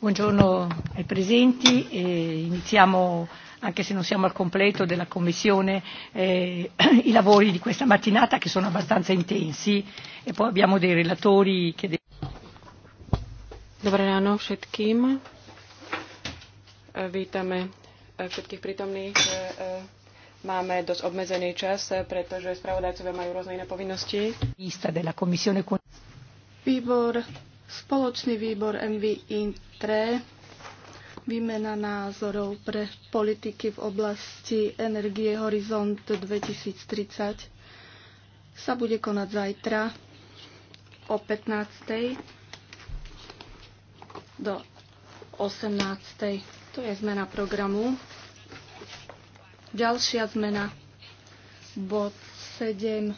Buongiorno ai presenti. E iniziamo, anche se non siamo al completo, della Commissione eh, i lavori di questa mattinata che sono abbastanza intensi e poi abbiamo dei relatori che. Dobré ráno všetkým. Eh, vítame eh, všetkých prítomných. Eh, máme dosť obmedzený čas, pretože spravodajcovia majú rôzne iné povinnosti. Výbor Spoločný výbor MV Intre výmena názorov pre politiky v oblasti energie Horizont 2030 sa bude konať zajtra o 15. do 18. To je zmena programu. Ďalšia zmena. Bod 7.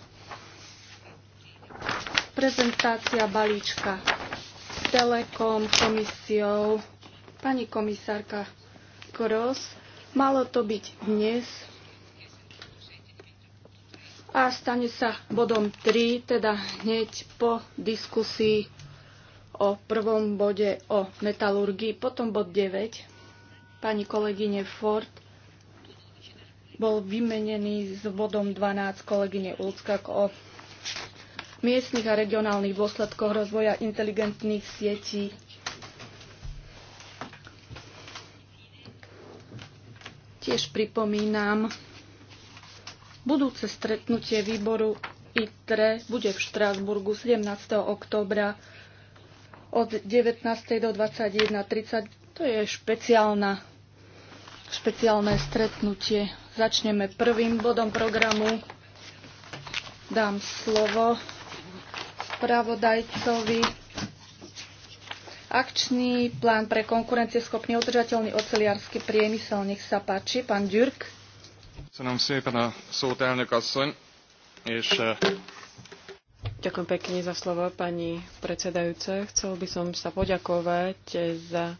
Prezentácia balíčka Telekom, komisiou, pani komisárka Kroos. Malo to byť dnes a stane sa bodom 3, teda hneď po diskusii o prvom bode o metalurgii, potom bod 9, pani kolegyne Ford, bol vymenený s bodom 12 kolegyne Ulckak o miestnych a regionálnych dôsledkoch rozvoja inteligentných sietí. Tiež pripomínam, budúce stretnutie výboru ITRE bude v Štrásburgu 17. októbra od 19. do 21.30. To je špeciálna, špeciálne stretnutie. Začneme prvým bodom programu. Dám slovo spravodajcovi. Akčný plán pre konkurencieschopný udržateľný oceliarský priemysel. Nech sa páči, pán Ďurk. Köszönöm szépen a eh, Ďakujem pekne za slovo, pani predsedajúce. Chcel by som sa poďakovať za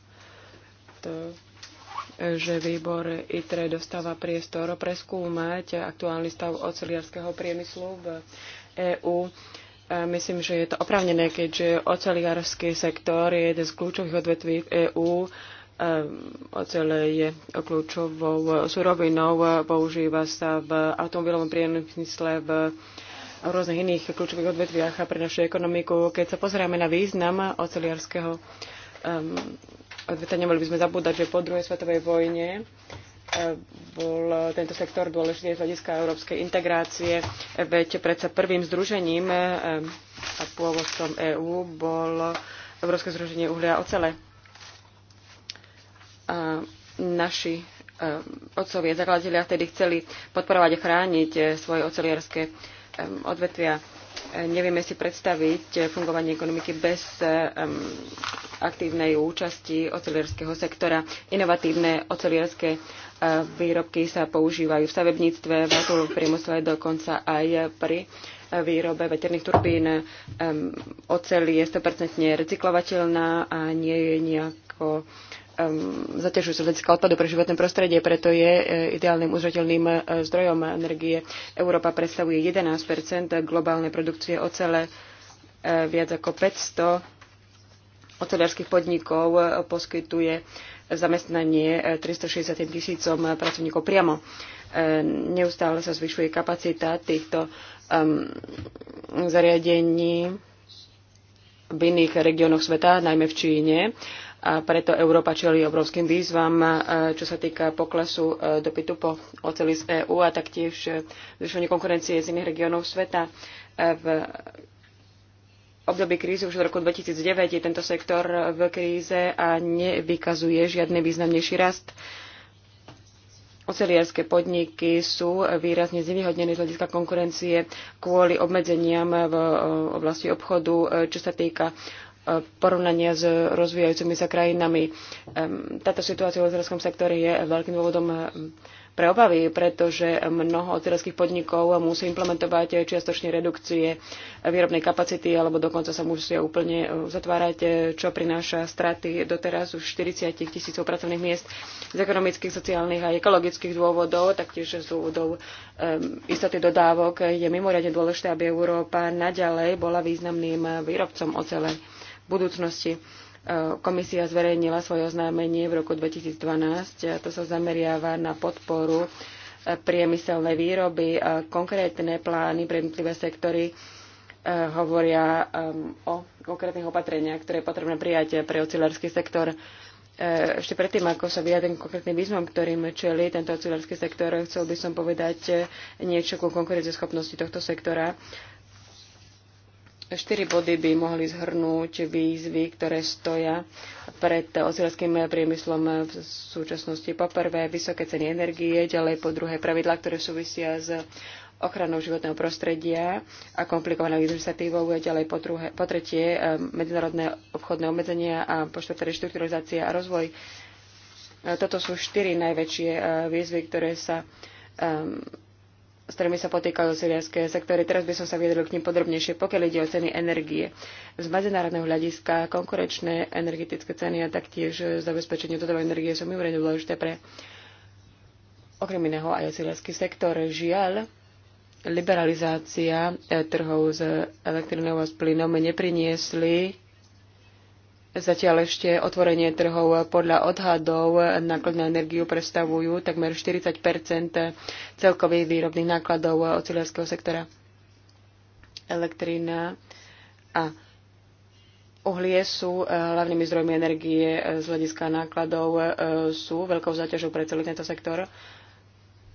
to, že výbor ITRE dostáva priestor preskúmať aktuálny stav oceliarského priemyslu v EÚ. Myslím, že je to oprávnené, keďže oceliársky sektor je jeden z kľúčových odvetví v EÚ. Ehm, ocele je kľúčovou surovinou, používa sa v automobilovom priemysle, v rôznych iných kľúčových odvetviach a pre našu ekonomiku. Keď sa pozeráme na význam oceliárskeho um, ehm, odvetvia, nemali by sme zabúdať, že po druhej svetovej vojne bol tento sektor dôležitý z hľadiska európskej integrácie, veď predsa prvým združením e, a pôvodcom EÚ bol Európske združenie uhlia a ocele. A naši e, otcovia, zakladatelia vtedy chceli podporovať a chrániť e, svoje oceliarské odvetvia nevieme si predstaviť fungovanie ekonomiky bez um, aktívnej účasti ocelierského sektora. Inovatívne ocelierské uh, e, výrobky sa používajú v stavebníctve, v autorovom priemysle, dokonca aj pri e, výrobe veterných turbín. Um, ocel je 100% recyklovateľná a nie je nejako um, sa z hľadiska odpadu pre životné prostredie, preto je e, ideálnym uzrateľným e, zdrojom energie. Európa predstavuje 11 globálnej produkcie ocele, e, viac ako 500 ocelárskych podnikov poskytuje zamestnanie 360 tisícom pracovníkov priamo. Neustále sa zvyšuje kapacita týchto um, zariadení v iných regiónoch sveta, najmä v Číne a preto Európa čelí obrovským výzvam, e, čo sa týka poklesu e, dopytu po oceli z EÚ a taktiež e, zvyšovanie konkurencie z iných regiónov sveta. V období krízy už od roku 2009 je tento sektor v kríze a nevykazuje žiadny významnejší rast. Oceliarské podniky sú výrazne znevýhodnené z hľadiska konkurencie kvôli obmedzeniam v oblasti obchodu, čo sa týka porovnania s rozvíjajúcimi sa krajinami. Táto situácia v ozerskom sektore je veľkým dôvodom pre obavy, pretože mnoho ozerovských podnikov musí implementovať čiastočne redukcie výrobnej kapacity alebo dokonca sa musia úplne zatvárať, e, čo prináša straty doteraz už 40 tisícov pracovných miest z ekonomických, sociálnych a ekologických dôvodov, taktiež z dôvodov istoty dodávok. Je mimoriadne dôležité, aby Európa naďalej bola významným výrobcom ocele budúcnosti. E, komisia zverejnila svoje oznámenie v roku 2012. To sa zameriava na podporu e, priemyselnej výroby. E, konkrétne plány pre jednotlivé sektory hovoria o konkrétnych opatreniach, ktoré je potrebné prijať pre ocilársky sektor. Ešte predtým, ako sa vyjadrím konkrétnym výzvom, ktorým čeli tento ocilársky sektor, chcel by som povedať niečo ku konkurencieschopnosti tohto sektora Štyri body by mohli zhrnúť výzvy, ktoré stoja pred ocelárskim priemyslom v súčasnosti. Po prvé, vysoké ceny energie, ďalej po druhé, pravidlá, ktoré súvisia s ochranou životného prostredia a komplikovanou legislatívou, ďalej po, druhé, po tretie e, medzinárodné obchodné obmedzenia a po štvrté reštrukturalizácia a rozvoj. E, toto sú štyri najväčšie e, výzvy, ktoré sa s ktorými sa potýkajú siriaské sektory. Teraz by som sa vyjadril k ním podrobnejšie, pokiaľ ide o ceny energie. Z medzinárodného hľadiska konkurenčné energetické ceny a taktiež zabezpečenie dodávok energie sú mimoriadne dôležité pre okrem iného aj siriaský sektor. Žiaľ, liberalizácia e, trhov s elektrinou a s plynom nepriniesli Zatiaľ ešte otvorenie trhov podľa odhadov náklad na energiu predstavujú takmer 40 celkových výrobných nákladov oceliarského sektora. Elektrina a uhlie sú eh, hlavnými zdrojmi energie eh, z hľadiska nákladov, eh, sú veľkou záťažou pre celý tento sektor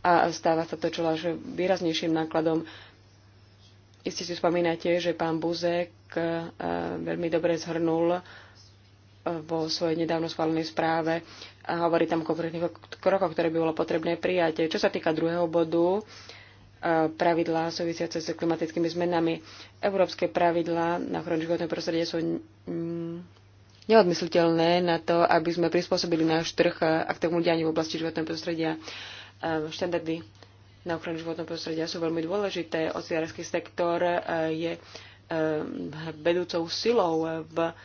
a stáva sa to čo až výraznejším nákladom. Isté si spomínate, že pán Buzek veľmi dobre zhrnul vo svojej nedávno schválenej správe a hovorí tam o konkrétnych krokoch, ktoré by bolo potrebné prijať. Čo sa týka druhého bodu, e, pravidlá súvisiace s klimatickými zmenami. Európske pravidlá na ochranu životného prostredia sú neodmysliteľné na to, aby sme prispôsobili náš trh aktívnemu dianiu v oblasti životného prostredia. E, štandardy na ochranu životného prostredia sú veľmi dôležité. Ociársky sektor e, je vedúcou silou v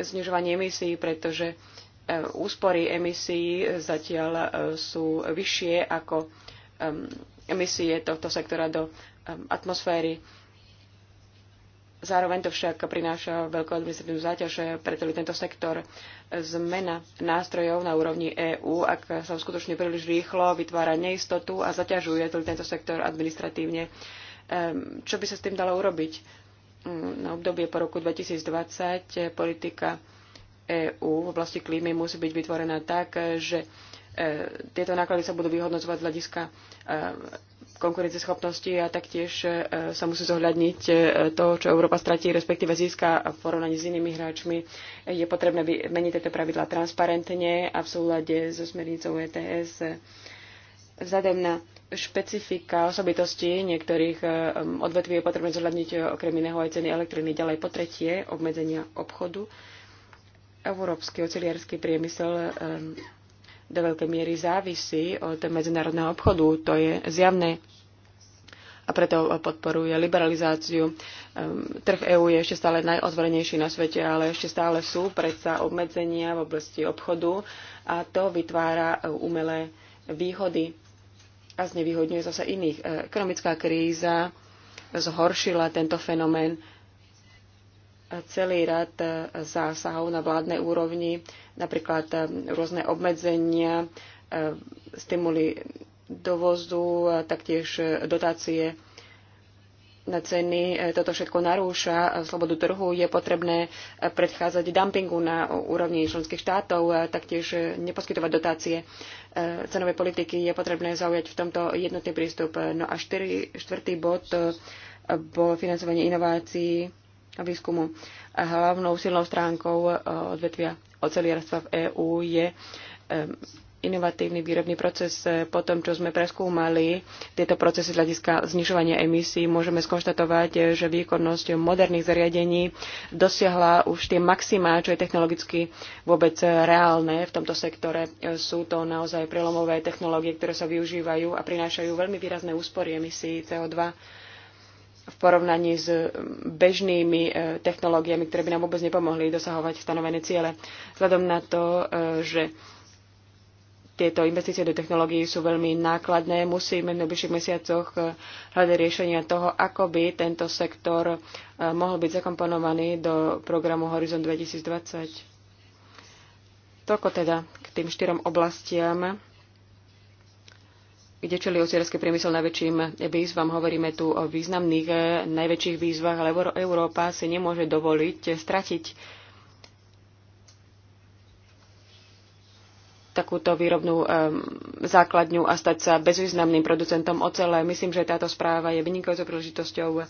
znižovanie emisí, pretože e, úspory emisí zatiaľ e, sú vyššie ako emisie tohto sektora do atmosféry. Zároveň to však prináša veľkú administratívnu záťaž e, preto by tento sektor. Zmena nástrojov na úrovni EÚ, ak sa skutočne príliš rýchlo, vytvára neistotu a zaťažuje tento sektor administratívne. Čo by sa s tým dalo urobiť? na obdobie po roku 2020 politika EÚ v oblasti klímy musí byť vytvorená tak, že e, tieto náklady sa budú vyhodnocovať z hľadiska e, konkurenceschopnosti a taktiež e, sa musí zohľadniť to, čo Európa stratí, respektíve získa v porovnaní s inými hráčmi. Je potrebné meniť tieto pravidlá transparentne a v súlade so smernicou ETS. Vzhľadom na špecifika, osobitosti niektorých eh, odvetví je potrebné zohľadniť eh, okrem iného aj ceny elektriny. Ďalej po tretie, obmedzenia obchodu. Európsky oceliarský priemysel do veľkej miery závisí od medzinárodného obchodu. To je zjavné a preto eh, podporuje liberalizáciu. Trh EÚ je ešte stále najotvorenejší na svete, ale ešte stále sú predsa obmedzenia v oblasti obchodu a to vytvára umelé výhody a znevýhodňuje zase iných. E, ekonomická kríza zhoršila tento fenomén e, celý rad e, zásahov na vládnej úrovni, napríklad rôzne obmedzenia, stimuly dovozu, taktiež dotácie na ceny. E, toto všetko narúša e, slobodu trhu. Je potrebné e, predchádzať dumpingu na úrovni členských štátov, taktiež neposkytovať dotácie cenovej politiky. Je potrebné zaujať v tomto jednotný prístup. No a štyri, štvrtý bod bol financovanie inovácií a výskumu. A hlavnou silnou stránkou odvetvia oceliarstva v EÚ je inovatívny výrobný proces. Eh, po tom, čo sme preskúmali tieto procesy z hľadiska znižovania emisí, môžeme skonštatovať, eh, že výkonnosť moderných zariadení dosiahla už tie maximá, čo je technologicky vôbec eh, reálne v tomto sektore. Sú to naozaj prelomové technológie, ktoré sa využívajú a prinášajú veľmi výrazné úspory emisí CO2 v porovnaní s bežnými technológiami, ktoré by nám vôbec nepomohli dosahovať stanovené ciele. Vzhľadom na to, že tieto investície do technológií sú veľmi nákladné. Musíme v najbližších mesiacoch eh, hľadať riešenia toho, ako by tento sektor eh, mohol byť zakomponovaný do programu Horizon 2020. Toľko teda k tým štyrom oblastiam, kde čeli osierský priemysel najväčším výzvam. Hovoríme tu o významných, eh, najväčších výzvach, ale Európa si nemôže dovoliť stratiť takúto výrobnú základňu a stať sa bezvýznamným producentom ocele. Myslím, že táto správa je vynikajúcou príležitosťou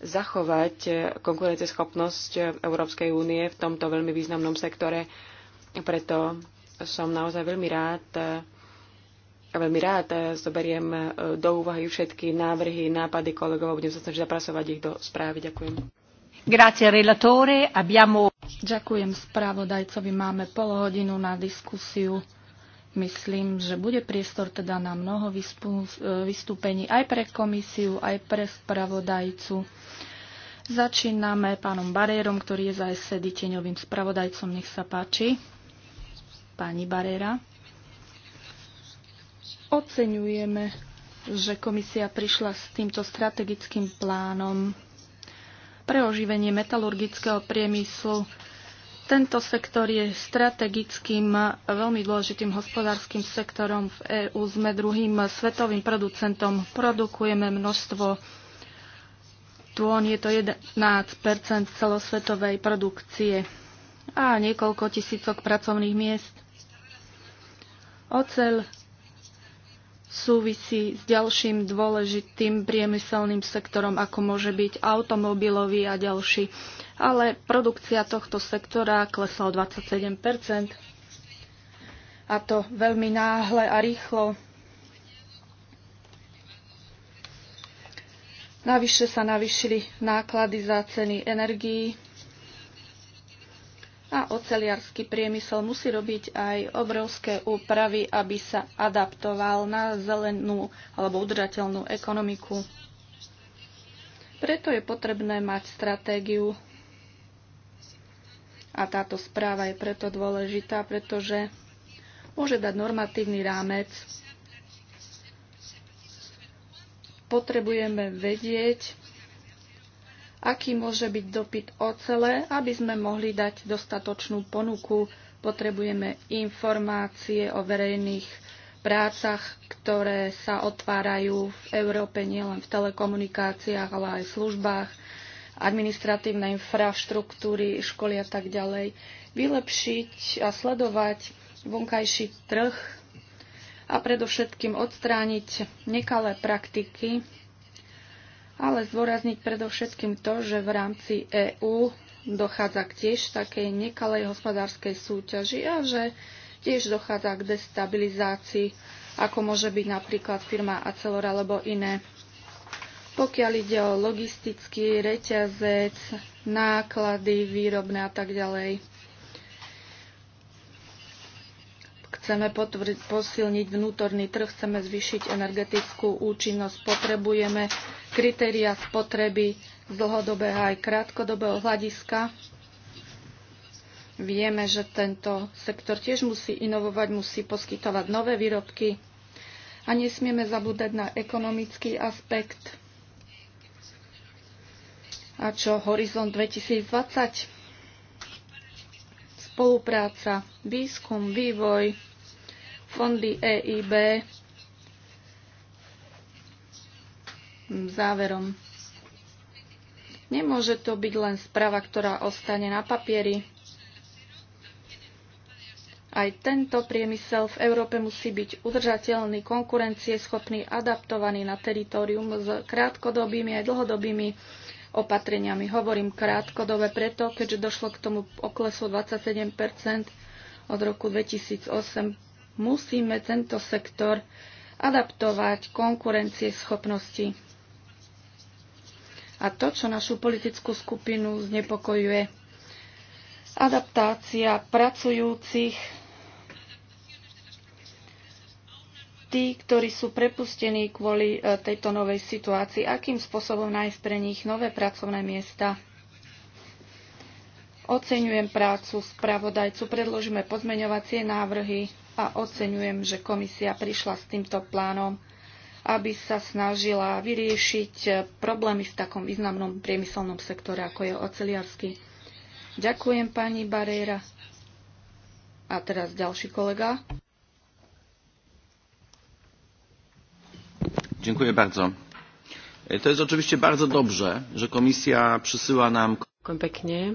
zachovať konkurenceschopnosť Európskej únie v tomto veľmi významnom sektore. Preto som naozaj veľmi rád a veľmi rád zoberiem eh, do úvahy všetky návrhy, nápady kolegov a budem sa snažiť zapracovať ich do správy. Ďakujem. Grazie, relatore. Abbiamo... Ďakujem spravodajcovi. Máme pol hodinu na diskusiu. Myslím, že bude priestor teda na mnoho vystúpení aj pre komisiu, aj pre spravodajcu. Začíname pánom Barérom, ktorý je za SED tieňovým spravodajcom. Nech sa páči. Pani Baréra. Oceňujeme, že komisia prišla s týmto strategickým plánom pre oživenie metalurgického priemyslu tento sektor je strategickým, veľmi dôležitým hospodárskym sektorom v EÚ. Sme druhým svetovým producentom. Produkujeme množstvo tón, je to 11 celosvetovej produkcie a niekoľko tisícok pracovných miest. Ocel súvisí s ďalším dôležitým priemyselným sektorom, ako môže byť automobilový a ďalší. Ale produkcia tohto sektora klesla o 27 a to veľmi náhle a rýchlo. Navyše sa navyšili náklady za ceny energií a oceliarský priemysel musí robiť aj obrovské úpravy, aby sa adaptoval na zelenú alebo udržateľnú ekonomiku. Preto je potrebné mať stratégiu a táto správa je preto dôležitá, pretože môže dať normatívny rámec. Potrebujeme vedieť, aký môže byť dopyt ocele, aby sme mohli dať dostatočnú ponuku. Potrebujeme informácie o verejných prácach, ktoré sa otvárajú v Európe nielen v telekomunikáciách, ale aj v službách, administratívnej infraštruktúry, školy a tak ďalej. Vylepšiť a sledovať vonkajší trh a predovšetkým odstrániť nekalé praktiky ale zdôrazniť predovšetkým to, že v rámci EÚ dochádza k tiež takej nekalej hospodárskej súťaži a že tiež dochádza k destabilizácii, ako môže byť napríklad firma Acelor alebo iné. Pokiaľ ide o logistický reťazec, náklady, výrobné a tak ďalej. Chceme posilniť vnútorný trh, chceme zvýšiť energetickú účinnosť, potrebujeme kritéria spotreby z dlhodobého aj krátkodobého hľadiska. Vieme, že tento sektor tiež musí inovovať, musí poskytovať nové výrobky a nesmieme zabúdať na ekonomický aspekt. A čo Horizont 2020? Spolupráca, výskum, vývoj, fondy EIB záverom. Nemôže to byť len správa, ktorá ostane na papieri. Aj tento priemysel v Európe musí byť udržateľný, konkurencieschopný, adaptovaný na teritorium s krátkodobými aj dlhodobými opatreniami. Hovorím krátkodobé preto, keďže došlo k tomu oklesu 27 od roku 2008. Musíme tento sektor adaptovať konkurencieschopnosti. schopnosti a to, čo našu politickú skupinu znepokojuje. Adaptácia pracujúcich, tí, ktorí sú prepustení kvôli e, tejto novej situácii, akým spôsobom nájsť pre nich nové pracovné miesta. Oceňujem prácu spravodajcu, predložíme pozmeňovacie návrhy a oceňujem, že komisia prišla s týmto plánom aby sa snažila vyriešiť problémy v takom významnom priemyselnom sektore, ako je oceliarsky. Ďakujem pani Barera. A teraz ďalší kolega. Dziękuję bardzo. E, to jest oczywiście bardzo dobrze, że komisja przysyła nam... Kompeknie.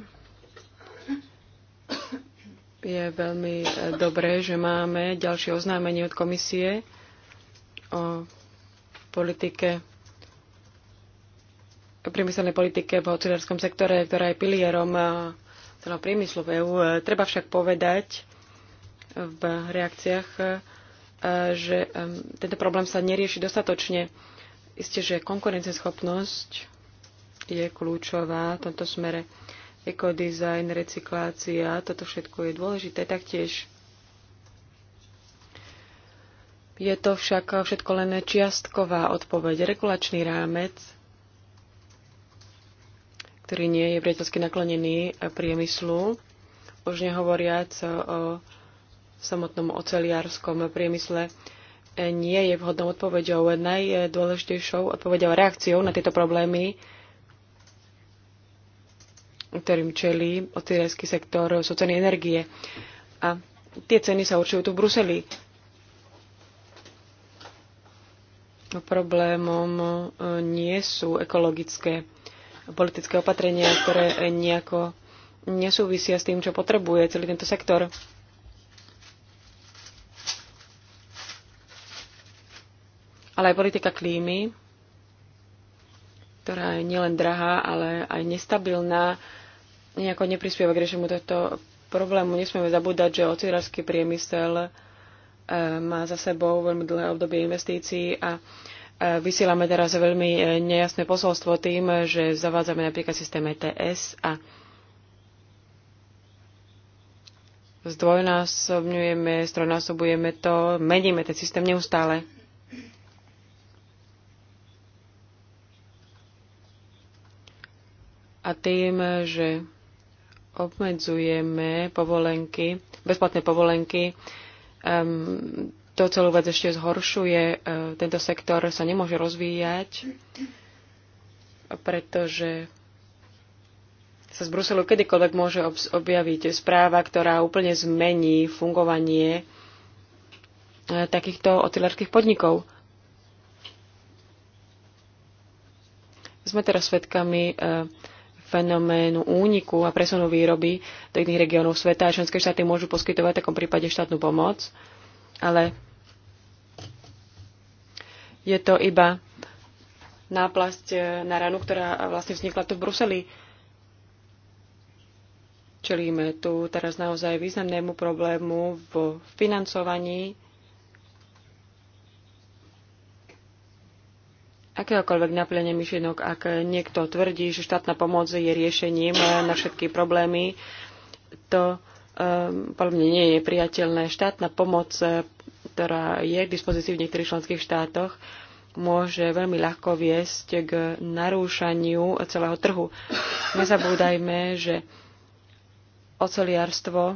Je veľmi e, dobré, že máme ďalšie oznámenie od komisie o politike, priemyselnej politike v hospodárskom sektore, ktorá je pilierom eh, celého priemyslu v EÚ. Eh, treba však povedať eh, v reakciách, že tento problém sa nerieši dostatočne. Isté, že konkurenceschopnosť je kľúčová v tomto smere. Ekodizajn, recyklácia, toto všetko je dôležité. Taktiež je to však všetko len čiastková odpoveď. Regulačný rámec, ktorý nie je priateľsky naklonený priemyslu, už nehovoriac o samotnom oceliárskom priemysle, nie je vhodnou odpoveďou. Najdôležitejšou odpoveďou a reakciou na tieto problémy, ktorým čelí oceliársky sektor, sú ceny energie. A tie ceny sa určujú tu v Bruseli Problémom e, nie sú ekologické politické opatrenia, ktoré nejako nesúvisia s tým, čo potrebuje celý tento sektor. Ale aj politika klímy, ktorá je nielen drahá, ale aj nestabilná, nejako neprispieva k riešeniu tohto problému. Nesmieme zabúdať, že ocirársky priemysel E, má za sebou veľmi dlhé obdobie investícií a e, vysielame teraz veľmi e, nejasné posolstvo tým, že zavádzame napríklad systém ETS a zdvojnásobňujeme, strojnásobujeme to, meníme ten systém neustále. A tým, že obmedzujeme povolenky, bezplatné povolenky, to celú vec ešte zhoršuje. Eh, tento sektor sa nemôže rozvíjať, pretože sa z Bruselu kedykoľvek môže objaviť správa, ktorá úplne zmení fungovanie eh, takýchto ocelárskych podnikov. Sme teraz svedkami eh, fenoménu úniku a presunu výroby do iných regiónov sveta. A členské štáty môžu poskytovať v takom prípade štátnu pomoc, ale je to iba náplasť e, na ranu, ktorá vlastne vznikla tu v Bruseli. Čelíme tu teraz naozaj významnému problému v financovaní akéhokoľvek naplnenie myšlienok, ak niekto tvrdí, že štátna pomoc je riešením na všetky problémy, to um, podľa mňa nie je priateľné. Štátna pomoc, e, ktorá je k dispozícii v niektorých členských štátoch, môže veľmi ľahko viesť k narúšaniu celého trhu. Nezabúdajme, že oceliarstvo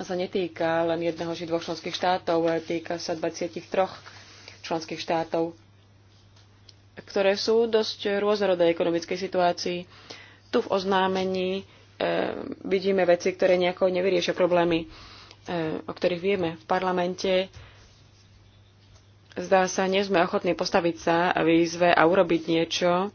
sa netýka len jedného či dvoch členských štátov, ale týka sa 23 členských štátov ktoré sú dosť rôznorodé ekonomickej situácii. Tu v oznámení e, vidíme veci, ktoré nejako nevyriešia problémy, e, o ktorých vieme v parlamente. Zdá sa, nie sme ochotní postaviť sa a výzve a urobiť niečo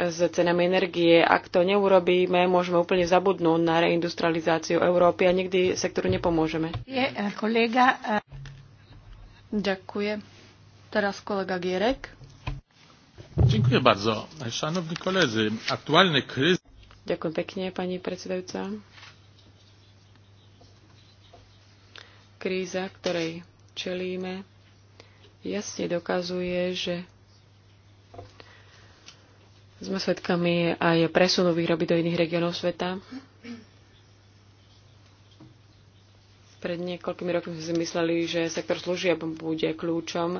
s cenami energie. Ak to neurobíme, môžeme úplne zabudnúť na reindustrializáciu Európy a nikdy sektoru nepomôžeme. Je, eh, kolega... Eh. Ďakujem. Teraz kolega Gierek. Dziękuję bardzo. Szanowni koledzy, aktualny kryzys... Ďakujem pekne, pani predsedajúca. Kríza, ktorej čelíme, jasne dokazuje, že sme svedkami aj presunu výroby do iných regiónov sveta. Pred niekoľkými rokmi sme si mysleli, že sektor služieb bude kľúčom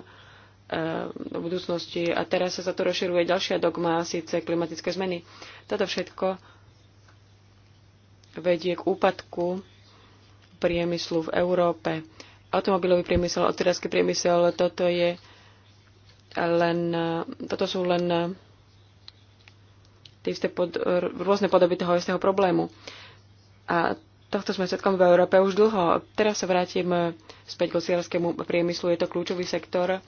Eh, do budúcnosti. A teraz sa za to rozširuje ďalšia dogma, síce klimatické zmeny. Toto všetko vedie k úpadku priemyslu v Európe. Automobilový priemysel, oterársky priemysel, toto je len, eh, toto sú len eh, tie isté pod, rôzne podoby toho istého problému. A tohto sme svetkom v Európe už dlho. Teraz sa vrátim späť k ocierskému priemyslu. Je to kľúčový sektor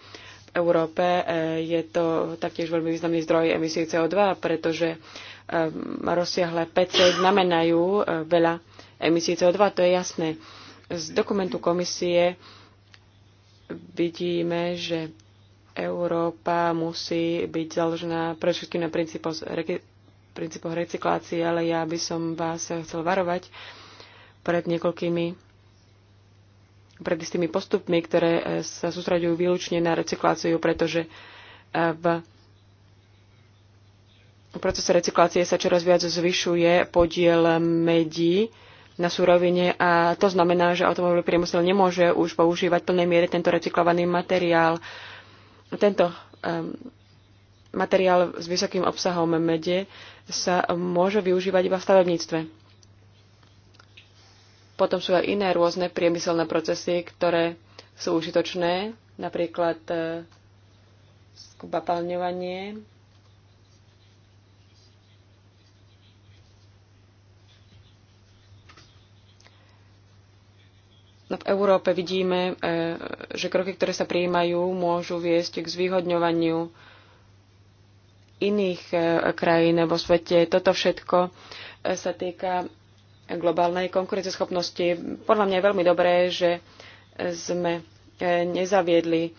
Európe e, je to taktiež veľmi významný zdroj emisí CO2, pretože e, rozsiahle PC znamenajú e, veľa emisí CO2, to je jasné. Z dokumentu komisie vidíme, že Európa musí byť založená pre všetkým na princípoch, princípoch recyklácie, ale ja by som vás chcel varovať pred niekoľkými pred istými postupmi, ktoré e, sa sústraďujú výlučne na recykláciu, pretože e, v procese recyklácie sa čoraz viac zvyšuje podiel medí na súrovine a to znamená, že automobilový priemysel nemôže už používať v plnej miere tento recyklovaný materiál. Tento um, materiál s vysokým obsahom mede sa môže využívať iba v stavebníctve potom sú aj iné rôzne priemyselné procesy, ktoré sú užitočné, napríklad e, skvapalňovanie, No v Európe vidíme, e, že kroky, ktoré sa prijímajú, môžu viesť k zvýhodňovaniu iných e, krajín vo svete. Toto všetko sa týka globálnej konkurenceschopnosti. Podľa mňa je veľmi dobré, že sme e, nezaviedli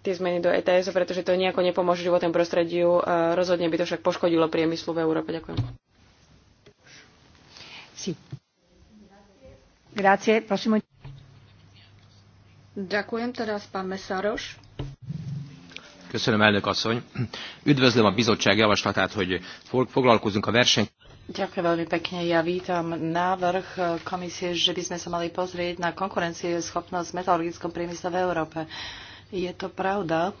tie zmeny do ETS, pretože to nejako nepomôže životnému prostrediu. Rozhodne by to však poškodilo priemyslu v Európe. Ďakujem. Sí. Grácie, prosím. Ďakujem teraz pán Mesároš. Köszönöm, elnök asszony. Üdvözlöm a bizottság javaslatát, hogy foglalkozunk a verseny... Ďakujem veľmi pekne. Ja vítam návrh komisie, že by sme sa mali pozrieť na konkurencie schopnosť v metalurgickom priemysle v Európe. Je to pravda,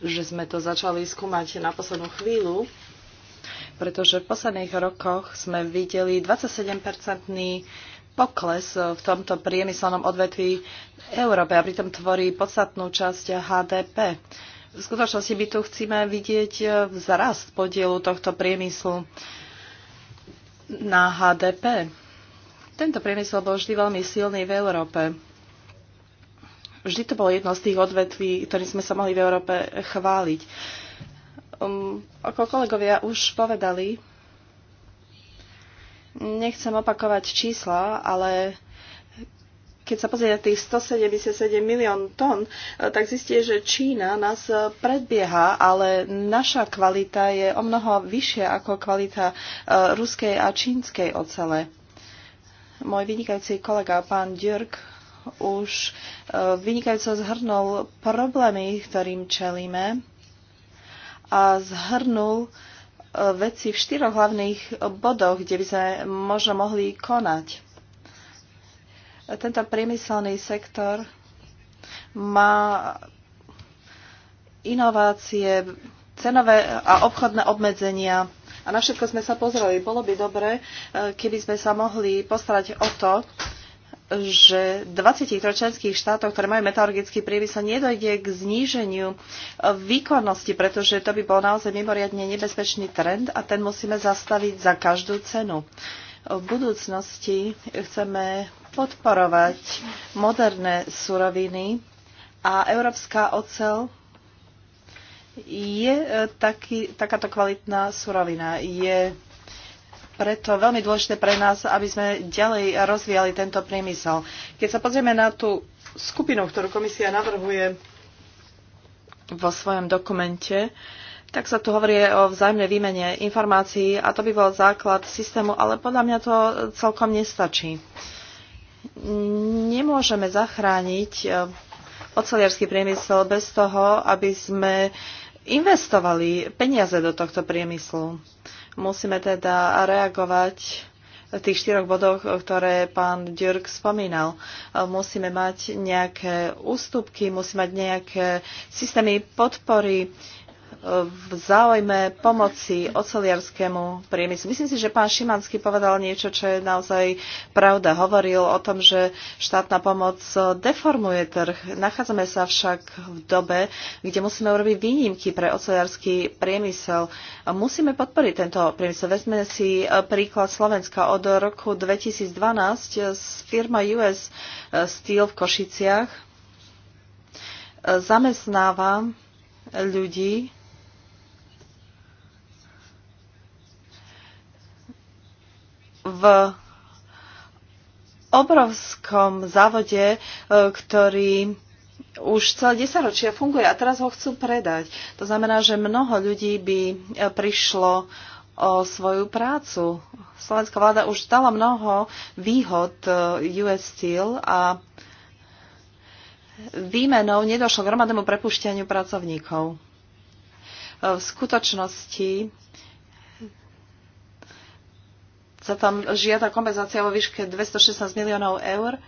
že sme to začali skúmať na poslednú chvíľu, pretože v posledných rokoch sme videli 27-percentný pokles v tomto priemyselnom odvetví v Európe a pritom tvorí podstatnú časť HDP. V skutočnosti by tu chceme vidieť vzrast podielu tohto priemyslu na HDP. Tento priemysel bol vždy veľmi silný v Európe. Vždy to bolo jedno z tých odvetví, ktorým sme sa mohli v Európe chváliť. Um, ako kolegovia už povedali, nechcem opakovať čísla, ale keď sa pozrie na tých 177 milión tón, e, tak zistí, že Čína nás e, predbieha, ale naša kvalita je o mnoho vyššia ako kvalita e, ruskej a čínskej ocele. Môj vynikajúci kolega, pán Dürk, už vynikajúco zhrnul problémy, ktorým čelíme a zhrnul veci v štyroch hlavných bodoch, kde by sme možno mohli konať tento priemyselný sektor má inovácie, cenové a obchodné obmedzenia. A na všetko sme sa pozreli. Bolo by dobre, e, keby sme sa mohli postarať o to, že 20 členských štátov, ktoré majú metalurgický priemysel, nedojde k zníženiu e, výkonnosti, pretože to by bol naozaj mimoriadne nebezpečný trend a ten musíme zastaviť za každú cenu. V budúcnosti chceme podporovať moderné suroviny a európska ocel je e, taký, takáto kvalitná surovina. Je preto veľmi dôležité pre nás, aby sme ďalej rozvíjali tento priemysel. Keď sa pozrieme na tú skupinu, ktorú komisia navrhuje vo svojom dokumente, tak sa tu hovorí o vzájomnej výmene informácií a to by bol základ systému, ale podľa mňa to celkom nestačí. Uh, nemôžeme zachrániť e, oceliarský priemysel bez toho, aby sme investovali peniaze do tohto priemyslu. Musíme teda reagovať v tých štyroch bodoch, ktoré pán Dürk spomínal. E, musíme mať nejaké ústupky, musíme mať nejaké systémy podpory, v záujme pomoci oceliarskému priemyslu. Myslím si, že pán Šimanský povedal niečo, čo je naozaj pravda. Hovoril o tom, že štátna pomoc deformuje trh. Nachádzame sa však v dobe, kde musíme urobiť výnimky pre oceliarský priemysel. Musíme podporiť tento priemysel. Vezme si e, príklad Slovenska. Od roku 2012 e, firma US e, Steel v Košiciach zamestnáva ľudí, v obrovskom závode, e, ktorý už celé ročia funguje a teraz ho chcú predať. To znamená, že mnoho ľudí by e, prišlo o svoju prácu. Slovenská vláda už dala mnoho výhod e, US Steel a výmenou nedošlo k hromadnému prepušťaniu pracovníkov. V skutočnosti sa tam žiada kompenzácia vo výške 216 miliónov eur e,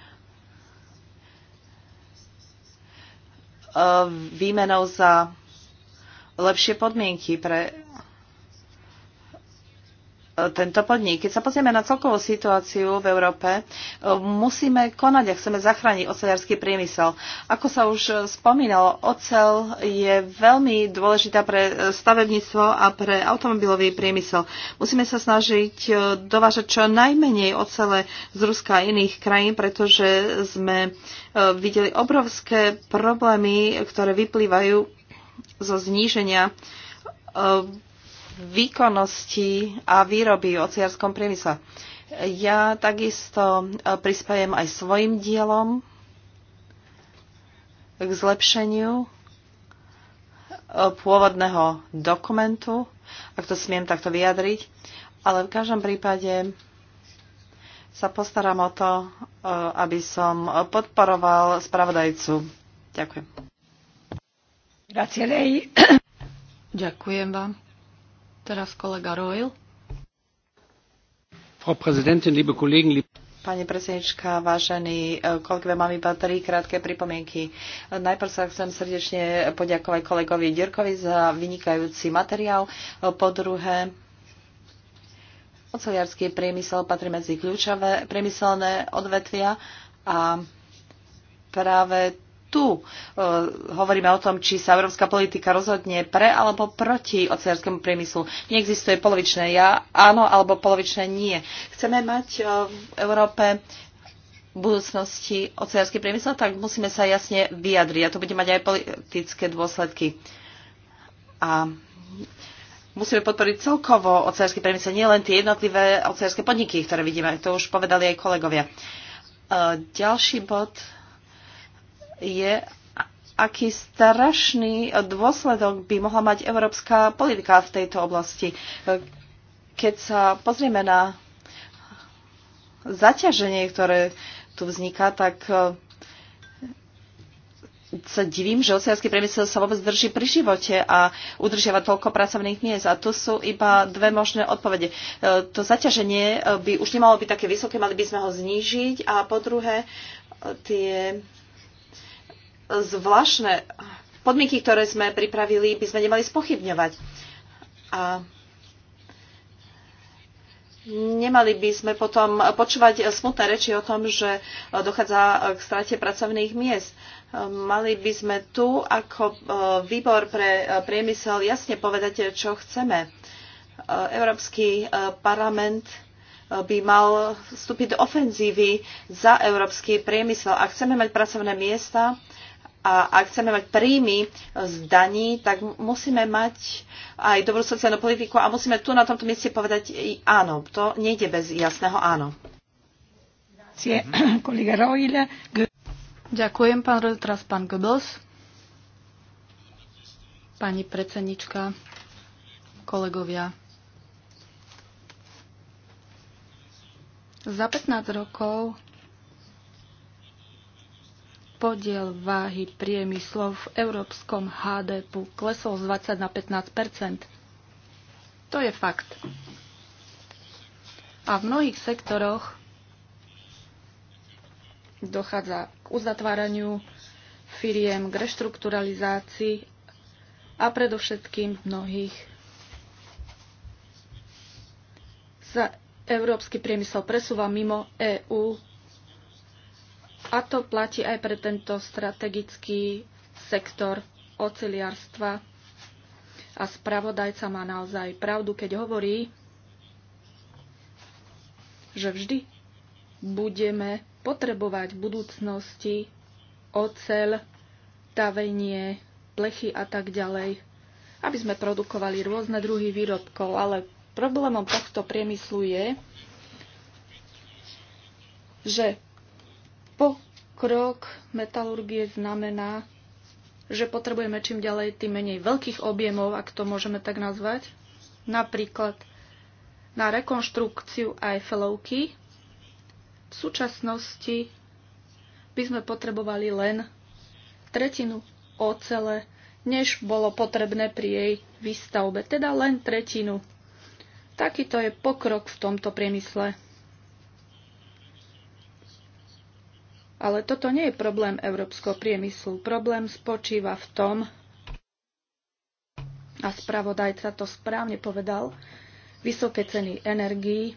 výmenou za lepšie podmienky pre tento podnik. Keď sa pozrieme na celkovú situáciu v Európe, e, musíme konať, ak chceme zachrániť oceľarský priemysel. Ako sa už spomínalo, ocel je veľmi dôležitá pre stavebníctvo a pre automobilový priemysel. Musíme sa snažiť e, dovážať čo najmenej ocele z Ruska a iných krajín, pretože sme e, videli obrovské problémy, ktoré vyplývajú zo zníženia výkonnosti a výroby v ociarskom priemysle. Ja takisto e, prispajem aj svojim dielom k zlepšeniu e, pôvodného dokumentu, ak to smiem takto vyjadriť, ale v každom prípade sa postaram o to, e, aby som podporoval spravodajcu. Ďakujem. Ďakujem vám. Teraz kolega Royal. Frau Präsidentin, liebe Kollegen, liebe Pani predsednička, vážení eh, kolegové, mám iba tri krátke pripomienky. Najprv sa chcem srdečne poďakovať kolegovi Dierkovi za vynikajúci materiál. Eh, po druhé, oceliarský priemysel patrí medzi kľúčové priemyselné odvetvia a práve tu e, hovoríme o tom, či sa európska politika rozhodne pre alebo proti oceánskému priemyslu. Neexistuje polovičné ja, áno, alebo polovičné nie. Chceme mať e, v Európe v budúcnosti oceánsky priemysel, tak musíme sa jasne vyjadriť. A to bude mať aj politické dôsledky. A musíme podporiť celkovo oceánsky priemysel, len tie jednotlivé oceánske podniky, ktoré vidíme. To už povedali aj kolegovia. E, ďalší bod je, aký strašný dôsledok by mohla mať európska politika v tejto oblasti. Keď sa pozrieme na zaťaženie, ktoré tu vzniká, tak e, sa divím, že oceánsky priemysel sa vôbec drží pri živote a udržiava toľko pracovných miest. A tu sú iba dve možné odpovede. E, to zaťaženie e, by už nemalo byť také vysoké, mali by sme ho znížiť. A po druhé, tie zvláštne podmienky, ktoré sme pripravili, by sme nemali spochybňovať. A nemali by sme potom počúvať smutné reči o tom, že dochádza k strate pracovných miest. Mali by sme tu ako e, výbor pre e, priemysel jasne povedať, e, čo chceme. Európsky parlament by mal vstúpiť do ofenzívy za európsky priemysel. Ak chceme mať pracovné miesta, a ak chceme mať príjmy z daní, tak musíme mať aj dobrú sociálnu politiku a musíme tu na tomto mieste povedať áno. To nejde bez jasného áno. Ďakujem, pán Roil, teraz pán Goebbels. Pani predsednička, kolegovia. Za 15 rokov podiel váhy priemyslov v európskom HDP klesol z 20 na 15 To je fakt. A v mnohých sektoroch dochádza k uzatváraniu firiem, k reštrukturalizácii a predovšetkým v mnohých sa európsky priemysel presúva mimo EÚ a to platí aj pre tento strategický sektor oceliarstva. A spravodajca má naozaj pravdu, keď hovorí, že vždy budeme potrebovať v budúcnosti oceľ, tavenie, plechy a tak ďalej, aby sme produkovali rôzne druhy výrobkov, ale problémom tohto priemyslu je, že krok metalurgie znamená, že potrebujeme čím ďalej tým menej veľkých objemov, ak to môžeme tak nazvať. Napríklad na rekonštrukciu Eiffelovky v súčasnosti by sme potrebovali len tretinu ocele, než bolo potrebné pri jej výstavbe, teda len tretinu. Takýto je pokrok v tomto priemysle. Ale toto nie je problém európskeho priemyslu. Problém spočíva v tom, a spravodajca to správne povedal, vysoké ceny energií,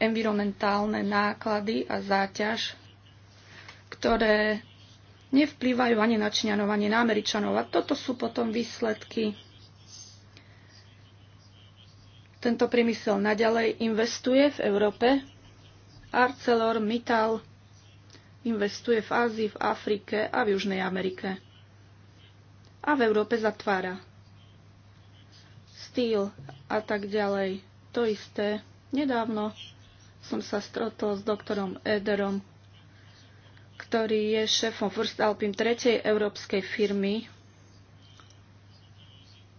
environmentálne náklady a záťaž, ktoré nevplývajú ani na Číňanov, ani na Američanov. A toto sú potom výsledky. Tento priemysel naďalej investuje v Európe. ArcelorMittal investuje v Ázii, v Afrike a v Južnej Amerike. A v Európe zatvára. Stýl a tak ďalej. To isté. Nedávno som sa stretol s doktorom Ederom, ktorý je šéfom First Alpine tretej európskej firmy.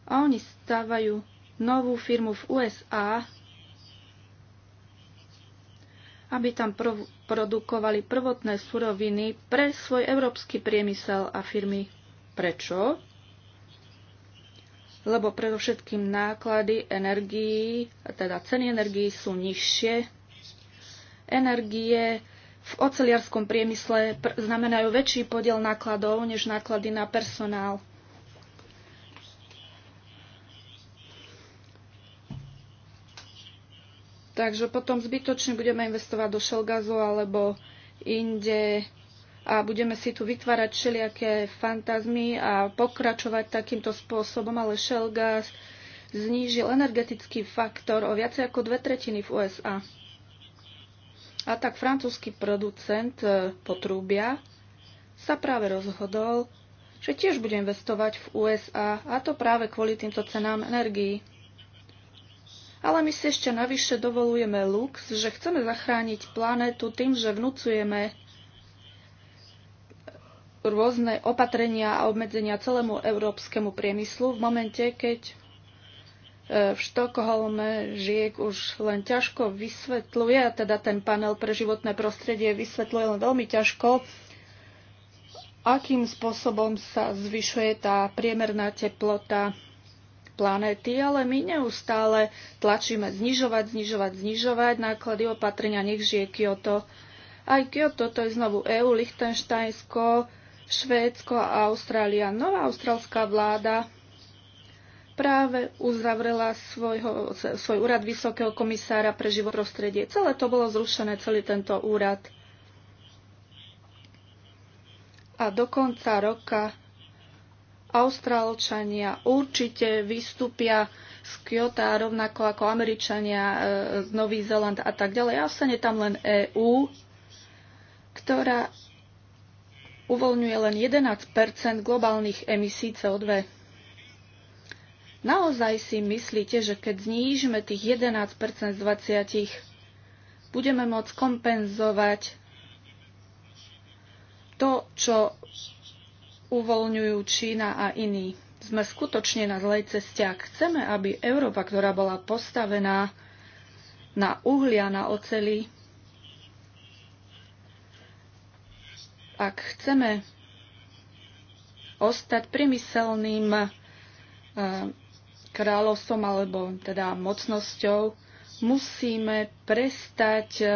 A oni stávajú novú firmu v USA, aby tam prv- produkovali prvotné suroviny pre svoj európsky priemysel a firmy. Prečo? Lebo predovšetkým náklady energií, teda ceny energií sú nižšie. Energie v oceliarskom priemysle znamenajú väčší podiel nákladov než náklady na personál. Takže potom zbytočne budeme investovať do šelgazu alebo inde a budeme si tu vytvárať všelijaké fantazmy a pokračovať takýmto spôsobom, ale Šelgaz znížil energetický faktor o viacej ako dve tretiny v USA. A tak francúzsky producent e, potrúbia sa práve rozhodol, že tiež bude investovať v USA, a to práve kvôli týmto cenám energií. Ale my si ešte navyše dovolujeme lux, že chceme zachrániť planetu tým, že vnúcujeme rôzne opatrenia a obmedzenia celému európskemu priemyslu v momente, keď e, v Štokholme Žiek už len ťažko vysvetľuje, a teda ten panel pre životné prostredie vysvetľuje len veľmi ťažko, akým spôsobom sa zvyšuje tá priemerná teplota planéty, ale my neustále tlačíme znižovať, znižovať, znižovať náklady opatrenia, nech žije Kyoto. Aj Kyoto, to je znovu EU, Liechtensteinsko, Švédsko a Austrália. Nová austrálska vláda práve uzavrela svojho, svoj úrad Vysokého komisára pre život prostredie. Celé to bolo zrušené, celý tento úrad. A do konca roka Austrálčania určite vystúpia z Kyoto, rovnako ako Američania, e, Nový Zeland a tak ďalej. A ostane tam len EÚ, ktorá uvoľňuje len 11 globálnych emisí CO2. Naozaj si myslíte, že keď znížime tých 11 z 20, budeme môcť kompenzovať to, čo uvoľňujú Čína a iní. Sme skutočne na zlej ceste ak chceme, aby Európa, ktorá bola postavená na uhlia, na oceli, ak chceme ostať priemyselným eh, kráľovstvom alebo teda mocnosťou, musíme prestať eh,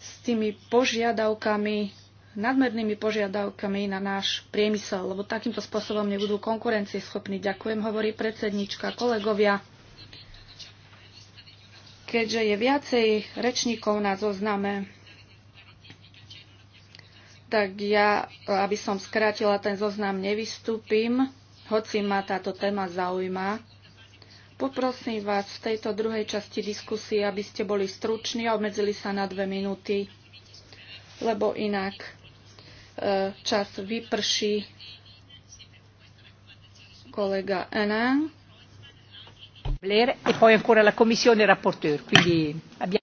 s tými požiadavkami nadmernými požiadavkami na náš priemysel, lebo takýmto spôsobom nebudú konkurencieschopní. Ďakujem, hovorí predsednička, kolegovia. Keďže je viacej rečníkov na zozname, tak ja, aby som skrátila ten zoznam, nevystúpim, hoci ma táto téma zaujíma. Poprosím vás v tejto druhej časti diskusie, aby ste boli struční a obmedzili sa na dve minúty, lebo inak E, čas vyprší kolega Enan. E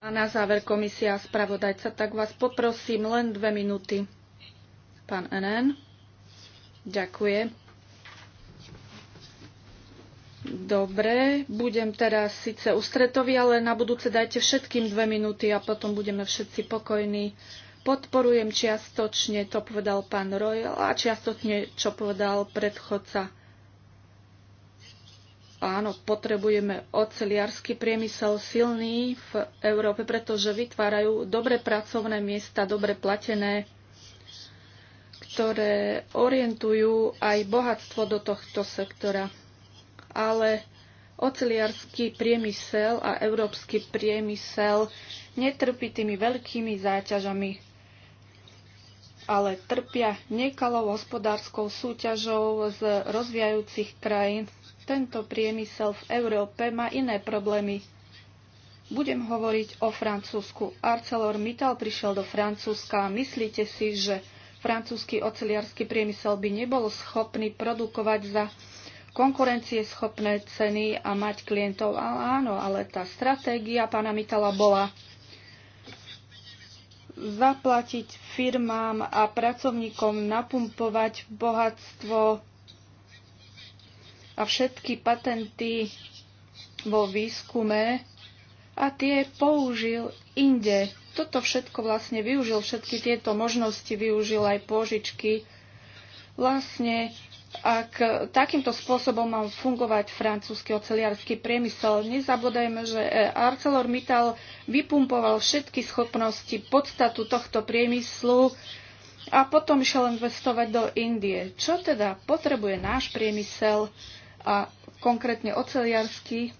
a na záver komisia a spravodajca, tak vás poprosím len dve minúty. Pán Enen, ďakujem. Dobre, budem teraz síce ústretovi, ale na budúce dajte všetkým dve minúty a potom budeme všetci pokojní. Podporujem čiastočne, to povedal pán Royal, a čiastočne, čo povedal predchodca. Áno, potrebujeme oceliarský priemysel silný v Európe, pretože vytvárajú dobre pracovné miesta, dobre platené, ktoré orientujú aj bohatstvo do tohto sektora. Ale oceliarský priemysel a európsky priemysel netrpí tými veľkými záťažami ale trpia nekalou hospodárskou súťažou z rozvíjajúcich krajín. Tento priemysel v Európe má iné problémy. Budem hovoriť o Francúzsku. ArcelorMittal prišiel do Francúzska a myslíte si, že francúzsky oceliarský priemysel by nebol schopný produkovať za konkurencieschopné ceny a mať klientov. Ale áno, ale tá stratégia pána Mitala bola zaplatiť firmám a pracovníkom napumpovať bohatstvo a všetky patenty vo výskume a tie použil inde. Toto všetko vlastne využil, všetky tieto možnosti využil aj pôžičky. Vlastne ak takýmto spôsobom mal fungovať francúzsky oceliarský priemysel. Nezabodajme, že ArcelorMittal vypumpoval všetky schopnosti, podstatu tohto priemyslu a potom išiel investovať do Indie. Čo teda potrebuje náš priemysel a konkrétne oceliarský,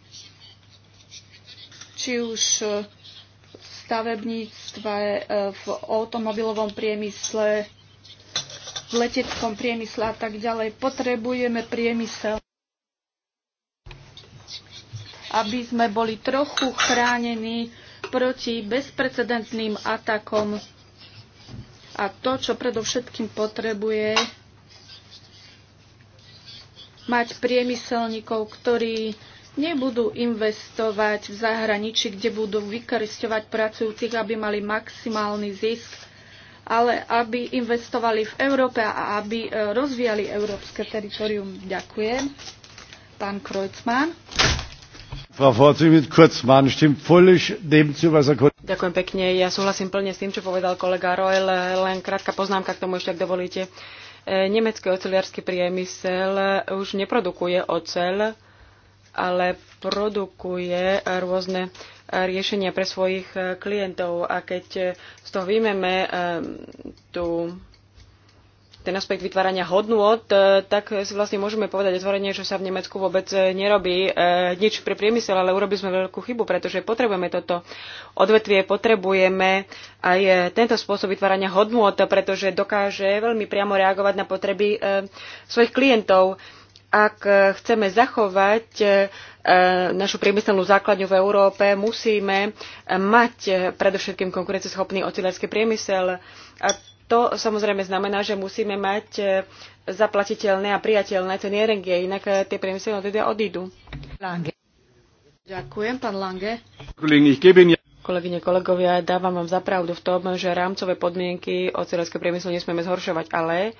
či už v stavebníctve, eh, v automobilovom priemysle, v leteckom priemysle a tak ďalej. Potrebujeme priemysel, aby sme boli trochu chránení proti bezprecedentným atakom. A to, čo predovšetkým potrebuje, mať priemyselníkov, ktorí nebudú investovať v zahraničí, kde budú vykoristovať pracujúcich, aby mali maximálny zisk ale aby investovali v Európe a aby e, rozvíjali európske teritorium. Ďakujem. Pán Kreuzmann. Frau Vorzimit, Kurzmann stimmt völlig dem zu, was er Ďakujem pekne. Ja súhlasím plne s tým, čo povedal kolega Royal. Len krátka poznámka k tomu ešte, ak dovolíte. E, nemecký oceliarský priemysel už neprodukuje oceľ, ale produkuje rôzne eh, riešenia pre svojich eh, klientov. A keď eh, z toho výjmeme tú ten aspekt vytvárania hodnôt, tak si vlastne môžeme povedať otvorene, že sa v Nemecku vôbec nerobí nič pre priemysel, ale urobili sme veľkú chybu, pretože potrebujeme toto odvetvie, potrebujeme aj tento spôsob vytvárania hodnôt, pretože dokáže veľmi priamo reagovať na potreby svojich klientov. Ak eh, chceme zachovať eh, eh, našu priemyselnú základňu v Európe, musíme mať predovšetkým konkurenceschopný ocelársky priemysel. A to samozrejme znamená, že musíme mať zaplatiteľné a priateľné ceny energie, inak tie priemyselné odvedia odídu. Lange. Ďakujem, pán Lange. Kolegyne, kolegovia, dávam vám zapravdu v tom, že rámcové podmienky ocelárskeho priemyslu nesmieme zhoršovať, ale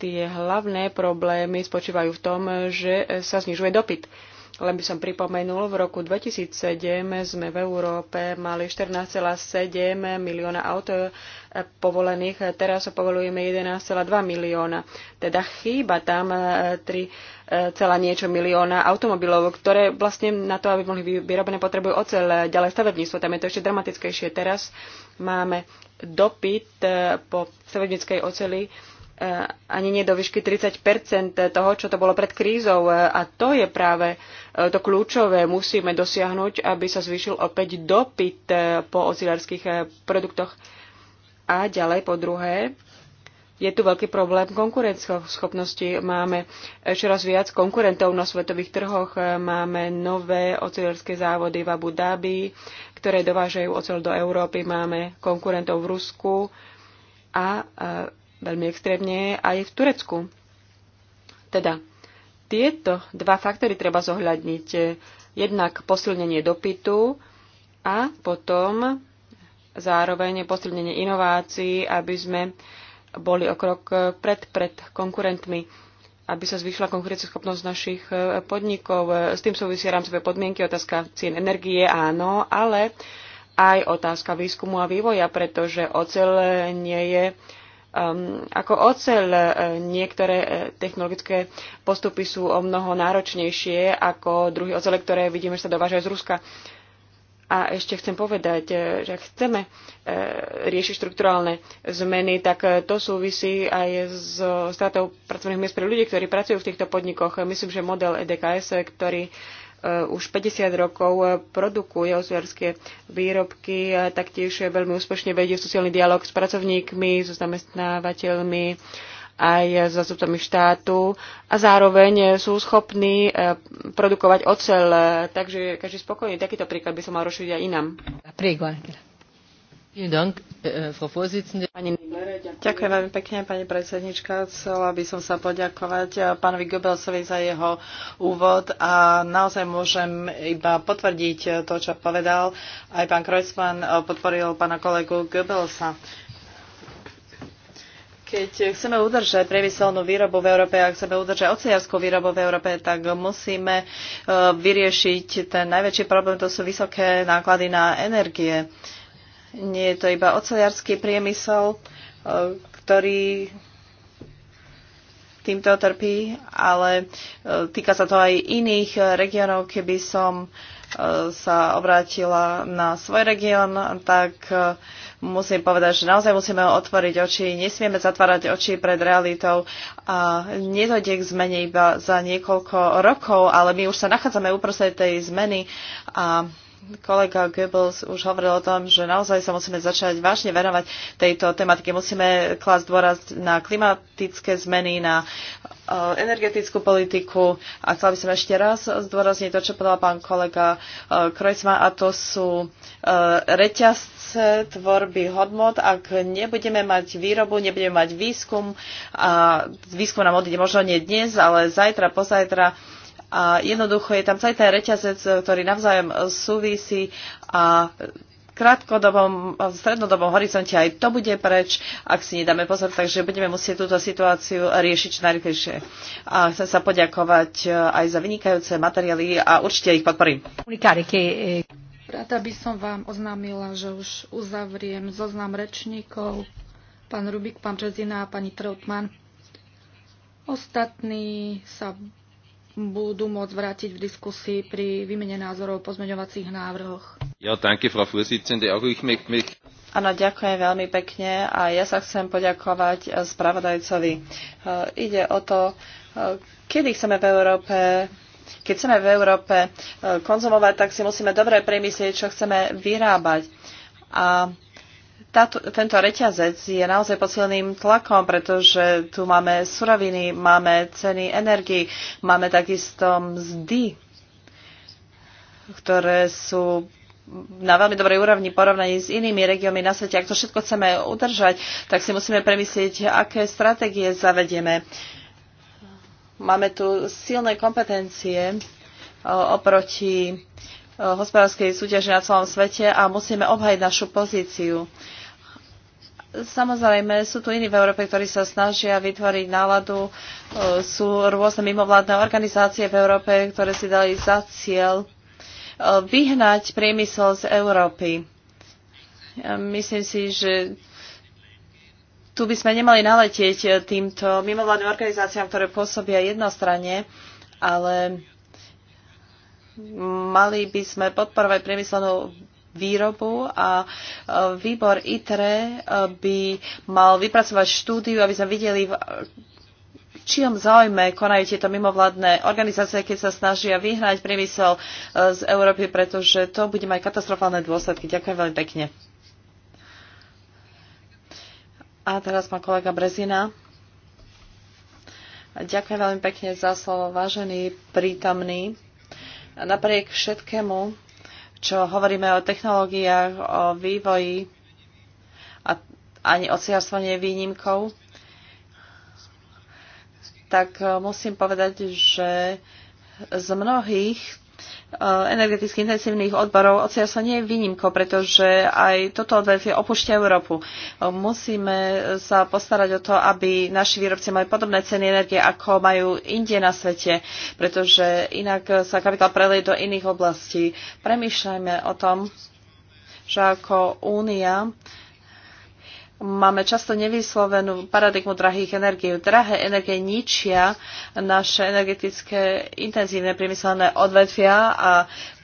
tie hlavné problémy spočívajú v tom, že sa znižuje dopyt. Len by som pripomenul, v roku 2007 sme v Európe mali 14,7 milióna aut e, povolených, teraz povolujeme 11,2 milióna. Teda chýba tam 3 e, e, celá niečo milióna automobilov, ktoré vlastne na to, aby mohli byť vyrobené, potrebujú oceľ. Ďalej stavebníctvo, tam je to ešte dramatickejšie. Teraz máme dopyt po stavebníckej oceli Eh, ani nie do výšky 30 toho, čo to bolo pred krízou. Eh, a to je práve eh, to kľúčové. Musíme dosiahnuť, aby sa zvýšil opäť dopyt po ozilárských produktoch. A ďalej po druhé, je tu veľký problém konkurenceschopnosti. Máme čoraz viac konkurentov na svetových trhoch. Máme nové ocelárske závody v Abu Dhabi, ktoré dovážajú ocel do Európy. Máme konkurentov v Rusku a veľmi extrémne aj v Turecku. Teda tieto dva faktory treba zohľadniť. Jednak posilnenie dopytu a potom zároveň posilnenie inovácií, aby sme boli o krok pred, pred konkurentmi, aby sa zvýšila konkurencieschopnosť našich e, podnikov. S tým súvisia rámcové podmienky, otázka cien energie, áno, ale aj otázka výskumu a vývoja, pretože ocel nie je uh, um, ako oceľ. E, niektoré e, technologické postupy sú o mnoho náročnejšie ako druhý oceľ, ktoré vidíme, že sa dovážajú z Ruska. A ešte chcem povedať, e, že ak chceme riešiť štrukturálne zmeny, tak to súvisí aj s stratou pracovných miest pre ľudí, ktorí pracujú v týchto podnikoch. Myslím, že model EDKS, ktorý uh, Eh, už 50 rokov eh, produkuje osviarské výrobky a taktiež veľmi úspešne vedie sociálny dialog s pracovníkmi, so zamestnávateľmi aj s zastupcami štátu a zároveň sú schopní eh, produkovať ocel. Takže každý spokojný. Takýto príklad by som mal rozšíriť aj inám. Príklad. Äh, äh, Ďakujem veľmi pekne, pani predsednička. Chcela by som sa poďakovať äh, pánovi Goebbelsovi za jeho úvod a naozaj môžem iba potvrdiť to, čo povedal. Aj pán Kreuzmann podporil pána kolegu Goebbelsa. Keď chceme udržať priemyselnú výrobu v Európe a chceme udržať oceliarskú výrobu v Európe, tak musíme vyriešiť ten najväčší problém, to sú vysoké náklady na energie nie je to iba oceliarský priemysel, e, ktorý týmto trpí, ale e, týka sa to aj iných e, regiónov. Keby som sa obrátila na svoj región, tak musím povedať, že naozaj musíme otvoriť oči, nesmieme zatvárať oči pred realitou a nedojde k zmene iba za niekoľko rokov, ale my už sa nachádzame uprostred tej zmeny a kolega Goebbels už hovoril o tom, že naozaj sa musíme začať vážne venovať tejto tematike. Musíme klásť dôraz na klimatické zmeny, na e, energetickú politiku a chcela by som ešte raz zdôrazniť to, čo povedal pán kolega e, Krojcma a to sú e, reťazce tvorby hodnot. Ak nebudeme mať výrobu, nebudeme mať výskum a výskum nám odíde možno nie dnes, ale zajtra, pozajtra, a jednoducho je tam celý ten reťazec, ktorý navzájom súvisí a krátkodobom, v strednodobom horizonte aj to bude preč, ak si nedáme pozor, takže budeme musieť túto situáciu riešiť čo najrychlejšie. A chcem sa poďakovať e, aj za vynikajúce materiály a určite ich podporím. Rada by som vám oznámila, že už uzavriem zoznam rečníkov, pán Rubik, pán Čezina a pani Trautmann. Ostatní sa budú môcť vrátiť v diskusii pri výmene názorov o pozmeňovacích návrhoch. Ja, danke, Frau Vorsitzende. Auch ich mich, mich... Áno, ďakujem veľmi pekne a ja sa chcem poďakovať eh, spravodajcovi. Eh, ide o to, eh, kedy chceme v Európe keď chceme v Európe konzumovať, tak si musíme dobre premyslieť, čo chceme vyrábať. A táto, tento reťazec je naozaj posilným tlakom, pretože tu máme suroviny, máme ceny energii, máme takisto mzdy, ktoré sú na veľmi dobrej úrovni porovnaní s inými regiónmi na svete. Ak to všetko chceme udržať, tak si musíme premyslieť, aké stratégie zavedieme. Máme tu silné kompetencie e, oproti e, hospodárskej súťaži na celom svete a musíme obhajiť našu pozíciu. Samozrejme, sú tu iní v Európe, ktorí sa snažia vytvoriť náladu. E, sú rôzne mimovládne organizácie v Európe, ktoré si dali za cieľ e, vyhnať priemysel z Európy. Ja myslím si, že tu by sme nemali naletieť týmto mimovládnym organizáciám, ktoré pôsobia jednostranne, ale mali by sme podporovať priemyselnú výrobu a e, výbor ITRE e, by mal vypracovať štúdiu, aby sme videli, v čom záujme konajú tieto mimovládne organizácie, keď sa snažia vyhrať priemysel e, z Európy, pretože to bude mať katastrofálne dôsledky. Ďakujem veľmi pekne. A teraz má kolega Brezina. Ďakujem veľmi pekne za slovo, vážený prítomný. Napriek všetkému, čo hovoríme o technológiách, o vývoji a ani ociarstvo nie je výnimkou, tak musím povedať, že z mnohých Eh, energeticky intenzívnych odborov Ocia sa nie je výnimko, pretože aj toto odvetvie opúšťa Európu. Eh, musíme sa postarať o to, aby naši výrobci mali podobné ceny energie, ako majú inde na svete, pretože inak sa kapitál prelie do iných oblastí. Premýšľajme o tom, že ako únia máme často nevyslovenú paradigmu drahých energií. Drahé energie ničia naše energetické intenzívne priemyselné odvetvia a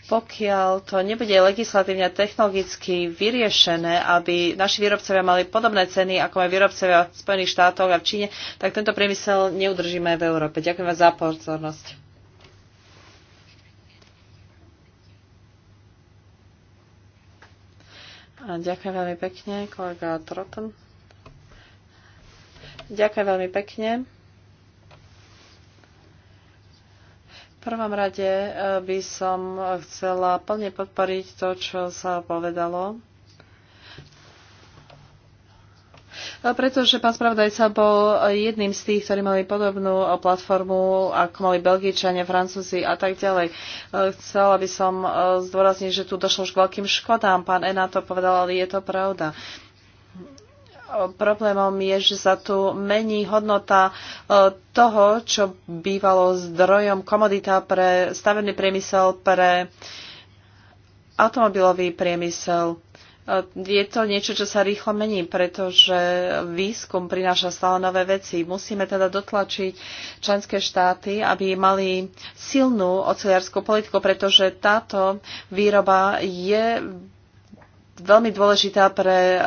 pokiaľ to nebude legislatívne a technologicky vyriešené, aby naši výrobcovia mali podobné ceny, ako majú výrobcovia v Spojených štátoch a v Číne, tak tento priemysel neudržíme aj v Európe. Ďakujem vám za pozornosť. ďakujem veľmi pekne, kolega Trotten. Ďakujem veľmi pekne. V prvom rade eh, by som eh, chcela plne podporiť to, čo sa povedalo pretože pán spravodajca bol jedným z tých, ktorí mali podobnú platformu, ako mali Belgičania, Francúzi a tak ďalej. Chcela by som eh, zdôrazniť, že tu došlo už k veľkým škodám. Pán Ena to povedal, ale je to pravda. Problémom je, že sa tu mení hodnota eh, toho, čo bývalo zdrojom komodita pre stavebný priemysel, pre automobilový priemysel E, je to niečo, čo sa rýchlo mení, pretože výskum prináša stále nové veci. Musíme teda dotlačiť členské štáty, aby mali silnú oceliarskú politiku, pretože táto výroba je veľmi dôležitá pre e,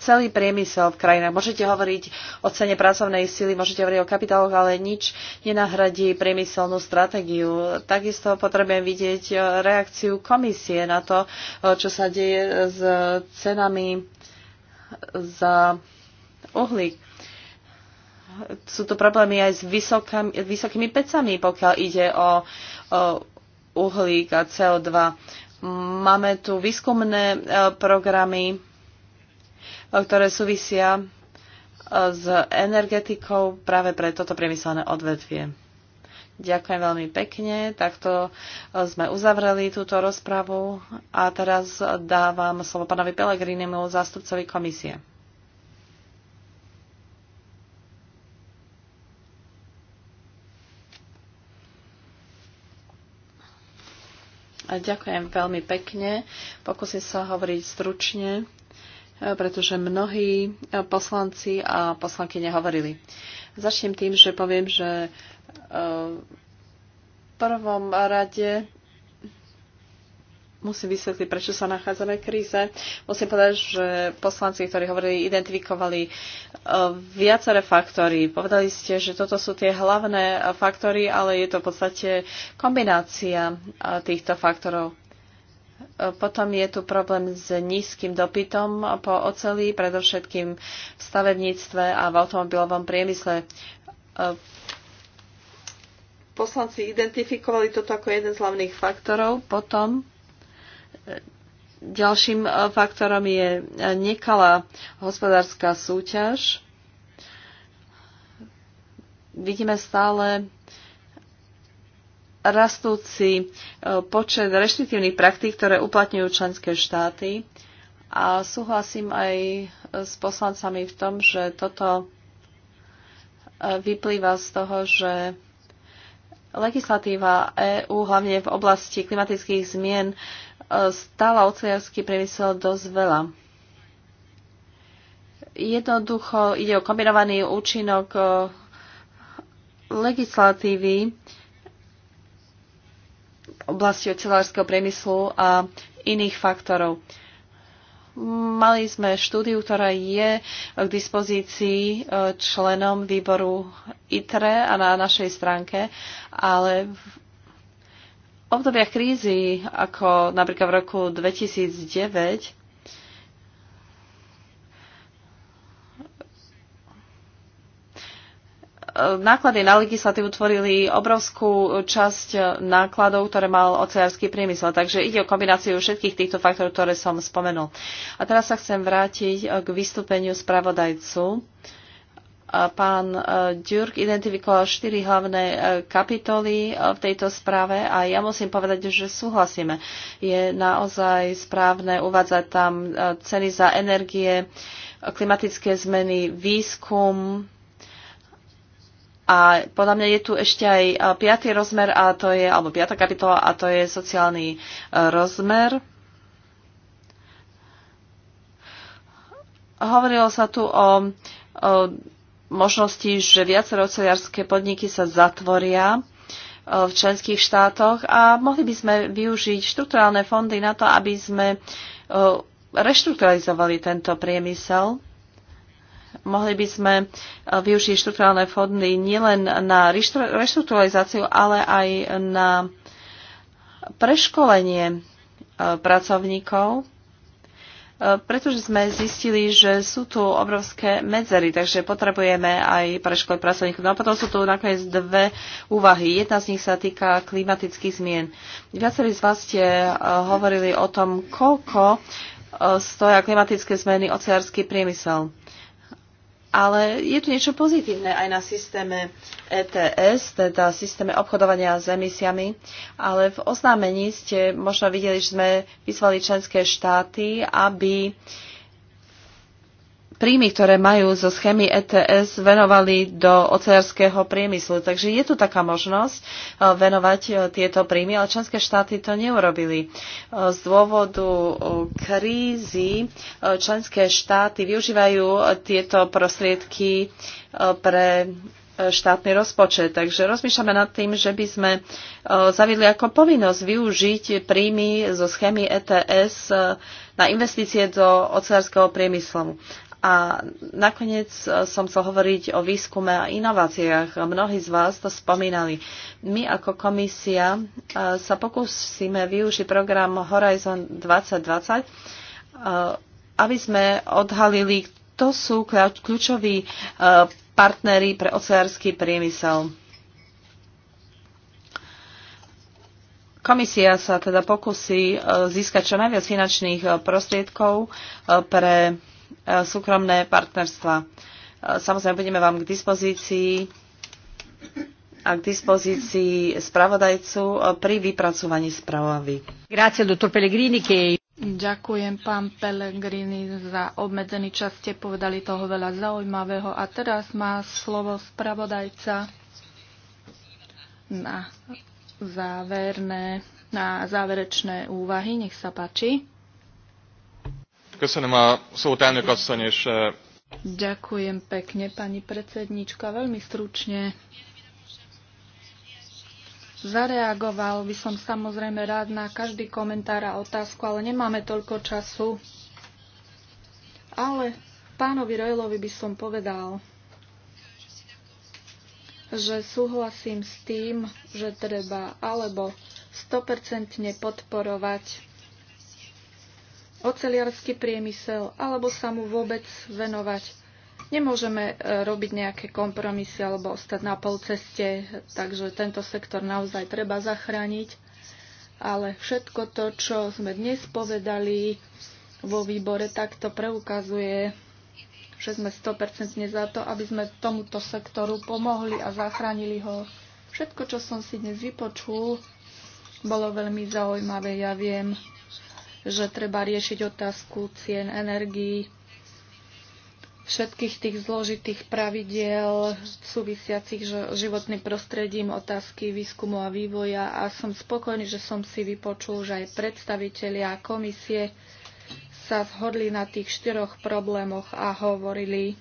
celý priemysel v krajinách. Môžete hovoriť o cene pracovnej síly, môžete hovoriť o kapitáloch, ale nič nenahradí priemyselnú stratégiu. Takisto potrebujem vidieť e, reakciu komisie na to, e, čo sa deje s cenami za uhlík. Sú to problémy aj s vysokými pecami, pokiaľ ide o, o uhlík a CO2. Máme tu výskumné e, programy, ktoré súvisia e, s energetikou práve pre toto priemyselné odvetvie. Ďakujem veľmi pekne. Takto e, sme uzavreli túto rozpravu a teraz dávam slovo pánovi Pelegrinimu, zástupcovi komisie. ďakujem veľmi pekne. Pokúsim sa hovoriť stručne pretože mnohí poslanci a poslanky nehovorili. Začnem tým, že poviem, že e, v prvom rade musím vysvetliť, prečo sa nachádzame v kríze. Musím povedať, že poslanci, ktorí hovorili, identifikovali e, viaceré faktory. Povedali ste, že toto sú tie hlavné faktory, ale je to v podstate kombinácia e, týchto faktorov. Potom je tu problém s nízkym dopytom po oceli, predovšetkým v stavebníctve a v automobilovom priemysle. E, poslanci identifikovali toto ako jeden z hlavných faktorov. Potom e, ďalším e, faktorom je nekalá hospodárska súťaž. Vidíme stále rastúci e, počet reštriktívnych praktík, ktoré uplatňujú členské štáty. A súhlasím aj s poslancami v tom, že toto e, vyplýva z toho, že legislatíva EÚ, hlavne v oblasti klimatických zmien, e, stála oceliarský priemysel dosť veľa. Jednoducho ide o kombinovaný účinok legislatívy, oblasti ocelárskeho priemyslu a iných faktorov. Mali sme štúdiu, ktorá je k dispozícii e, členom výboru ITRE a na našej stránke, ale v obdobiach krízy, ako napríklad v roku 2009, E, náklady na legislatívu tvorili obrovskú časť nákladov, ktoré mal oceársky priemysel. Takže ide o kombináciu všetkých týchto faktorov, ktoré som spomenul. A teraz sa chcem vrátiť e, k vystúpeniu spravodajcu. Pán e, Ďurk identifikoval štyri hlavné kapitoly v tejto správe a ja musím povedať, že súhlasíme. Je naozaj správne uvádzať tam ceny za energie, klimatické zmeny, výskum, a podľa mňa je tu ešte aj piatý rozmer, a to je, alebo piata kapitola, a to je sociálny e, rozmer. Hovorilo sa tu o, o možnosti, že viaceré oceliarské podniky sa zatvoria e, v členských štátoch a mohli by sme využiť štrukturálne fondy na to, aby sme e, reštrukturalizovali tento priemysel mohli by sme e, využiť štruktúrálne fondy nielen na reštrukturalizáciu, ale aj na preškolenie e, pracovníkov, e, pretože sme zistili, že sú tu obrovské medzery, takže potrebujeme aj preškoliť pracovníkov. No a potom sú tu nakoniec dve úvahy. Jedna z nich sa týka klimatických zmien. Viacerí z vás ste hovorili o tom, koľko stoja klimatické zmeny oceársky priemysel. Ale je tu niečo pozitívne aj na systéme ETS, teda systéme obchodovania s emisiami. Ale v oznámení ste možno videli, že sme vyzvali členské štáty, aby uh, príjmy, ktoré majú zo schémy ETS, venovali do oceľarského priemyslu. Takže je tu taká možnosť e, venovať e, tieto príjmy, ale členské štáty to neurobili. E, z dôvodu krízy členské štáty využívajú tieto prostriedky pre štátny rozpočet. Takže rozmýšľame nad tým, že by sme zaviedli ako povinnosť využiť príjmy zo schémy ETS na investície do ocelárskeho priemyslu. A nakoniec e, som chcel hovoriť o výskume a inováciách. Mnohí z vás to spomínali. My ako komisia e, sa pokúsime využiť program Horizon 2020, e, aby sme odhalili, kto sú kľúčoví partnery pre oceársky priemysel. Komisia sa teda pokusí získať čo najviac finančných prostriedkov pre Eh, súkromné partnerstva. Eh, samozrejme, budeme vám k dispozícii a k dispozícii spravodajcu eh, pri vypracovaní správy. Ďakujem, pán Pellegrini, za obmedzený čas. Ste povedali toho veľa zaujímavého. A teraz má slovo spravodajca na záverné, na záverečné úvahy. Nech sa páči. Köszönöm a szót, elnök asszony, és... Eh, Ďakujem pekne, pani predsednička. Veľmi stručne zareagoval by som samozrejme rád na každý komentár a otázku, ale nemáme toľko času. Ale pánovi Rojlovi by som povedal, že súhlasím s tým, že treba alebo 100% podporovať oceliarský priemysel, alebo sa mu vôbec venovať. Nemôžeme e, robiť nejaké kompromisy alebo ostať na pol ceste, takže tento sektor naozaj treba zachrániť. Ale všetko to, čo sme dnes povedali vo výbore, tak to preukazuje, že sme 100% za to, aby sme tomuto sektoru pomohli a zachránili ho. Všetko, čo som si dnes vypočul, bolo veľmi zaujímavé. Ja viem, že treba riešiť otázku cien energií, všetkých tých zložitých pravidiel súvisiacich životným prostredím, otázky výskumu a vývoja a som spokojný, že som si vypočul, že aj predstavitelia komisie sa zhodli na tých štyroch problémoch a hovorili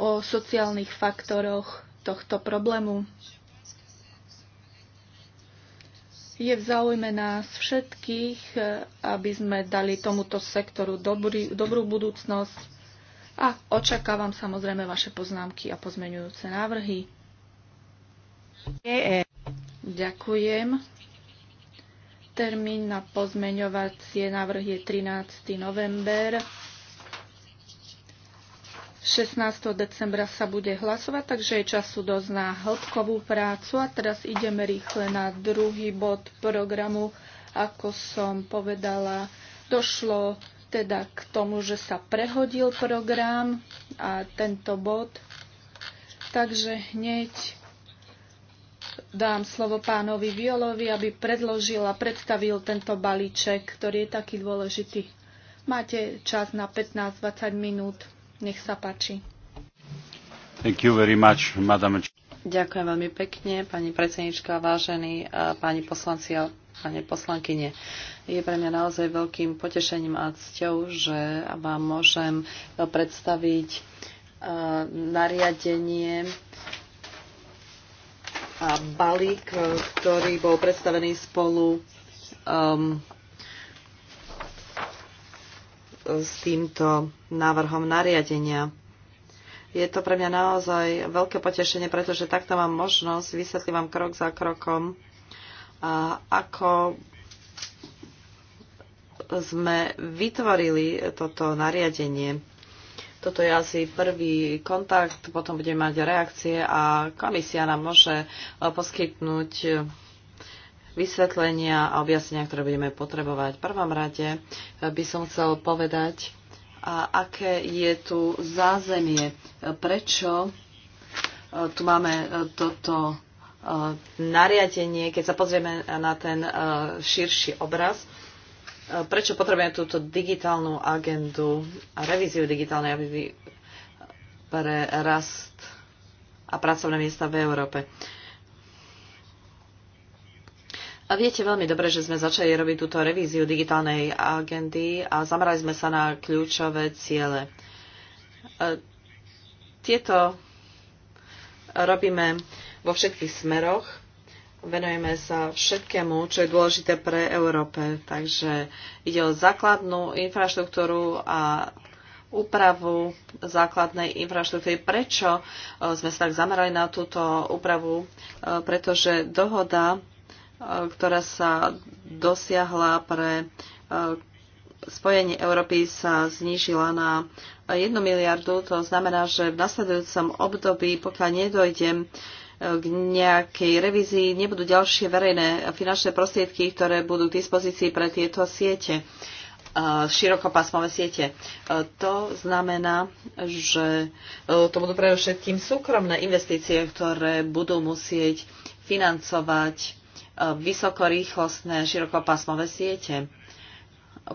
o sociálnych faktoroch tohto problému. Je v záujme nás všetkých, e, aby sme dali tomuto sektoru dobrý, dobrú budúcnosť a očakávam samozrejme vaše poznámky a pozmeňujúce návrhy. Ďakujem. Termín na pozmeňovacie návrhy je 13. november. 16. decembra sa bude hlasovať, takže je času dosť na hĺbkovú prácu. A teraz ideme rýchle na druhý bod programu. Ako som povedala, došlo teda k tomu, že sa prehodil program a tento bod. Takže hneď dám slovo pánovi Violovi, aby predložil a predstavil tento balíček, ktorý je taký dôležitý. Máte čas na 15-20 minút. Nech sa páči. Thank you very much, madam. Ďakujem veľmi pekne, pani predsednička, vážení páni poslanci a pani poslankyne. Je pre mňa naozaj veľkým potešením a cťou, že vám môžem predstaviť nariadenie a balík, ktorý bol predstavený spolu um, s týmto návrhom nariadenia. Je to pre mňa naozaj veľké potešenie, pretože takto mám možnosť, vysvetlím vám krok za krokom, ako sme vytvorili toto nariadenie. Toto je asi prvý kontakt, potom budeme mať reakcie a komisia nám môže poskytnúť vysvetlenia a objasnenia, ktoré budeme potrebovať. V prvom rade eh, by som chcel povedať, aké je tu zázemie, eh, prečo eh, tu máme toto nariadenie, keď sa pozrieme na ten širší obraz, prečo potrebujeme túto digitálnu agendu a revíziu digitálnej agendy pre rast a pracovné miesta v Európe. A viete veľmi dobre, že sme začali robiť túto revíziu digitálnej agendy a zamerali sme sa na kľúčové ciele. E, tieto robíme vo všetkých smeroch. Venujeme sa všetkému, čo je dôležité pre Európe. Takže ide o základnú infraštruktúru a úpravu základnej infraštruktúry. Prečo e, sme sa tak zamerali na túto úpravu? E, pretože dohoda ktorá sa dosiahla pre e, spojenie Európy sa znížila na 1 miliardu. To znamená, že v nasledujúcom období, pokiaľ nedojde e, k nejakej revízii, nebudú ďalšie verejné finančné prostriedky, ktoré budú k dispozícii pre tieto siete, e, širokopásmové siete. To znamená, že to budú pre všetkým súkromné investície, ktoré budú musieť financovať vysokorýchlostné širokopásmové siete.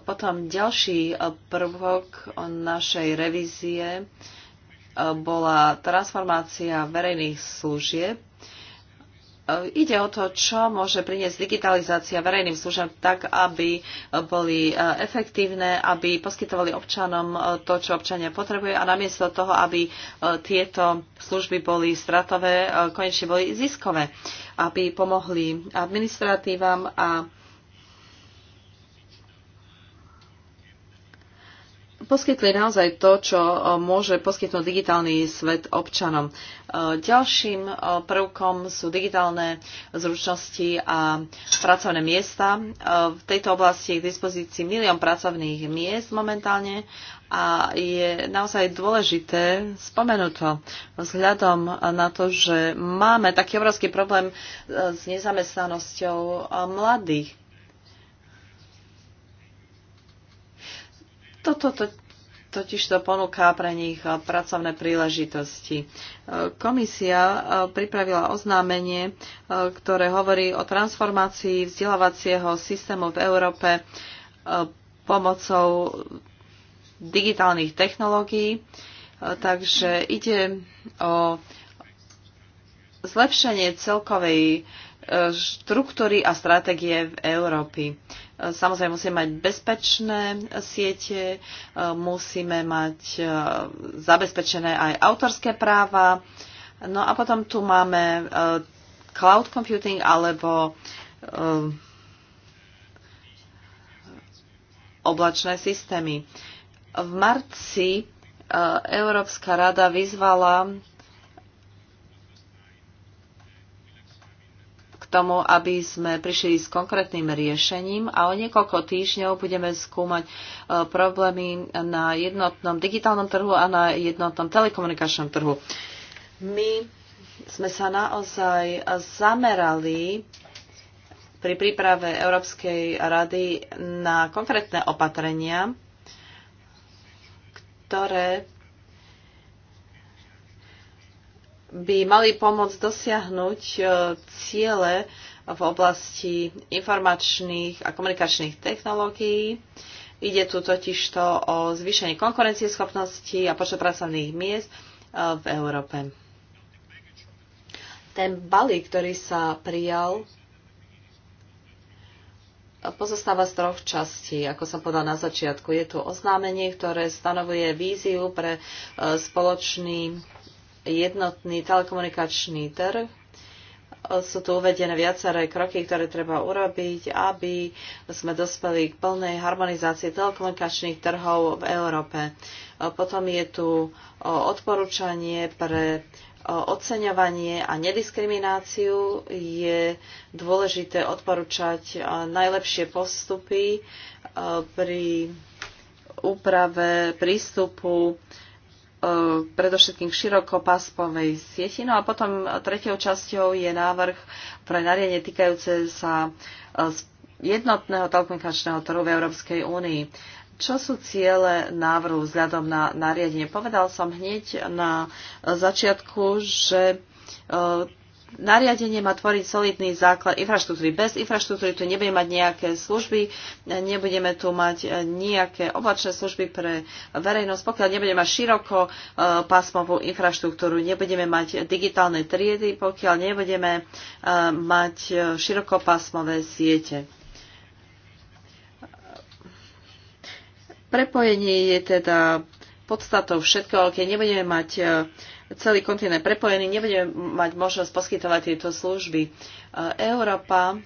Potom ďalší e, prvok našej revízie e, bola transformácia verejných služieb E, ide o to, čo môže priniesť digitalizácia verejným služeb tak, aby e, boli e, efektívne, aby poskytovali občanom to, čo občania potrebujú a namiesto toho, aby tieto služby boli stratové, konečne boli ziskové, aby pomohli administratívam a poskytli naozaj to, čo môže poskytnúť digitálny svet občanom. Ďalším prvkom sú digitálne zručnosti a pracovné miesta. V tejto oblasti je k dispozícii milión pracovných miest momentálne a je naozaj dôležité spomenúť to vzhľadom na to, že máme taký obrovský problém e, s nezamestnanosťou e, mladých Toto to, totiž to ponúka pre nich eh, pracovné príležitosti. Eh, komisia eh, pripravila oznámenie, ktoré hovorí o transformácii vzdelávacieho systému v Európe pomocou digitálnych technológií. Takže ide o zlepšenie celkovej štruktúry a stratégie v Európe. E, samozrejme musíme mať bezpečné e, siete, e, musíme mať zabezpečené aj autorské práva. No a potom tu máme cloud computing alebo oblačné systémy. V marci Európska rada vyzvala tomu, aby sme prišli s konkrétnym riešením a o niekoľko týždňov budeme skúmať e, problémy na jednotnom digitálnom trhu a na jednotnom telekomunikačnom trhu. My sme sa naozaj zamerali pri príprave Európskej rady na konkrétne opatrenia, ktoré by mali pomôcť dosiahnuť e, ciele v oblasti informačných a komunikačných technológií. Ide tu totiž to o zvýšenie konkurencieschopnosti a počet pracovných miest e, v Európe. Ten balík, ktorý sa prijal, pozostáva z troch častí. Ako som povedal na začiatku, je tu oznámenie, ktoré stanovuje víziu pre e, spoločný jednotný telekomunikačný trh. Sú tu uvedené viaceré kroky, ktoré treba urobiť, aby sme dospeli k plnej harmonizácii telekomunikačných trhov v Európe. Potom je tu odporúčanie pre oceňovanie a nediskrimináciu je dôležité odporúčať najlepšie postupy pri úprave prístupu E, predovšetkým k širokopáspovej sieti. No a potom tretiou časťou je návrh pre nariadenie týkajúce sa e, jednotného telekomunikačného trhu v Európskej únii. Čo sú ciele návrhu vzhľadom na nariadenie? Povedal som hneď na začiatku, že e, nariadenie má tvoriť solidný základ infraštruktúry. Bez infraštruktúry tu nebudeme mať nejaké služby, nebudeme tu mať eh, nejaké oblačné služby pre verejnosť, pokiaľ nebudeme mať široko eh, pásmovú infraštruktúru, nebudeme mať digitálne triedy, pokiaľ nebudeme eh, mať širokopásmové siete. Prepojenie je teda podstatou všetkého, keď nebudeme mať uh, celý kontinent prepojený, nebudeme mať možnosť poskytovať tieto služby. E, Európa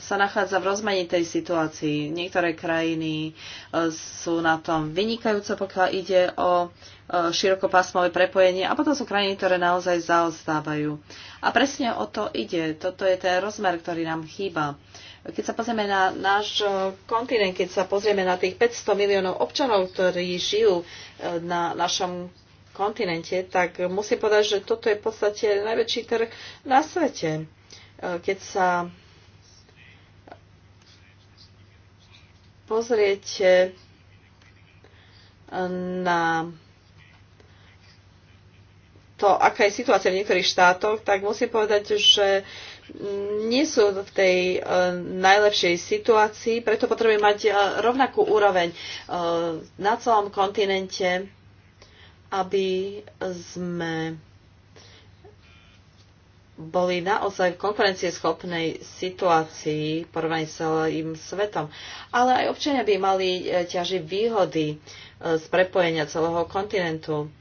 sa nachádza v rozmanitej situácii. Niektoré krajiny e, sú na tom vynikajúce, pokiaľ ide o e, širokopásmové prepojenie a potom sú krajiny, ktoré naozaj zaostávajú. A presne o to ide. Toto je ten rozmer, ktorý nám chýba. Keď sa pozrieme na náš kontinent, keď sa pozrieme na tých 500 miliónov občanov, ktorí žijú na našom kontinente, tak musím povedať, že toto je v podstate najväčší trh na svete. E, keď sa pozriete na to, aká je situácia v niektorých štátoch, tak musím povedať, že nie sú v tej e, najlepšej situácii, preto potrebujeme mať e, rovnakú úroveň na celom kontinente aby sme boli naozaj v konkurencieschopnej situácii porovnaní s celým svetom. Ale aj občania by mali e, ťažiť výhody e, z prepojenia celého kontinentu.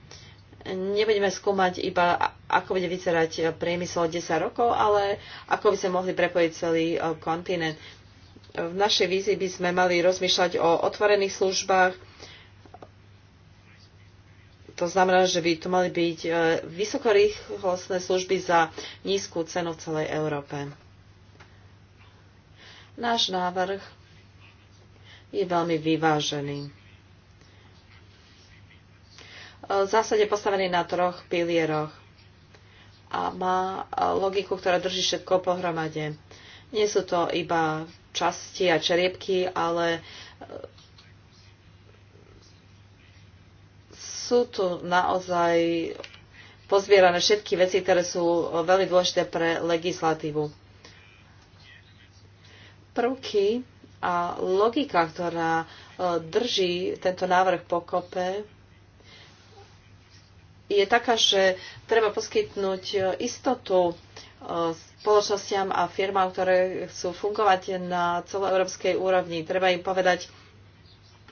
Nebudeme skúmať iba, ako bude vyzerať e, priemysel 10 rokov, ale ako by sme mohli prepojiť celý kontinent. V našej vízii by sme mali rozmýšľať o otvorených službách, to znamená, že by tu mali byť e, vysokorýchlostné služby za nízku cenu v celej Európe. Náš návrh je veľmi vyvážený. E, v zásade postavený na troch pilieroch a má e, logiku, ktorá drží všetko pohromade. Nie sú to iba časti a čeriebky, ale sú tu naozaj pozbierané všetky veci, ktoré sú veľmi dôležité pre legislatívu. Prvky a logika, ktorá e, drží tento návrh pokope, je taká, že treba poskytnúť istotu e, spoločnosťam a firmám, ktoré chcú fungovať na celoeurópskej úrovni. Treba im povedať,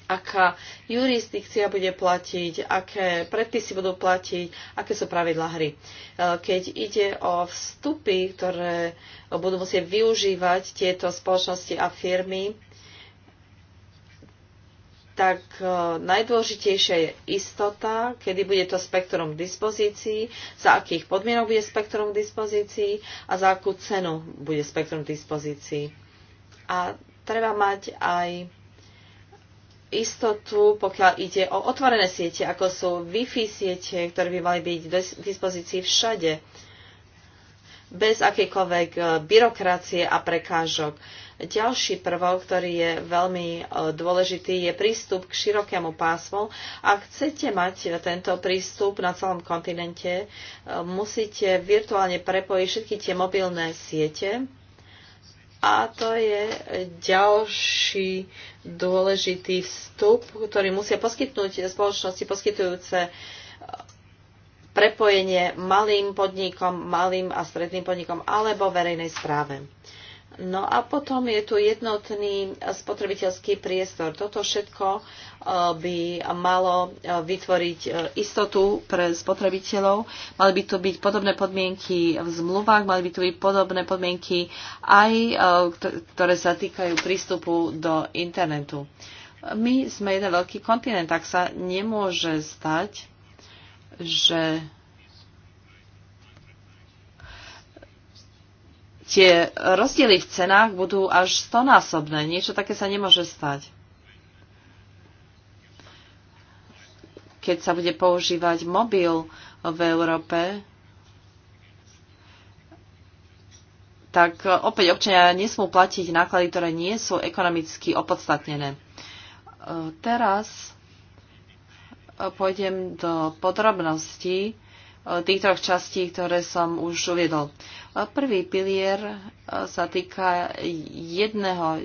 aká jurisdikcia bude platiť, aké predpisy budú platiť, aké sú pravidlá hry. E, keď ide o vstupy, ktoré budú musieť využívať tieto spoločnosti a firmy, tak e, najdôležitejšia je istota, kedy bude to spektrum k dispozícii, za akých podmienok bude spektrum k dispozícii a za akú cenu bude spektrum k dispozícii. A treba mať aj istotu, pokiaľ ide o otvorené siete, ako sú Wi-Fi siete, ktoré by mali byť k dispozícii všade, bez akejkoľvek e, byrokracie a prekážok. Ďalší prvok, ktorý je veľmi e, dôležitý, je prístup k širokému pásmu. Ak chcete mať tento prístup na celom kontinente, e, musíte virtuálne prepojiť všetky tie mobilné siete a to je ďalší dôležitý vstup, ktorý musia poskytnúť spoločnosti poskytujúce e, prepojenie malým podnikom, malým a stredným podnikom alebo verejnej správe. No a potom je tu jednotný spotrebiteľský priestor. Toto všetko eh, by malo eh, vytvoriť eh, istotu pre spotrebiteľov. Mali by tu byť podobné podmienky v zmluvách, mali by tu byť podobné podmienky aj, ktoré sa týkajú prístupu do internetu. My sme jeden veľký kontinent, tak sa nemôže stať, že tie rozdiely v cenách budú až stonásobné. Niečo také sa nemôže stať. Keď sa bude používať mobil v Európe, tak opäť občania nesmú platiť náklady, ktoré nie sú ekonomicky opodstatnené. Teraz pôjdem do podrobností tých troch častí, ktoré som už uviedol. Prvý pilier e, sa týka jedného,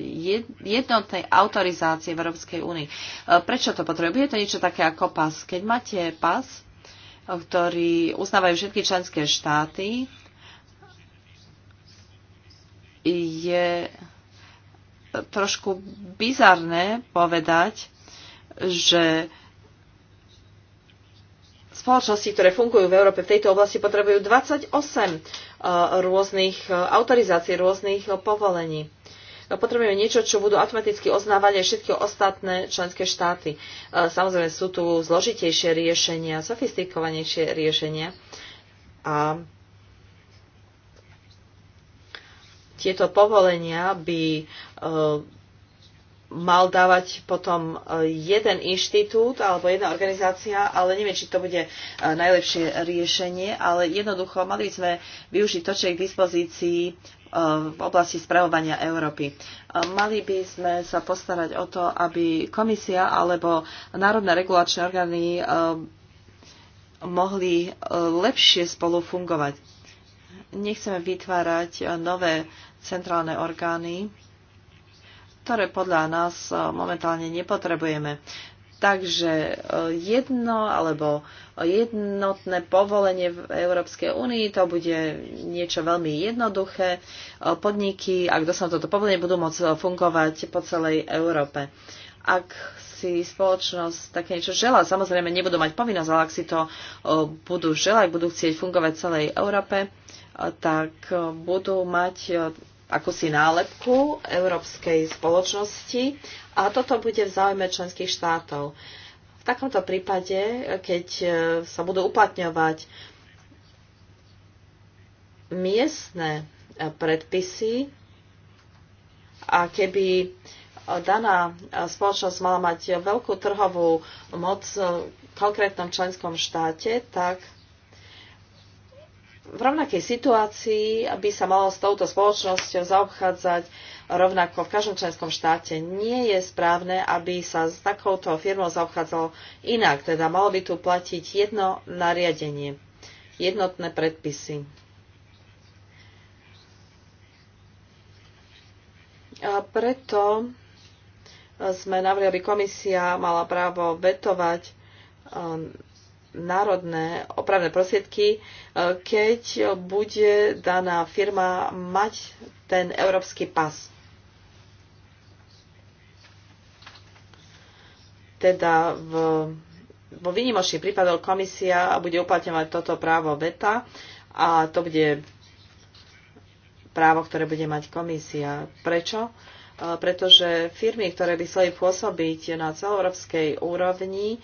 jednotnej autorizácie v Európskej únii. E, prečo to potrebuje? Je to niečo také ako pas. Keď máte pas, ktorý uznávajú všetky členské štáty, je trošku bizarné povedať, že spoločnosti, ktoré fungujú v Európe v tejto oblasti, potrebujú 28 uh, rôznych uh, autorizácií, rôznych uh, povolení. No, Potrebujeme niečo, čo budú automaticky oznávať aj všetky ostatné členské štáty. Samozrejme sú tu zložitejšie riešenia, sofistikovanejšie riešenia. A tieto povolenia by mal dávať potom e, jeden inštitút alebo jedna organizácia, ale neviem, či to bude e, najlepšie riešenie, ale jednoducho mali sme využiť to, čo je k dispozícii e, v oblasti spravovania Európy. Mali by sme sa postarať o to, aby komisia alebo národné regulačné orgány mohli lepšie spolu fungovať. Nechceme vytvárať nové centrálne orgány, ktoré podľa nás e, momentálne nepotrebujeme. Takže e, jedno alebo jednotné povolenie v Európskej únii, to bude niečo veľmi jednoduché. E, podniky, ak dostanú toto povolenie, budú môcť fungovať po celej Európe. Ak si spoločnosť také niečo žela, samozrejme nebudú mať povinnosť, ale ak si to budú želať, budú chcieť fungovať v celej Európe, tak budú mať akúsi nálepku európskej spoločnosti a toto bude v záujme členských štátov. V takomto prípade, keď e, sa budú uplatňovať miestne e, predpisy a keby e, daná spoločnosť mala mať veľkú trhovú moc v konkrétnom členskom štáte, tak v rovnakej situácii, aby sa malo s touto spoločnosťou zaobchádzať rovnako v každom členskom štáte. Nie je správne, aby sa s takouto firmou zaobchádzalo inak, teda malo by tu platiť jedno nariadenie, jednotné predpisy. A preto sme navrhli, aby komisia mala právo vetovať um, národné opravné prostriedky, e, keď bude daná firma mať ten európsky pas. Teda v, vo výnimočných prípadoch komisia bude uplatňovať toto právo VETA a to bude právo, ktoré bude mať komisia. Prečo? pretože firmy, ktoré by chceli pôsobiť na celoeurópskej úrovni,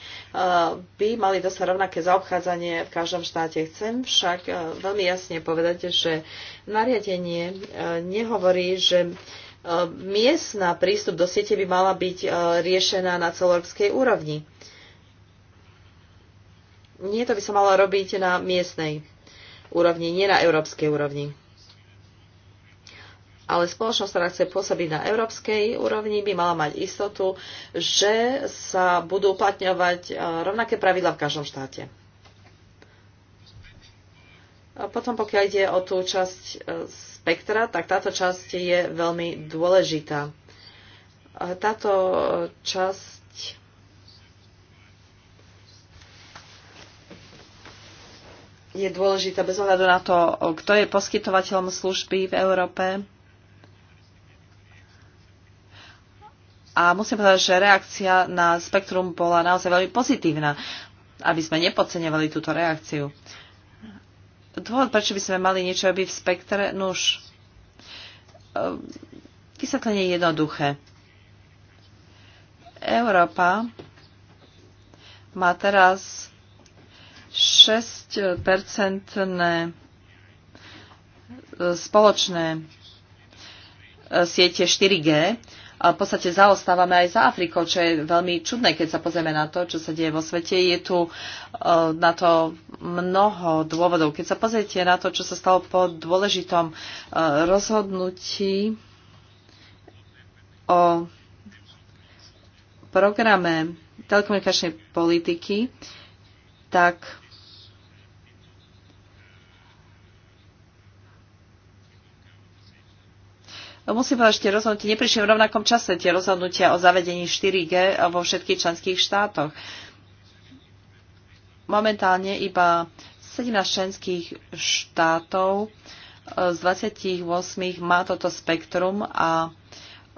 by mali dosť rovnaké zaobchádzanie v každom štáte. Chcem však veľmi jasne povedať, že nariadenie nehovorí, že miestna prístup do siete by mala byť riešená na celoeurópskej úrovni. Nie, to by sa malo robiť na miestnej úrovni, nie na európskej úrovni ale spoločnosť, ktorá chce pôsobiť na európskej úrovni, by mala mať istotu, že sa budú uplatňovať e, rovnaké pravidla v každom štáte. A potom pokiaľ ide o tú časť e, spektra, tak táto časť je veľmi dôležitá. Táto e, časť je dôležitá bez ohľadu na to, kto je poskytovateľom služby v Európe a musím povedať, že reakcia na spektrum bola naozaj veľmi pozitívna, aby sme nepodceňovali túto reakciu. Dôvod, prečo by sme mali niečo robiť v spektre, nuž, e, vysvetlenie je jednoduché. Európa má teraz 6-percentné e, spoločné e, siete 4G, v podstate zaostávame aj za Afrikou, čo je veľmi čudné, keď sa pozrieme na to, čo sa deje vo svete. Je tu e, na to mnoho dôvodov. Keď sa pozriete na to, čo sa stalo po dôležitom e, rozhodnutí o programe telekomunikačnej politiky, tak Musím povedať, že tie rozhodnutie neprišli v rovnakom čase, tie rozhodnutia o zavedení 4G vo všetkých členských štátoch. Momentálne iba 17 členských štátov e, z 28 má toto spektrum a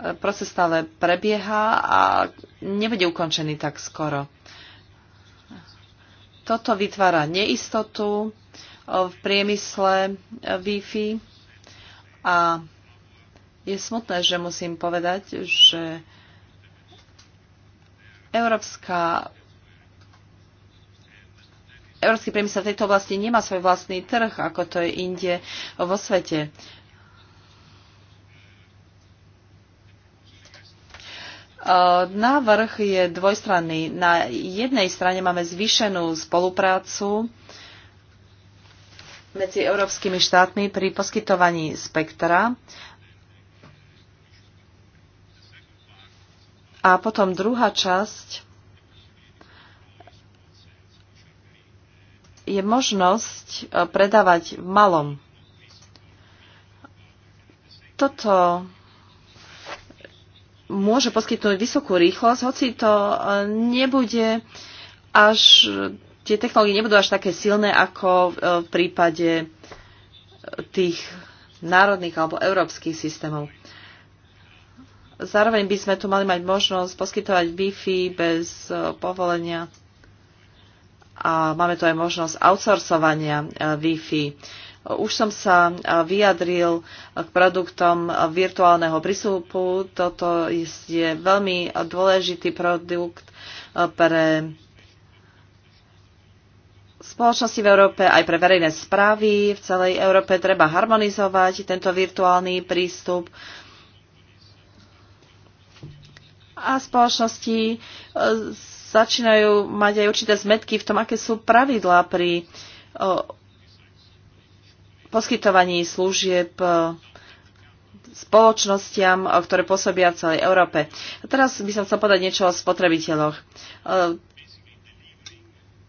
e, proces stále prebieha a nebude ukončený tak skoro. Toto vytvára neistotu e, v priemysle Wi-Fi a je smutné, že musím povedať, že Európska Európsky priemysel v tejto oblasti nemá svoj vlastný trh, ako to je inde vo svete. E, návrh je dvojstranný. Na jednej strane máme zvýšenú spoluprácu medzi európskymi štátmi pri poskytovaní spektra A potom druhá časť je možnosť e, predávať v malom. Toto môže poskytnúť vysokú rýchlosť, hoci to e, nebude až, tie technológie nebudú až také silné ako e, v prípade tých národných alebo európskych systémov. Zároveň by sme tu mali mať možnosť poskytovať Wi-Fi bez e, povolenia a máme tu aj možnosť outsourcovania e, Wi-Fi. Už som sa e, vyjadril k produktom virtuálneho prístupu. Toto je veľmi dôležitý produkt pre spoločnosti v Európe, aj pre verejné správy v celej Európe. Treba harmonizovať tento virtuálny prístup a spoločnosti e, začínajú mať aj určité zmetky v tom, aké sú pravidlá pri e, poskytovaní služieb e, spoločnostiam, ktoré pôsobia v celej Európe. A teraz by som chcel povedať niečo o spotrebiteľoch.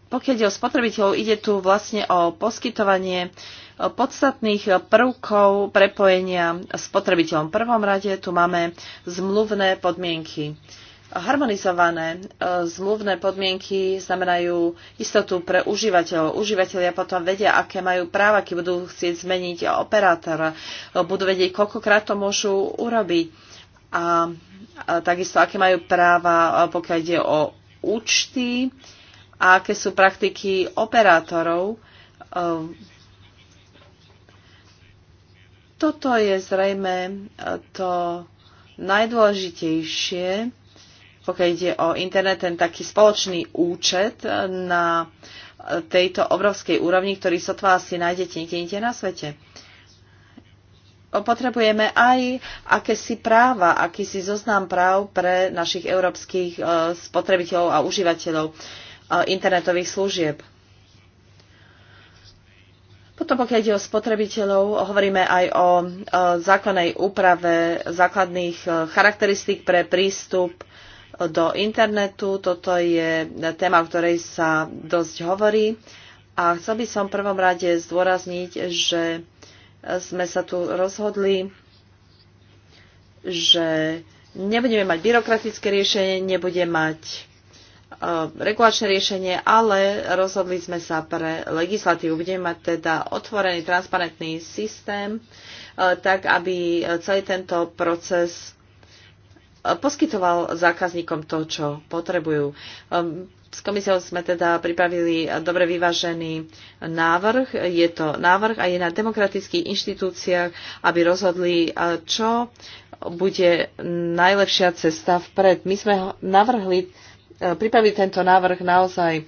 Pokiaľ ide o spotrebiteľov, ide tu vlastne o poskytovanie podstatných prvkov prepojenia s potrebiteľom. V prvom rade tu máme zmluvné podmienky. Harmonizované e, zmluvné podmienky znamenajú istotu pre užívateľov. Užívateľia potom vedia, aké majú práva, keď budú chcieť zmeniť operátor. Budú vedieť, koľkokrát to môžu urobiť. a takisto, aké majú práva, e, pokiaľ ide o účty a aké sú praktiky operátorov e, toto je zrejme e, to najdôležitejšie, pokiaľ ide o internet, ten taký spoločný účet e, na e, tejto obrovskej úrovni, ktorý sotva asi nájdete niekde na svete. Potrebujeme aj akési práva, akýsi zoznam práv pre našich európskych spotrebiteľov a užívateľov internetových služieb. Potom, pokiaľ ide o spotrebiteľov, hovoríme aj o zákonnej úprave základných e, charakteristík pre prístup e, do internetu. Toto je téma, o ktorej sa dosť hovorí. A chcel by som v prvom rade zdôrazniť, že e, sme sa tu rozhodli, že nebudeme mať byrokratické riešenie, nebudeme mať E, regulačné riešenie, ale rozhodli sme sa pre legislatívu. Budeme mať teda otvorený, transparentný systém, e, tak aby celý tento proces e, poskytoval zákazníkom to, čo potrebujú. S komisiou sme teda pripravili dobre vyvážený návrh. Je to návrh a je na demokratických inštitúciách, aby rozhodli, čo bude najlepšia cesta vpred. My sme navrhli E, pripraviť tento návrh naozaj e,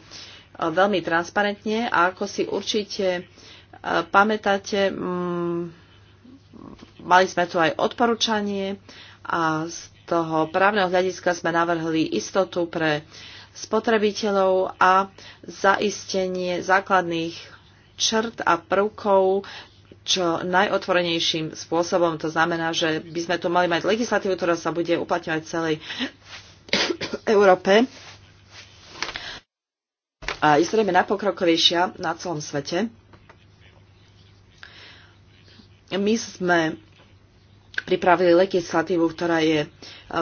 veľmi transparentne a ako si určite e, pamätáte, mm, mali sme tu aj odporúčanie a z toho právneho hľadiska sme navrhli istotu pre spotrebiteľov a zaistenie základných črt a prvkov čo najotvorenejším spôsobom. To znamená, že by sme tu mali mať legislatívu, ktorá sa bude uplatňovať v celej Európe a je najpokrokovejšia na celom svete. My sme pripravili legislatívu, ktorá je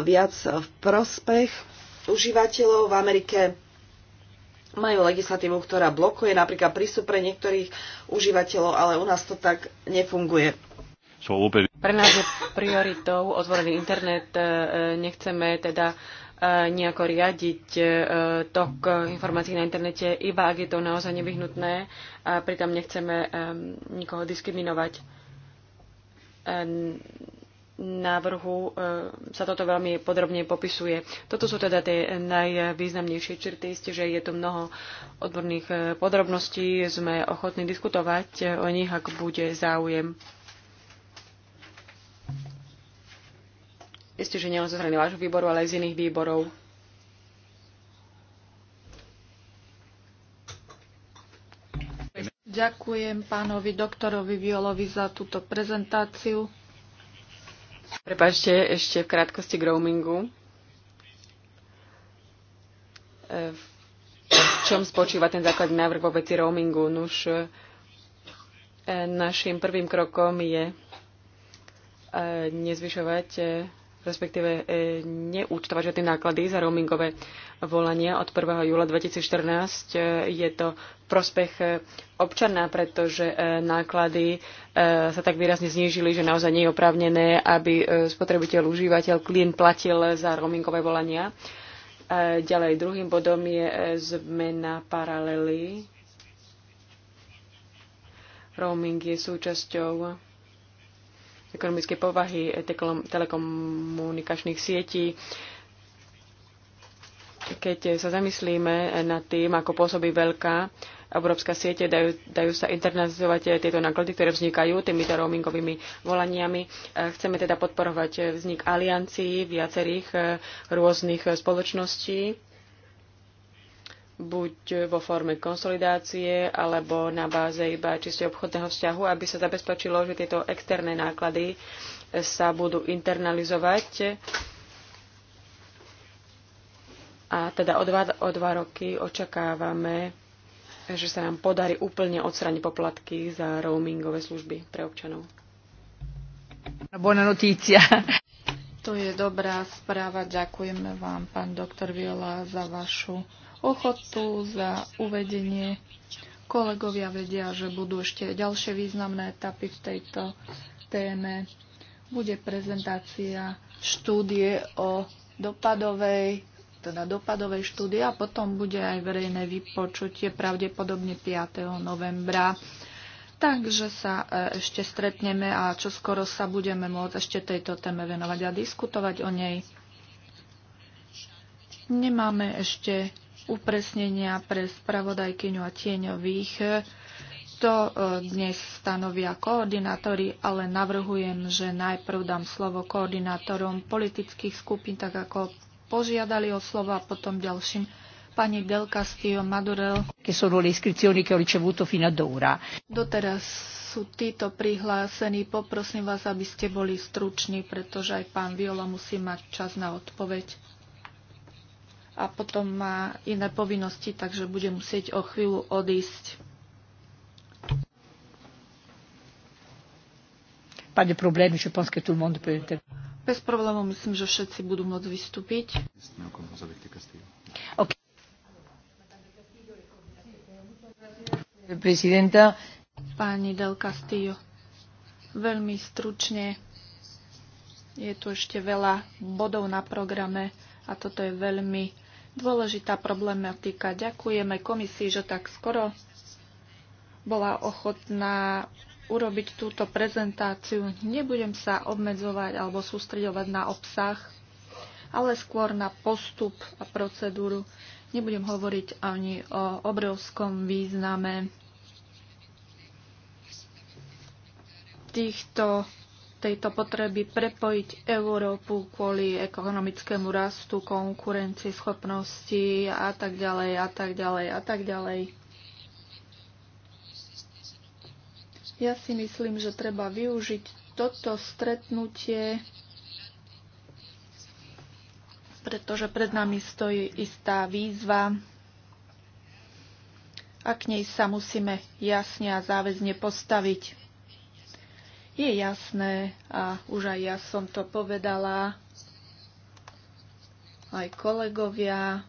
viac v prospech užívateľov v Amerike. Majú legislatívu, ktorá blokuje napríklad prístup pre niektorých užívateľov, ale u nás to tak nefunguje. Pre nás je prioritou otvorený internet. E, e, nechceme teda E, nejako riadiť e, tok informácií na internete, iba ak je to naozaj nevyhnutné a pritom nechceme e, nikoho diskriminovať. Návrhu sa toto veľmi podrobne popisuje. Toto sú teda tie najvýznamnejšie črty, že je tu mnoho odborných podrobností, sme ochotní diskutovať o nich, ak bude záujem. Isté, že nielen zo strany vášho výboru, ale aj z iných výborov. Ďakujem pánovi doktorovi Violovi za túto prezentáciu. Prepačte, ešte v krátkosti k roamingu. E, v čom spočíva ten základný návrh vo veci roamingu? Nuž, e, našim prvým krokom je e, nezvyšovať respektíve e, neúčtovať žiadne náklady za roamingové volania od 1. júla 2014. E, je to prospech e, občana, pretože náklady sa tak výrazne znížili, že naozaj nie je oprávnené, aby spotrebiteľ, užívateľ, klient platil za roamingové volania. Ďalej druhým bodom je zmena paralely. Roaming je súčasťou ekonomickej povahy telekomunikačných sietí. Keď sa zamyslíme nad tým, ako pôsobí veľká európska siete, dajú, dajú sa internalizovať tieto náklady, ktoré vznikajú týmito roamingovými volaniami. Chceme teda podporovať vznik aliancií viacerých e, rôznych e, spoločností buď vo forme konsolidácie alebo na báze iba čiste obchodného vzťahu, aby sa zabezpečilo, že tieto externé náklady sa budú internalizovať a teda o dva, o dva roky očakávame, že sa nám podarí úplne odstrániť poplatky za roamingové služby pre občanov. Buona To je dobrá správa. Ďakujeme vám, pán doktor Viola, za vašu ochotu, za uvedenie. Kolegovia vedia, že budú ešte ďalšie významné etapy v tejto téme. Bude prezentácia štúdie o dopadovej teda dopadovej štúdie a potom bude aj verejné vypočutie pravdepodobne 5. novembra. Takže sa e, ešte stretneme a čo skoro sa budeme môcť ešte tejto téme venovať a diskutovať o nej. Nemáme ešte upresnenia pre spravodajkyňu a tieňových. To e, dnes stanovia koordinátori, ale navrhujem, že najprv dám slovo koordinátorom politických skupín, tak ako požiadali o slovo a potom ďalším pani Del Castillo Madurel. Doteraz sú títo prihlásení. Poprosím vás, aby ste boli struční, pretože aj pán Viola musí mať čas na odpoveď a potom má iné povinnosti, takže bude musieť o chvíľu odísť. Bez problémov myslím, že všetci budú môcť vystúpiť. Okay. Prezidenta. Pani Del Castillo, veľmi stručne. Je tu ešte veľa bodov na programe a toto je veľmi Dôležitá problematika. Ďakujeme komisii, že tak skoro bola ochotná urobiť túto prezentáciu. Nebudem sa obmedzovať alebo sústredovať na obsah, ale skôr na postup a procedúru. Nebudem hovoriť ani o obrovskom význame týchto tejto potreby prepojiť Európu kvôli ekonomickému rastu, konkurencie, schopnosti a tak ďalej a tak ďalej a tak ďalej. Ja si myslím, že treba využiť toto stretnutie, pretože pred nami stojí istá výzva a k nej sa musíme jasne a záväzne postaviť. Je jasné, a už aj ja som to povedala, aj kolegovia,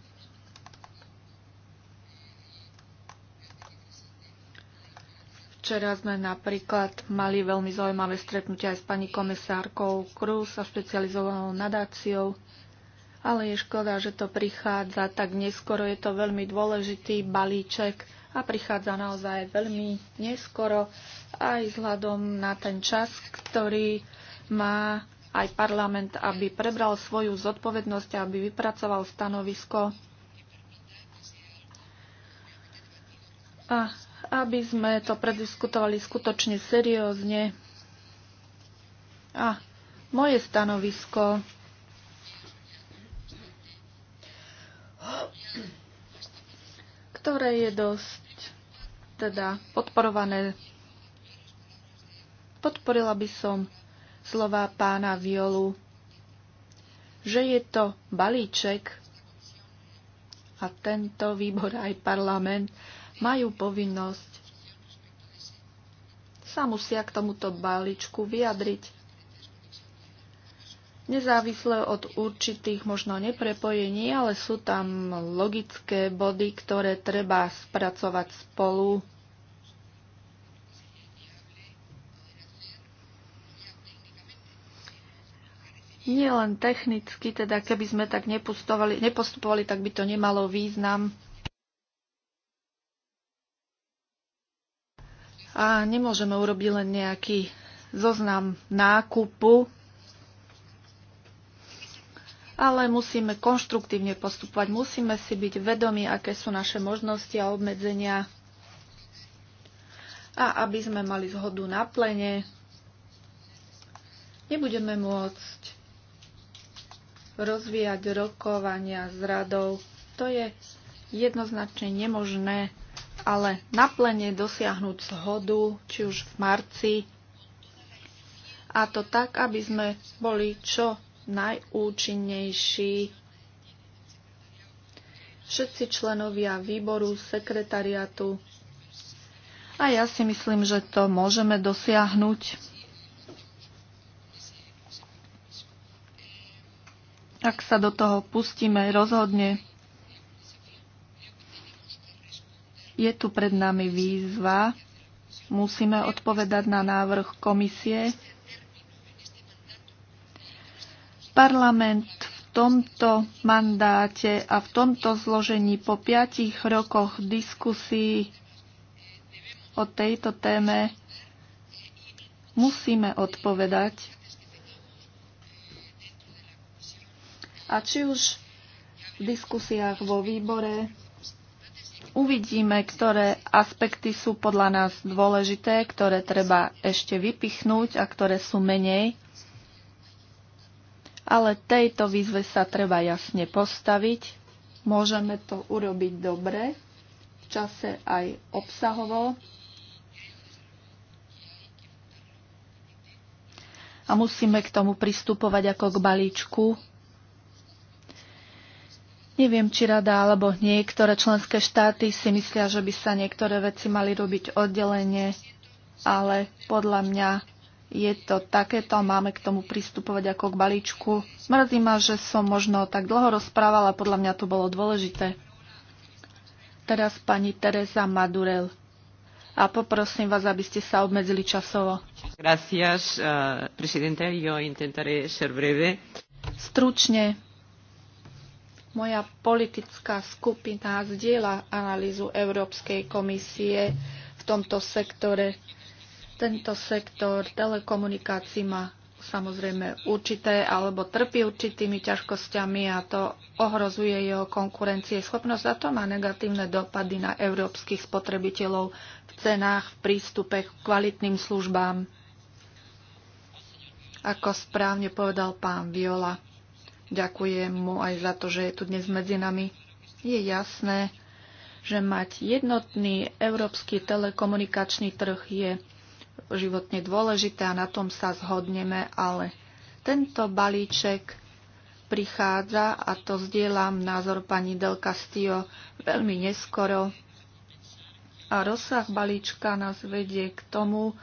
Včera sme napríklad mali veľmi zaujímavé stretnutia aj s pani komisárkou Krus a špecializovanou nadáciou, ale je škoda, že to prichádza tak neskoro. Je to veľmi dôležitý balíček a prichádza naozaj veľmi neskoro aj vzhľadom na ten čas, ktorý má aj parlament, aby prebral svoju zodpovednosť, aby vypracoval stanovisko a aby sme to prediskutovali skutočne seriózne. A moje stanovisko ktoré je dosť teda podporované. Podporila by som slova pána Violu, že je to balíček a tento výbor aj parlament majú povinnosť sa musia k tomuto balíčku vyjadriť nezávisle od určitých možno neprepojení, ale sú tam logické body, ktoré treba spracovať spolu. Nie len technicky, teda keby sme tak nepostupovali, tak by to nemalo význam. A nemôžeme urobiť len nejaký zoznam nákupu, ale musíme konštruktívne postupovať. Musíme si byť vedomi, aké sú naše možnosti a obmedzenia a aby sme mali zhodu na plene, nebudeme môcť rozvíjať rokovania s radou. To je jednoznačne nemožné, ale na plene dosiahnuť zhodu, či už v marci, a to tak, aby sme boli čo najúčinnejší. Všetci členovia výboru, sekretariatu. A ja si myslím, že to môžeme dosiahnuť. ak sa do toho pustíme rozhodne, je tu pred nami výzva. Musíme odpovedať na návrh komisie Parlament v tomto mandáte a v tomto zložení po piatich rokoch diskusí o tejto téme musíme odpovedať. A či už v diskusiách vo výbore uvidíme, ktoré aspekty sú podľa nás dôležité, ktoré treba ešte vypichnúť a ktoré sú menej ale tejto výzve sa treba jasne postaviť. Môžeme to urobiť dobre, v čase aj obsahovo. A musíme k tomu pristupovať ako k balíčku. Neviem, či rada alebo niektoré členské štáty si myslia, že by sa niektoré veci mali robiť oddelenie, ale podľa mňa je to takéto máme k tomu pristupovať ako k balíčku. Mrzí ma, že som možno tak dlho rozprávala, podľa mňa to bolo dôležité. Teraz pani Teresa Madurel. A poprosím vás, aby ste sa obmedzili časovo. Gracias, uh, presidente. Yo intentaré ser breve. Stručne. Moja politická skupina zdieľa analýzu Európskej komisie v tomto sektore tento sektor telekomunikácií má samozrejme určité alebo trpí určitými ťažkosťami a to ohrozuje jeho konkurencie schopnosť a to má negatívne dopady na európskych spotrebiteľov v cenách, v prístupe k kvalitným službám. Ako správne povedal pán Viola, ďakujem mu aj za to, že je tu dnes medzi nami. Je jasné, že mať jednotný európsky telekomunikačný trh je životne dôležité a na tom sa zhodneme, ale tento balíček prichádza, a to zdieľam názor pani Del Castillo, veľmi neskoro. A rozsah balíčka nás vedie k tomu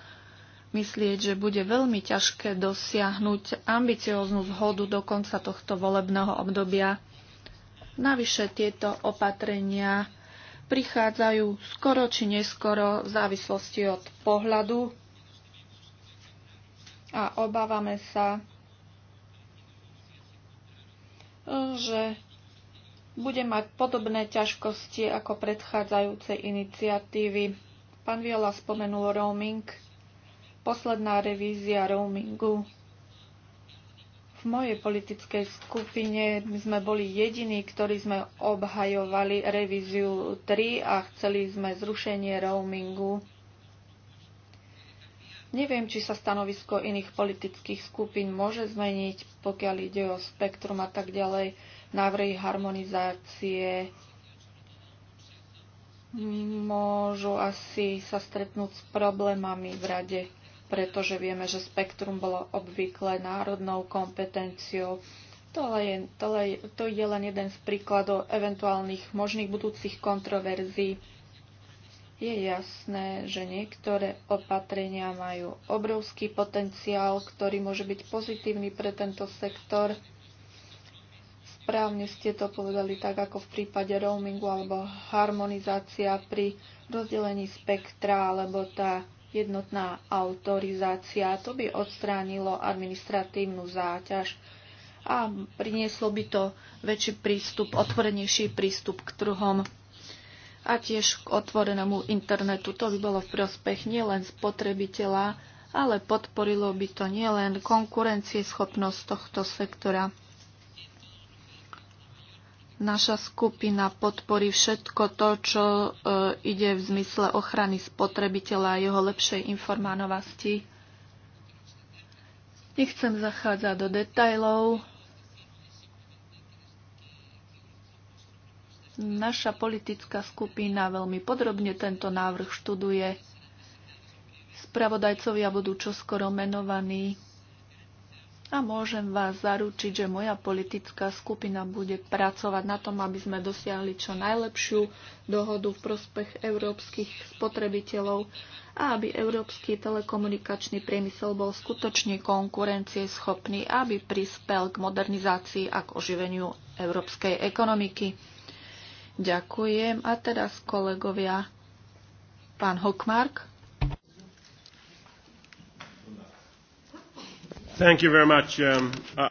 myslieť, že bude veľmi ťažké dosiahnuť ambicióznu zhodu do konca tohto volebného obdobia. Navyše tieto opatrenia prichádzajú skoro či neskoro v závislosti od pohľadu a obávame sa, že bude mať podobné ťažkosti ako predchádzajúce iniciatívy. Pán Viola spomenul roaming, posledná revízia roamingu. V mojej politickej skupine my sme boli jediní, ktorí sme obhajovali revíziu 3 a chceli sme zrušenie roamingu Neviem, či sa stanovisko iných politických skupín môže zmeniť, pokiaľ ide o spektrum a tak ďalej, návrhy harmonizácie môžu asi sa stretnúť s problémami v rade, pretože vieme, že spektrum bolo obvykle národnou kompetenciou. To je, to je len jeden z príkladov eventuálnych možných budúcich kontroverzií je jasné, že niektoré opatrenia majú obrovský potenciál, ktorý môže byť pozitívny pre tento sektor. Správne ste to povedali tak, ako v prípade roamingu alebo harmonizácia pri rozdelení spektra alebo tá jednotná autorizácia. To by odstránilo administratívnu záťaž a prinieslo by to väčší prístup, otvorenejší prístup k trhom a tiež k otvorenému internetu. To by bolo v prospech nielen spotrebiteľa, ale podporilo by to nielen konkurencieschopnosť tohto sektora. Naša skupina podporí všetko to, čo e, ide v zmysle ochrany spotrebiteľa a jeho lepšej informánovosti. Nechcem zachádzať do detajlov, Naša politická skupina veľmi podrobne tento návrh študuje. Spravodajcovia budú čoskoro menovaní a môžem vás zaručiť, že moja politická skupina bude pracovať na tom, aby sme dosiahli čo najlepšiu dohodu v prospech európskych spotrebiteľov a aby európsky telekomunikačný priemysel bol skutočne konkurencieschopný, aby prispel k modernizácii a k oživeniu európskej ekonomiky. Ďakujem. A teraz kolegovia, pán Hokmark. Thank you very much. Um, uh...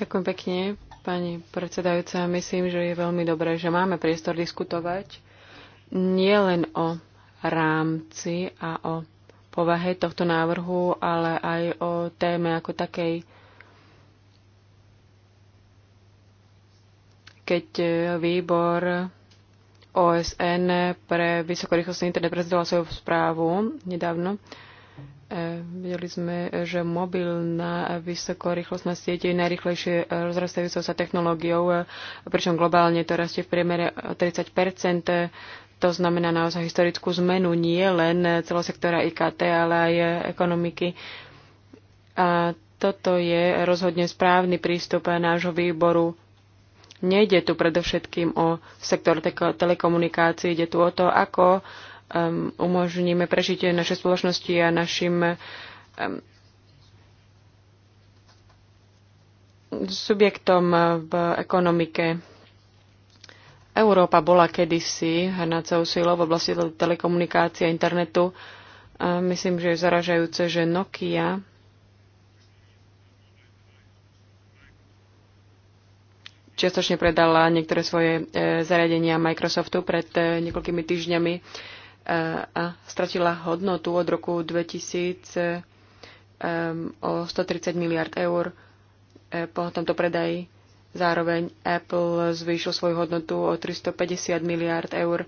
Ďakujem pekne, pani predsedajúca. Myslím, že je veľmi dobré, že máme priestor diskutovať nielen o rámci a o povahe tohto návrhu, ale aj o téme ako takej. Keď eh, výbor OSN pre vysokorýchlostný internet prezentovala svoju správu nedávno. E, videli sme, že mobilná vysokorýchlostná sieť je najrychlejšie rozrastajúcou sa technológiou, e, pričom globálne to rastie v priemere 30 To znamená naozaj historickú zmenu nie len celosektora IKT, ale aj ekonomiky. A toto je rozhodne správny prístup nášho výboru Nejde tu predovšetkým o sektor telekomunikácií, ide tu o to, ako um, umožníme prežitie našej spoločnosti a našim um, subjektom v ekonomike. Európa bola kedysi hnacou silou v oblasti telekomunikácie a internetu. Myslím, že je zaražajúce, že Nokia čiastočne predala niektoré svoje e, zariadenia Microsoftu pred e, niekoľkými týždňami e, a stratila hodnotu od roku 2000 o 130 miliard eur po tomto predaji. Zároveň Apple zvýšil svoju hodnotu o 350 miliard eur.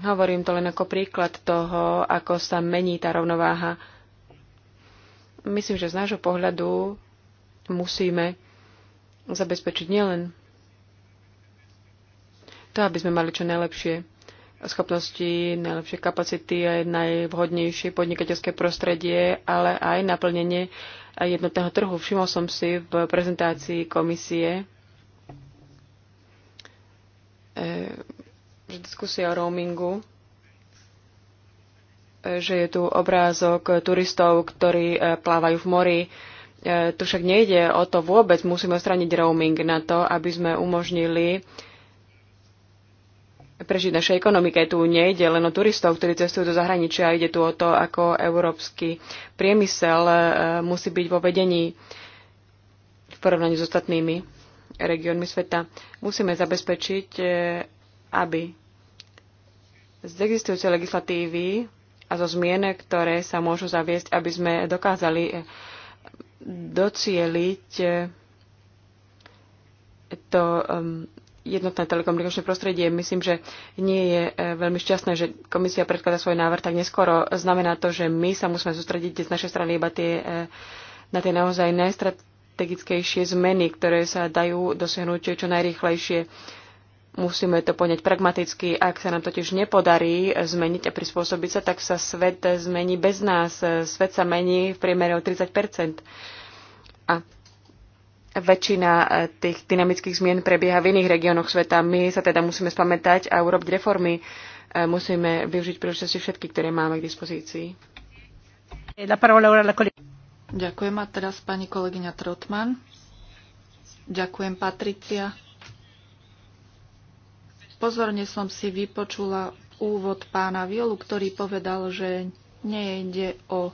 Hovorím to len ako príklad toho, ako sa mení tá rovnováha. Myslím, že z nášho pohľadu musíme zabezpečiť nielen to, aby sme mali čo najlepšie schopnosti, najlepšie kapacity a najvhodnejšie podnikateľské prostredie, ale aj naplnenie jednotného trhu. Všimol som si v prezentácii komisie, eh, že diskusia o roamingu, eh, že je tu obrázok turistov, ktorí eh, plávajú v mori, E, tu však nejde o to vôbec, musíme odstrániť roaming na to, aby sme umožnili prežiť našej ekonomike. Tu nejde len o turistov, ktorí cestujú do zahraničia, ide tu o to, ako európsky priemysel e, musí byť vo vedení v porovnaní s ostatnými regiónmi sveta. Musíme zabezpečiť, e, aby z existujúcej legislatívy a zo zmien, ktoré sa môžu zaviesť, aby sme dokázali docieliť to um, jednotné telekomunikačné prostredie. Myslím, že nie je eh, veľmi šťastné, že komisia predkladá svoj návrh tak neskoro. Znamená to, že my sa musíme sústrediť z našej strany iba tie, eh, na tie naozaj najstrategickejšie zmeny, ktoré sa dajú dosiahnuť čo najrýchlejšie. Musíme to poňať pragmaticky. Ak sa nám totiž nepodarí zmeniť a prispôsobiť sa, tak sa svet zmení bez nás. Svet sa mení v priemere o 30 A väčšina eh, tých dynamických zmien prebieha v iných regiónoch sveta. My sa teda musíme spamätať a urobiť reformy. Eh, musíme využiť príležitosti všetky, ktoré máme k dispozícii. Ďakujem a teraz pani kolegyňa Trotman. Ďakujem, Patricia. Pozorne som si vypočula úvod pána Violu, ktorý povedal, že nejde o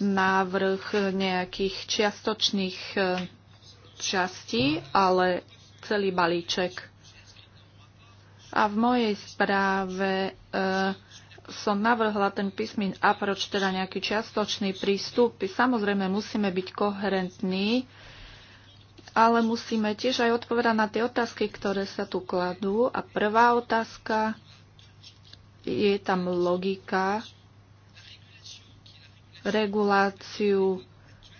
návrh nejakých čiastočných e, častí, ale celý balíček. A v mojej správe e, som navrhla ten písmin approach, teda nejaký čiastočný prístup. Samozrejme, musíme byť koherentní ale musíme tiež aj odpovedať na tie otázky, ktoré sa tu kladú. A prvá otázka, je tam logika, reguláciu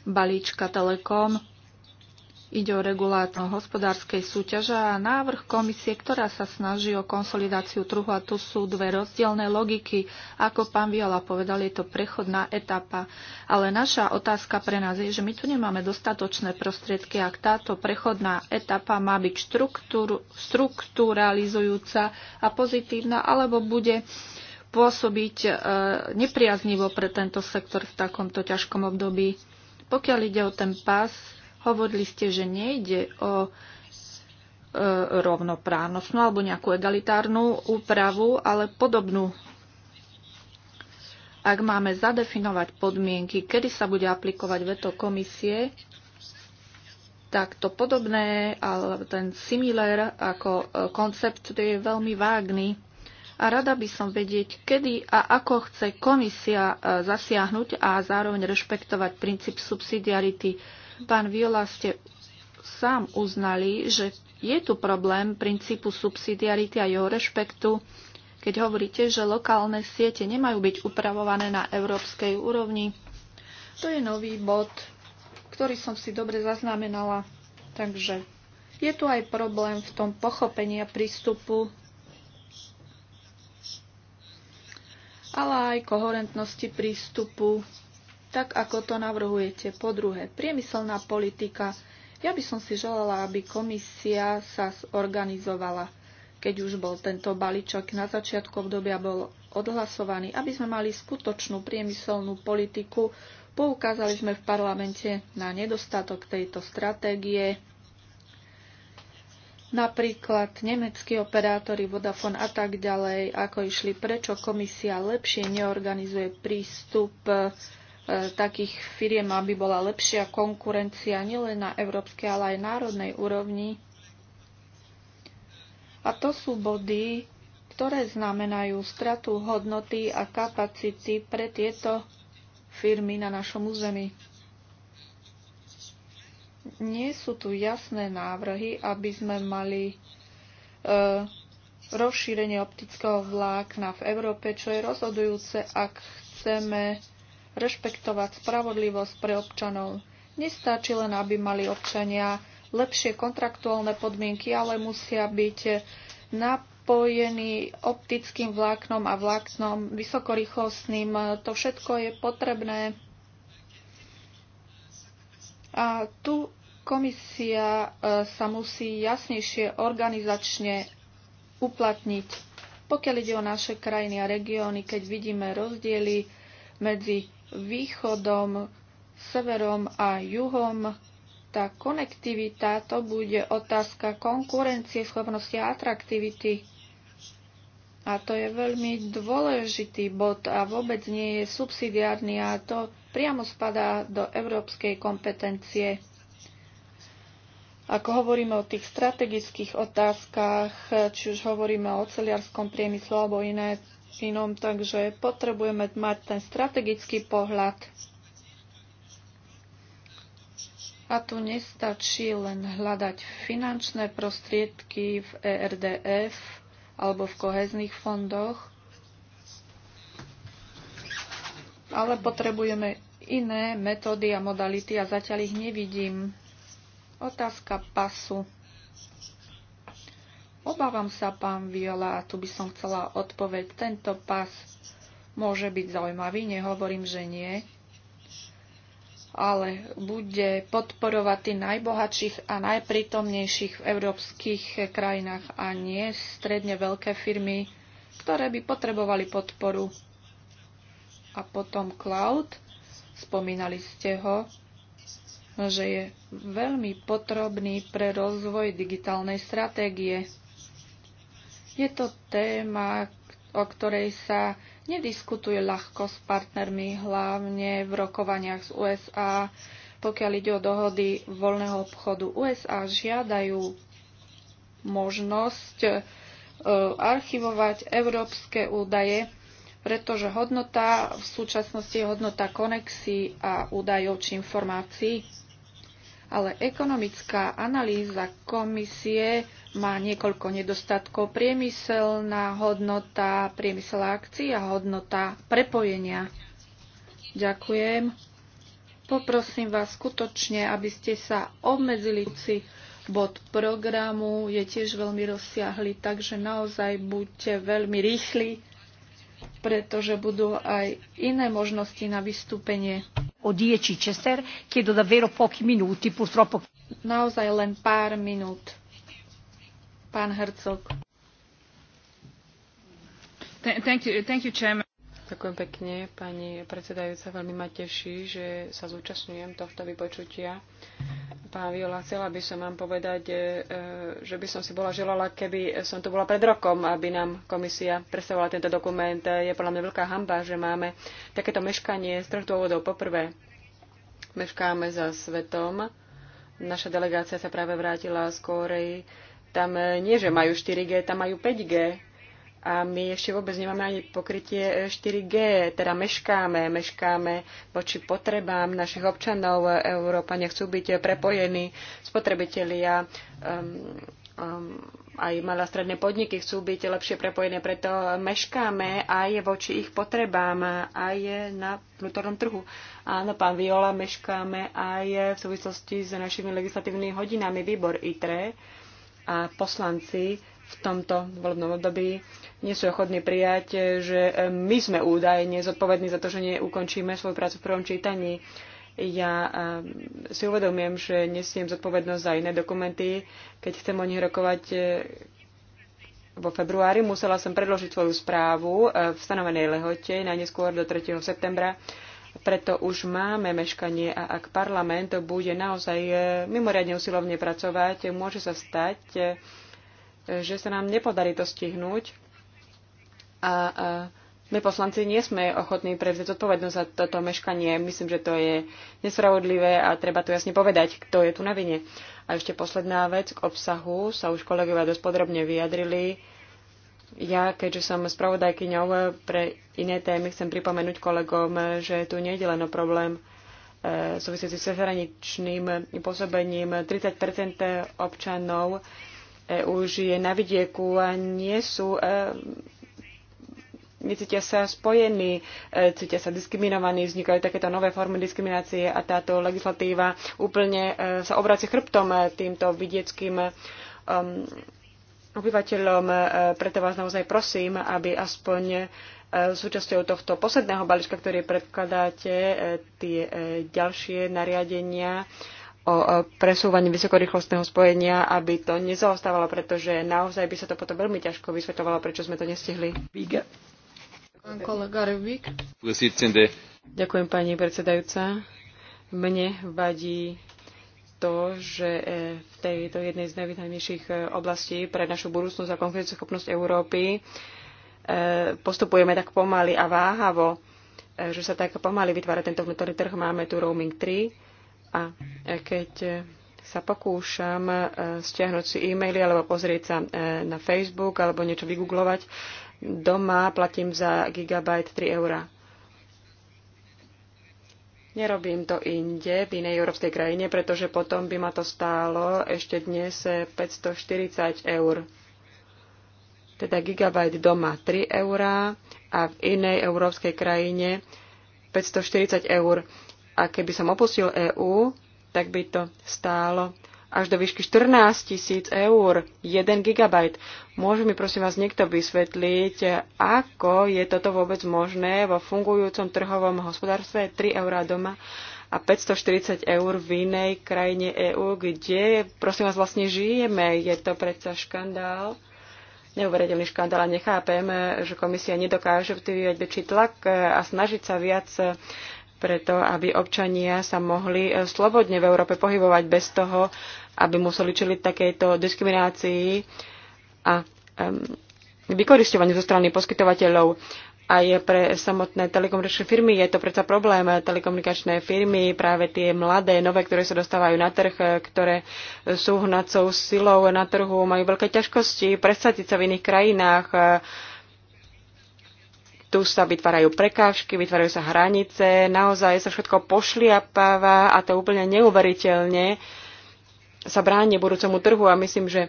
balíčka Telekom Ide o regulátor hospodárskej súťaže a návrh komisie, ktorá sa snaží o konsolidáciu trhu a tu sú dve rozdielne logiky. Ako pán Viola povedal, je to prechodná etapa. Ale naša otázka pre nás je, že my tu nemáme dostatočné prostriedky, ak táto prechodná etapa má byť štrukturalizujúca štruktúralizujúca a pozitívna, alebo bude pôsobiť e, nepriaznivo pre tento sektor v takomto ťažkom období. Pokiaľ ide o ten pás, Hovorili ste, že nejde o e, rovnoprávnostnú alebo nejakú egalitárnu úpravu, ale podobnú. Ak máme zadefinovať podmienky, kedy sa bude aplikovať veto komisie, tak to podobné, ale ten similar ako e, koncept je veľmi vágný. A rada by som vedieť, kedy a ako chce komisia e, zasiahnuť a zároveň rešpektovať princíp subsidiarity Pán Viola, ste sám uznali, že je tu problém princípu subsidiarity a jeho rešpektu, keď hovoríte, že lokálne siete nemajú byť upravované na európskej úrovni. To je nový bod, ktorý som si dobre zaznamenala. Takže je tu aj problém v tom pochopení a prístupu, ale aj koherentnosti prístupu tak ako to navrhujete. Po druhé, priemyselná politika. Ja by som si želala, aby komisia sa zorganizovala, keď už bol tento balíčok na začiatku obdobia bol odhlasovaný, aby sme mali skutočnú priemyselnú politiku. Poukázali sme v parlamente na nedostatok tejto stratégie. Napríklad nemeckí operátori Vodafone a tak ďalej, ako išli, prečo komisia lepšie neorganizuje prístup E, takých firiem, aby bola lepšia konkurencia nielen na európskej, ale aj národnej úrovni. A to sú body, ktoré znamenajú stratu hodnoty a kapacity pre tieto firmy na našom území. Nie sú tu jasné návrhy, aby sme mali e, rozšírenie optického vlákna v Európe, čo je rozhodujúce, ak chceme rešpektovať spravodlivosť pre občanov. Nestačí len, aby mali občania lepšie kontraktuálne podmienky, ale musia byť napojení optickým vláknom a vláknom vysokorýchlostným. To všetko je potrebné. A tu komisia e, sa musí jasnejšie organizačne uplatniť. Pokiaľ ide o naše krajiny a regióny, keď vidíme rozdiely medzi východom, severom a juhom. Tá konektivita to bude otázka konkurencie, schopnosti a atraktivity. A to je veľmi dôležitý bod a vôbec nie je subsidiárny a to priamo spadá do európskej kompetencie. Ako hovoríme o tých strategických otázkach, či už hovoríme o oceliarskom priemysle alebo iné inom, takže potrebujeme mať ten strategický pohľad. A tu nestačí len hľadať finančné prostriedky v ERDF alebo v kohezných fondoch, ale potrebujeme iné metódy a modality a zatiaľ ich nevidím. Otázka pasu. Obávam sa, pán Viola, a tu by som chcela odpoveď. Tento pas môže byť zaujímavý, nehovorím, že nie, ale bude podporovať tých najbohatších a najprítomnejších v európskych krajinách a nie stredne veľké firmy, ktoré by potrebovali podporu. A potom cloud, spomínali ste ho, že je veľmi potrebný pre rozvoj digitálnej stratégie je to téma, o ktorej sa nediskutuje ľahko s partnermi, hlavne v rokovaniach z USA, pokiaľ ide o dohody voľného obchodu. USA žiadajú možnosť e, archivovať európske údaje, pretože hodnota v súčasnosti je hodnota konexí a údajov či informácií. Ale ekonomická analýza komisie má niekoľko nedostatkov. Priemyselná hodnota, priemyselná akcia a hodnota prepojenia. Ďakujem. Poprosím vás skutočne, aby ste sa obmedzili si bod programu. Je tiež veľmi rozsiahly, takže naozaj buďte veľmi rýchli, pretože budú aj iné možnosti na vystúpenie. O 10 Chester, chiedo davvero pochi minúty, purtroppo. Naozaj len pár minút Pán Hercog. Thank you, thank you, chairman. Ďakujem pekne, pani predsedajúca. Veľmi ma teší, že sa zúčastňujem tohto vypočutia. Pán Viola, chcela by som vám povedať, e, že by som si bola želala, keby som tu bola pred rokom, aby nám komisia predstavovala tento dokument. Je podľa mňa veľká hamba, že máme takéto meškanie z troch dôvodov. Poprvé, meškáme za svetom. Naša delegácia sa práve vrátila z Kórej. Tam e, nie, že majú 4G, tam majú 5G. A my ešte vôbec nemáme ani pokrytie 4G, e, teda meškáme, meškáme voči potrebám našich občanov. Európa nechcú byť prepojení, spotrebitelia, um, um, aj malé stredné podniky chcú byť lepšie prepojené, preto meškáme aj voči ich potrebám, aj na vnútornom trhu. Áno, pán Viola, meškáme aj v súvislosti s našimi legislatívnymi hodinami výbor ITRE a poslanci v tomto volebnom období nie sú ochotní prijať, že e, my sme údajne zodpovední za to, že neukončíme svoju prácu v prvom čítaní. Ja e, si uvedomiem, že nesiem zodpovednosť za iné dokumenty. Keď chcem o nich rokovať e, vo februári, musela som predložiť svoju správu v stanovenej lehote, najneskôr do 3. septembra preto už máme meškanie a ak parlament bude naozaj e, mimoriadne usilovne pracovať, môže sa stať, e, že sa nám nepodarí to stihnúť a, my poslanci nie sme ochotní prevziať zodpovednosť za toto meškanie. Myslím, že to je nespravodlivé a treba to jasne povedať, kto je tu na vine. A ešte posledná vec k obsahu. Sa už kolegovia dosť podrobne vyjadrili. Ja, keďže som spravodajkyňou pre iné témy, chcem pripomenúť kolegom, že tu je len o problém e, súvisiaci s zahraničným pôsobením. 30 občanov EU žije na vidieku a nie sú e, necítia sa spojení, e, cítia sa diskriminovaní, vznikajú takéto nové formy diskriminácie a táto legislatíva úplne sa obracia chrbtom týmto vidieckým um, obyvateľom. E, preto vás naozaj prosím, aby aspoň e, súčasťou tohto posledného balíčka, ktorý predkladáte, e, tie ďalšie nariadenia o presúvaní vysokorýchlostného spojenia, aby to nezaostávalo, pretože naozaj by sa to potom veľmi ťažko vysvetovalo, prečo sme to nestihli. Pán kolega Ďakujem, pani predsedajúca. Mne vadí to, že e, v tejto jednej z najvýznamnejších e, oblastí pre našu budúcnosť a konkurenceschopnosť Európy e, postupujeme tak pomaly a váhavo, že sa tak pomaly vytvára tento vnútorný trh. Máme tu roaming 3 a keď sa pokúšam stiahnuť si e-maily alebo pozrieť sa na Facebook alebo niečo vygooglovať, doma platím za gigabyte 3 eurá. Nerobím to inde, v inej európskej krajine, pretože potom by ma to stálo ešte dnes 540 eur. Teda gigabajt doma 3 eurá a v inej európskej krajine 540 eur. A keby som opustil EÚ, tak by to stálo až do výšky 14 tisíc eur, 1 GB. Môže mi prosím vás niekto vysvetliť, ako je toto vôbec možné vo fungujúcom trhovom hospodárstve 3 eur doma a 540 eur v inej krajine EÚ, kde, prosím vás, vlastne žijeme. Je to predsa škandál, neuveriteľný škandál a nechápem, že komisia nedokáže vtývať väčší tlak a snažiť sa viac preto, aby občania sa mohli slobodne v Európe pohybovať bez toho, aby museli čeliť takejto diskriminácii a um, vykoristovaniu zo strany poskytovateľov. Aj pre samotné telekomunikačné firmy je to predsa problém. Telekomunikačné firmy, práve tie mladé, nové, ktoré sa dostávajú na trh, ktoré sú hnacou silou na trhu, majú veľké ťažkosti presadiť sa v iných krajinách. Tu sa vytvárajú prekážky, vytvárajú sa hranice, naozaj sa všetko pošliapáva a to úplne neuveriteľne sa bráne budúcemu trhu a myslím, že e,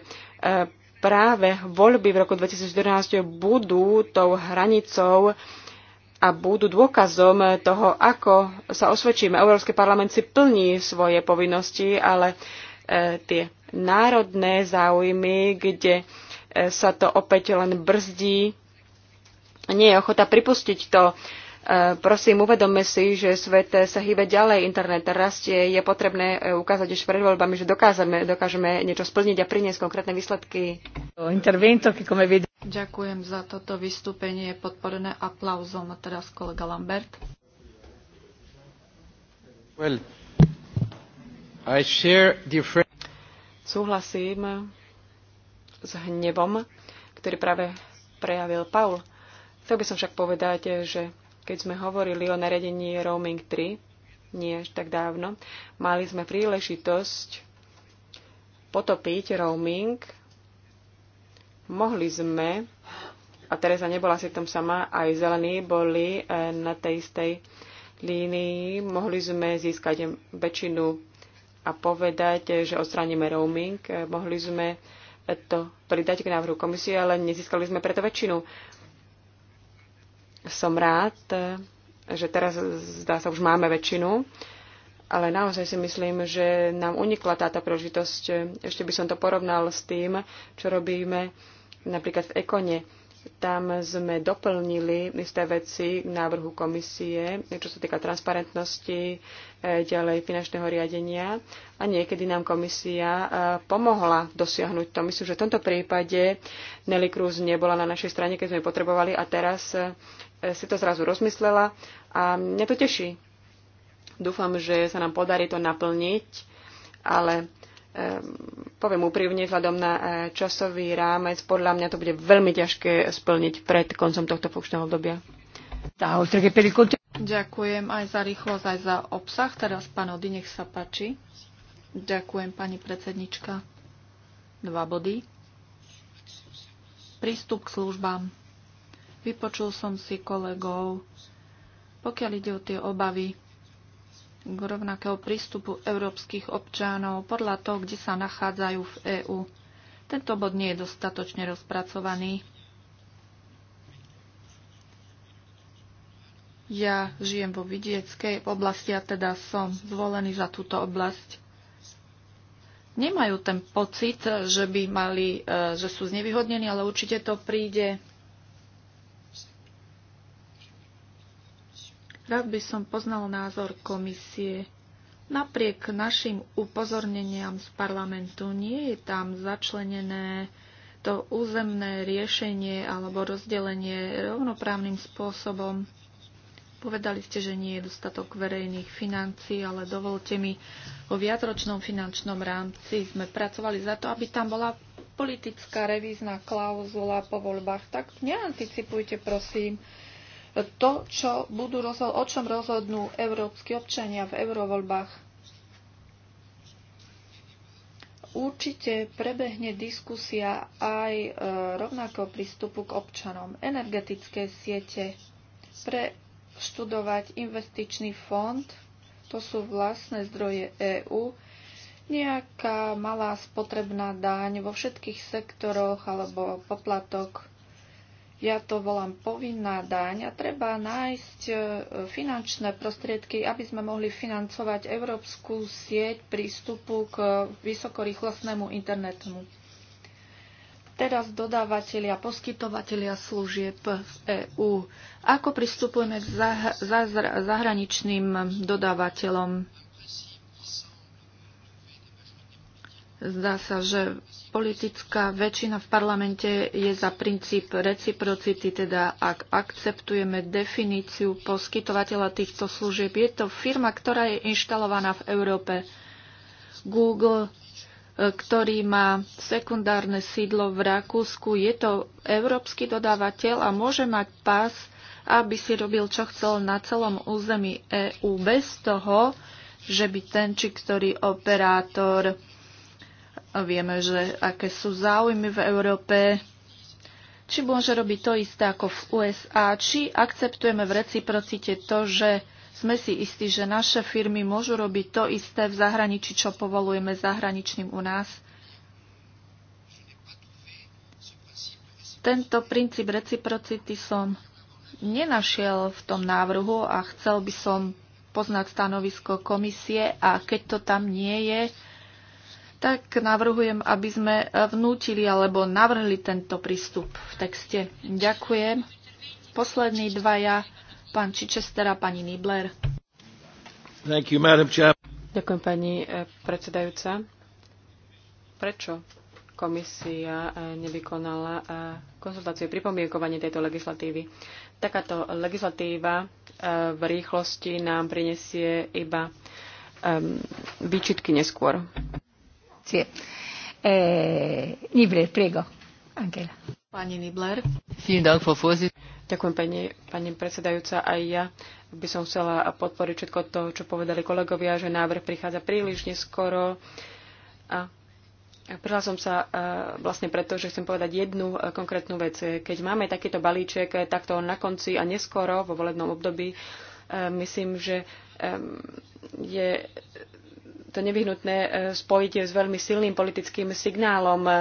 práve voľby v roku 2014 budú tou hranicou a budú dôkazom toho, ako sa osvedčíme. Európsky parlament si plní svoje povinnosti, ale e, tie národné záujmy, kde e, sa to opäť len brzdí, nie je ochota pripustiť to Eh, prosím, uvedomme si, že svet sa hýbe ďalej, internet rastie, je potrebné eh, ukázať ešte pred voľbami, že dokážeme, dokážeme niečo splniť a priniesť konkrétne výsledky. Ďakujem za toto vystúpenie, podporené aplauzom. A teraz kolega Lambert. Well, I share the... Súhlasím s hnevom, ktorý práve prejavil Paul. Chcel by som však povedať, že keď sme hovorili o naredení Roaming 3, nie až tak dávno, mali sme príležitosť potopiť roaming. Mohli sme, a Teresa nebola si tam tom sama, aj zelení boli eh, na tej istej línii, mohli sme získať väčšinu a povedať, že odstránime roaming. Eh, mohli sme to pridať k návrhu komisie, ale nezískali sme preto väčšinu. Som rád, že teraz zdá sa už máme väčšinu, ale naozaj si myslím, že nám unikla táto príležitosť. Ešte by som to porovnal s tým, čo robíme napríklad v Ekone. Tam sme doplnili isté veci k návrhu komisie, čo sa týka transparentnosti, ďalej finančného riadenia a niekedy nám komisia e, pomohla dosiahnuť to. Myslím, že v tomto prípade Nelly Cruz nebola na našej strane, keď sme potrebovali a teraz e, E, si to zrazu rozmyslela a mňa to teší. Dúfam, že sa nám podarí to naplniť, ale e, poviem úprimne, vzhľadom na e, časový rámec, podľa mňa to bude veľmi ťažké splniť pred koncom tohto funkčného obdobia. Ďakujem aj za rýchlosť, aj za obsah. Teraz pán Ody, nech sa páči. Ďakujem, pani predsednička. Dva body. Prístup k službám Vypočul som si kolegov, pokiaľ ide o tie obavy k rovnakého prístupu európskych občanov podľa toho, kde sa nachádzajú v EÚ. Tento bod nie je dostatočne rozpracovaný. Ja žijem vo vidieckej oblasti a teda som zvolený za túto oblasť. Nemajú ten pocit, že by mali, e, že sú znevýhodnení, ale určite to príde Rád by som poznal názor komisie. Napriek našim upozorneniam z parlamentu nie je tam začlenené to územné riešenie alebo rozdelenie rovnoprávnym spôsobom. Povedali ste, že nie je dostatok verejných financií, ale dovolte mi, vo viacročnom finančnom rámci sme pracovali za to, aby tam bola politická revízna klauzula po voľbách. Tak neanticipujte, prosím, to, čo budú rozhod- o čom rozhodnú európsky občania v eurovoľbách. Určite prebehne diskusia aj e, rovnako prístupu k občanom. Energetické siete preštudovať investičný fond, to sú vlastné zdroje EÚ, nejaká malá spotrebná daň vo všetkých sektoroch alebo poplatok ja to volám povinná daň a treba nájsť e, finančné prostriedky, aby sme mohli financovať európsku sieť prístupu k vysokorýchlostnému internetu. Teraz dodávateľia, poskytovateľia služieb v EÚ. Ako pristupujeme k zahraničným dodávateľom Zdá sa, že politická väčšina v parlamente je za princíp reciprocity, teda ak akceptujeme definíciu poskytovateľa týchto služieb, je to firma, ktorá je inštalovaná v Európe. Google, e, ktorý má sekundárne sídlo v Rakúsku, je to európsky dodávateľ a môže mať pás, aby si robil, čo chcel na celom území EÚ bez toho, že by ten či ktorý operátor Vieme, že aké sú záujmy v Európe, či môže robiť to isté ako v USA, či akceptujeme v reciprocite to, že sme si istí, že naše firmy môžu robiť to isté v zahraničí, čo povolujeme zahraničným u nás. Tento princíp reciprocity som nenašiel v tom návrhu a chcel by som poznať stanovisko komisie a keď to tam nie je, tak navrhujem, aby sme vnútili alebo navrhli tento prístup v texte. Ďakujem. Poslední dvaja, pán Čičester a pani Nibler. Thank you, Madam Chair. Ďakujem, pani eh, predsedajúca. Prečo komisia eh, nevykonala eh, konzultáciu pripomienkovanie tejto legislatívy? Takáto legislatíva v rýchlosti nám prinesie iba výčitky neskôr. Grazie. Eh, Nibler, prego. Angela. Pani Nibler. Ďakujem pani, pani predsedajúca. Aj ja by som chcela podporiť všetko to, čo povedali kolegovia, že návrh prichádza príliš neskoro. A Prihla som sa e, vlastne preto, že chcem povedať jednu e, konkrétnu vec. Keď máme takýto balíček e, takto na konci a neskoro vo volebnom období, myslím, že je to nevyhnutné e, spojiť s veľmi silným politickým signálom. E,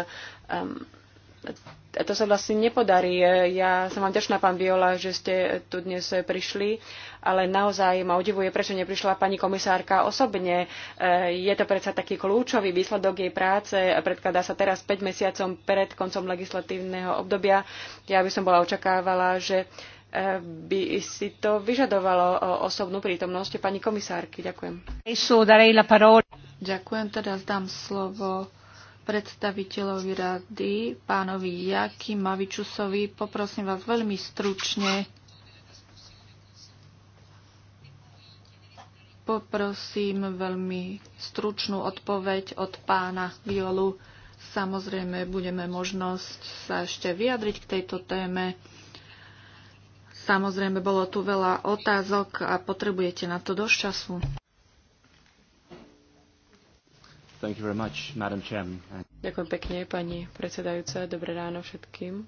e, to sa vlastne nepodarí. Ja som vám ďačná, pán Viola, že ste tu dnes prišli, ale naozaj ma udivuje, prečo neprišla pani komisárka osobne. Je to predsa taký kľúčový výsledok jej práce. a Predkladá sa teraz 5 mesiacom pred koncom legislatívneho obdobia. Ja by som bola očakávala, že by si to vyžadovalo osobnú prítomnosť pani komisárky. Ďakujem. Ďakujem, teda dám slovo predstaviteľovi rady, pánovi Jakim Mavičusovi. Poprosím vás veľmi stručne. Poprosím veľmi stručnú odpoveď od pána Violu. Samozrejme, budeme možnosť sa ešte vyjadriť k tejto téme Samozrejme, bolo tu veľa otázok a potrebujete na to dosť času. Thank you very much, Madam Ďakujem pekne, pani predsedajúca. Dobré ráno všetkým.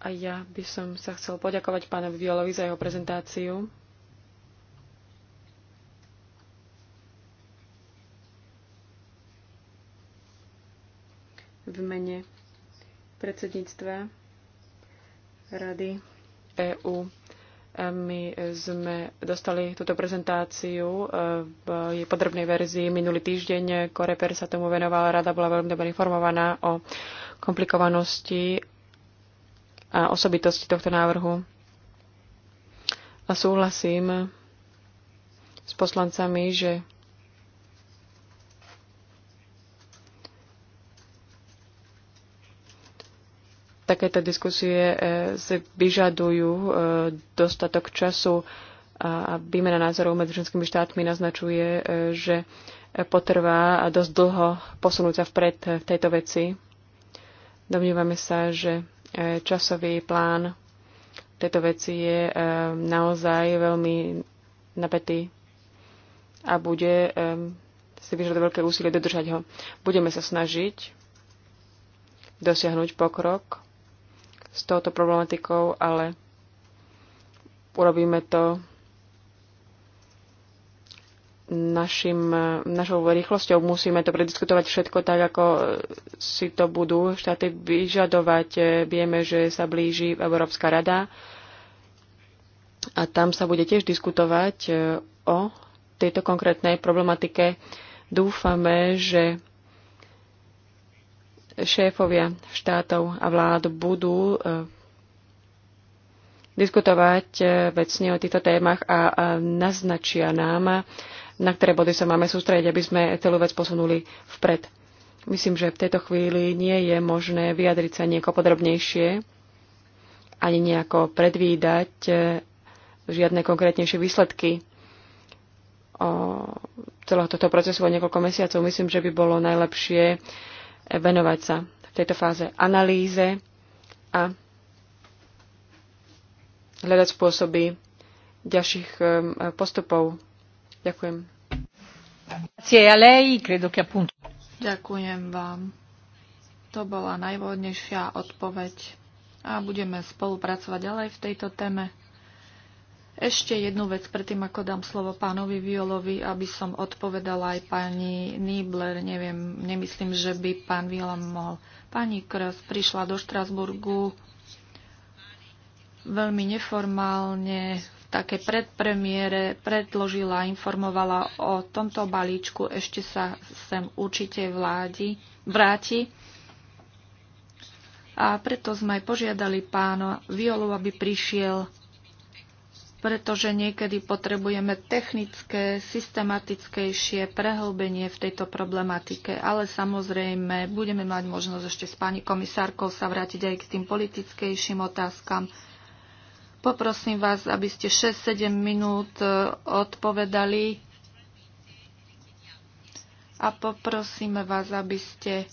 A ja by som sa chcel poďakovať pánovi Violovi za jeho prezentáciu. V mene predsedníctva Rady EU. My sme dostali túto prezentáciu e, v jej podrobnej verzii minulý týždeň. Koreper sa tomu venovala, rada bola veľmi dobre informovaná o komplikovanosti a osobitosti tohto návrhu. A súhlasím s poslancami, že takéto diskusie e, vyžadujú e, dostatok času a výmena názorov medzi členskými štátmi naznačuje, e, že potrvá dosť dlho posunúť sa vpred v tejto veci. Domnívame sa, že časový plán tejto veci je naozaj veľmi napätý a bude si vyžadovať veľké úsilie dodržať ho. Budeme sa snažiť dosiahnuť pokrok s touto problematikou, ale urobíme to našim, našou rýchlosťou. Musíme to prediskutovať všetko tak, ako si to budú štáty vyžadovať. Vieme, že sa blíži Európska rada a tam sa bude tiež diskutovať o tejto konkrétnej problematike. Dúfame, že šéfovia štátov a vlád budú e, diskutovať e, vecne o týchto témach a naznačia nám, na ktoré body sa máme sústrediť, aby sme celú vec posunuli vpred. Myslím, že v tejto chvíli nie je možné vyjadriť sa nieko podrobnejšie, ani nejako predvídať e, žiadne konkrétnejšie výsledky o celého tohto procesu o niekoľko mesiacov. Myslím, že by bolo najlepšie venovať sa v tejto fáze analýze a hľadať spôsoby ďalších postupov. Ďakujem. Ďakujem vám. To bola najvhodnejšia odpoveď a budeme spolupracovať ďalej v tejto téme. Ešte jednu vec, predtým ako dám slovo pánovi Violovi, aby som odpovedala aj pani Nibler. Neviem, nemyslím, že by pán Viola mohol. Pani Kras prišla do Štrasburgu veľmi neformálne, v také predpremiere, predložila, informovala o tomto balíčku. Ešte sa sem určite vládi, vráti. A preto sme aj požiadali pána Violu, aby prišiel pretože niekedy potrebujeme technické, systematickejšie prehlbenie v tejto problematike, ale samozrejme budeme mať možnosť ešte s pani komisárkou sa vrátiť aj k tým politickejším otázkam. Poprosím vás, aby ste 6-7 minút e, odpovedali a poprosíme vás, aby ste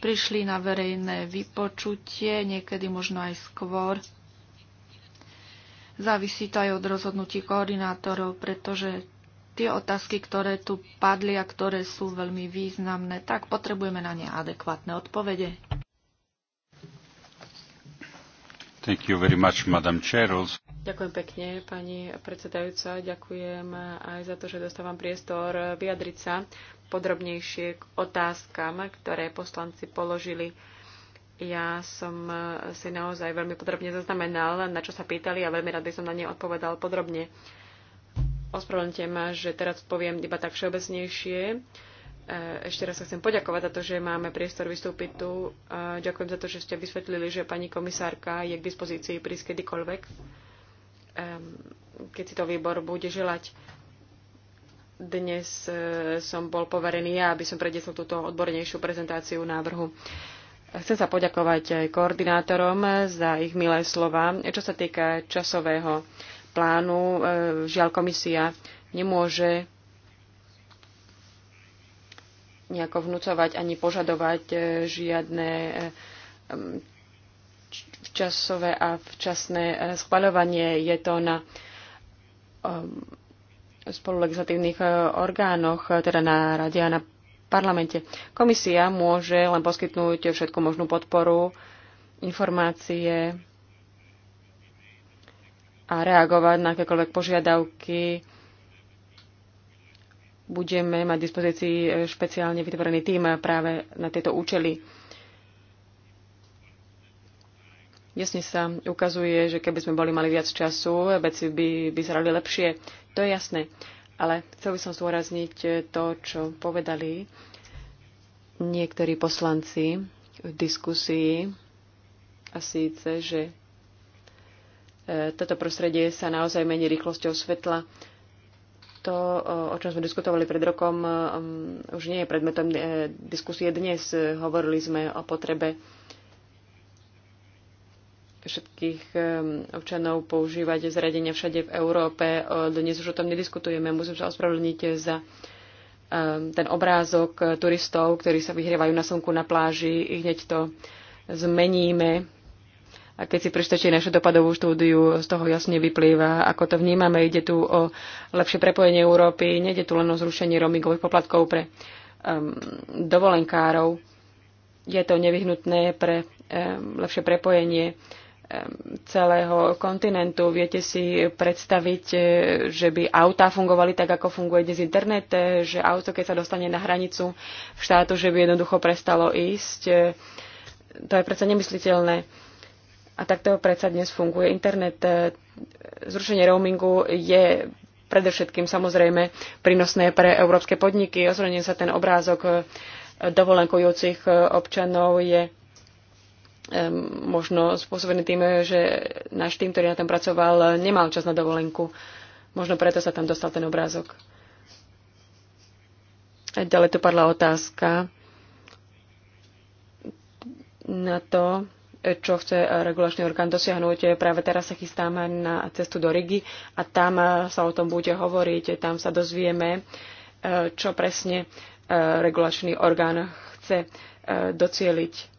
prišli na verejné vypočutie, niekedy možno aj skôr. Závisí to aj od rozhodnutí koordinátorov, pretože tie otázky, ktoré tu padli a ktoré sú veľmi významné, tak potrebujeme na ne adekvátne odpovede. Thank you very much, Madam Chair. Ďakujem pekne, pani predsedajúca. Ďakujem aj za to, že dostávam priestor vyjadriť sa podrobnejšie k otázkam, ktoré poslanci položili. Ja som e, si naozaj veľmi podrobne zaznamenal, na čo sa pýtali a veľmi rád by som na ne odpovedal podrobne. Ospravedlňte ma, že teraz poviem iba tak všeobecnejšie. E, ešte raz sa chcem poďakovať za to, že máme priestor vystúpiť tu. E, ďakujem za to, že ste vysvetlili, že pani komisárka je k dispozícii prísť kedykoľvek, keď si to výbor bude želať. Dnes som bol poverený ja, aby som predesol túto odbornejšiu prezentáciu návrhu. Chcem sa poďakovať aj koordinátorom za ich milé slova. Čo sa týka časového plánu, e, žiaľ komisia nemôže nejako vnúcovať ani požadovať e, žiadne e, časové a včasné schvaľovanie. Je to na spolulegislatívnych orgánoch, teda na rade a na parlamente. Komisia môže len poskytnúť všetku možnú podporu, informácie a reagovať na akékoľvek požiadavky. Budeme mať v dispozícii e, špeciálne vytvorený tým práve na tieto účely. Jasne sa ukazuje, že keby sme boli mali viac času, veci by vyzerali lepšie. To je jasné. Ale chcel by som zdôrazniť eh, to, čo povedali niektorí poslanci v diskusii a síce, že eh, toto prostredie sa naozaj mení rýchlosťou svetla. To, eh, o čom sme diskutovali pred rokom, mm, už nie je predmetom diskusie dnes. Hovorili sme o potrebe všetkých ehm, občanov používať zariadenia všade v Európe. Dnes už o tom nediskutujeme. Musím sa ospravedlniť za ehm, ten obrázok e, turistov, ktorí sa vyhrievajú na slnku na pláži. I hneď to zmeníme. A keď si prečtete našu dopadovú štúdiu, z toho jasne vyplýva, ako to vnímame. Ide tu o lepšie prepojenie Európy, nejde tu len o zrušenie roamingových poplatkov pre um, dovolenkárov. Je to nevyhnutné pre um, lepšie prepojenie celého kontinentu. Viete si predstaviť, e, že by autá fungovali tak, ako funguje dnes internet, e, že auto, keď sa dostane na hranicu v štátu, že by jednoducho prestalo ísť. E, to je predsa nemysliteľné. A takto predsa dnes funguje internet. Zrušenie roamingu je predovšetkým samozrejme prínosné pre európske podniky. Ozrenie sa ten obrázok dovolenkujúcich občanov je možno spôsobený tým, že náš tým, ktorý na tom pracoval, nemal čas na dovolenku. Možno preto sa tam dostal ten obrázok. A ďalej tu padla otázka na to, čo chce regulačný orgán dosiahnuť. Práve teraz sa chystáme na cestu do Rigi a tam sa o tom bude hovoriť, tam sa dozvieme, e, čo presne e, regulačný orgán chce e, docieliť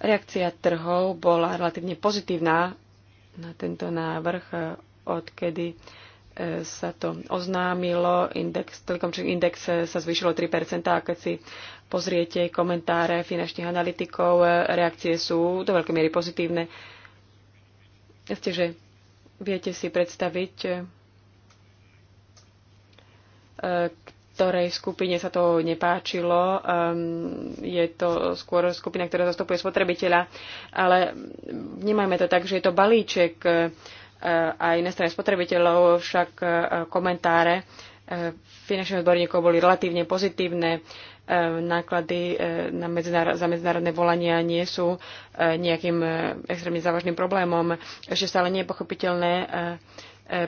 Reakcia trhov bola relatívne pozitívna na tento návrh, odkedy e, sa to oznámilo, index, telekom, index e, sa zvýšilo 3%, a keď si pozriete komentáre finančných analytikov, e, reakcie sú do veľkej miery pozitívne. Ste, že viete si predstaviť, ktorej skupine sa to nepáčilo. Um, je to skôr skupina, ktorá zastupuje spotrebiteľa, ale vnímajme to tak, že je to balíček e, aj na strane spotrebiteľov, však e, komentáre e, finančných odborníkov boli relatívne pozitívne. Náklady na medzinár- za medzinárodné volania nie sú nejakým extrémne závažným problémom. Ešte stále nie je pochopiteľné,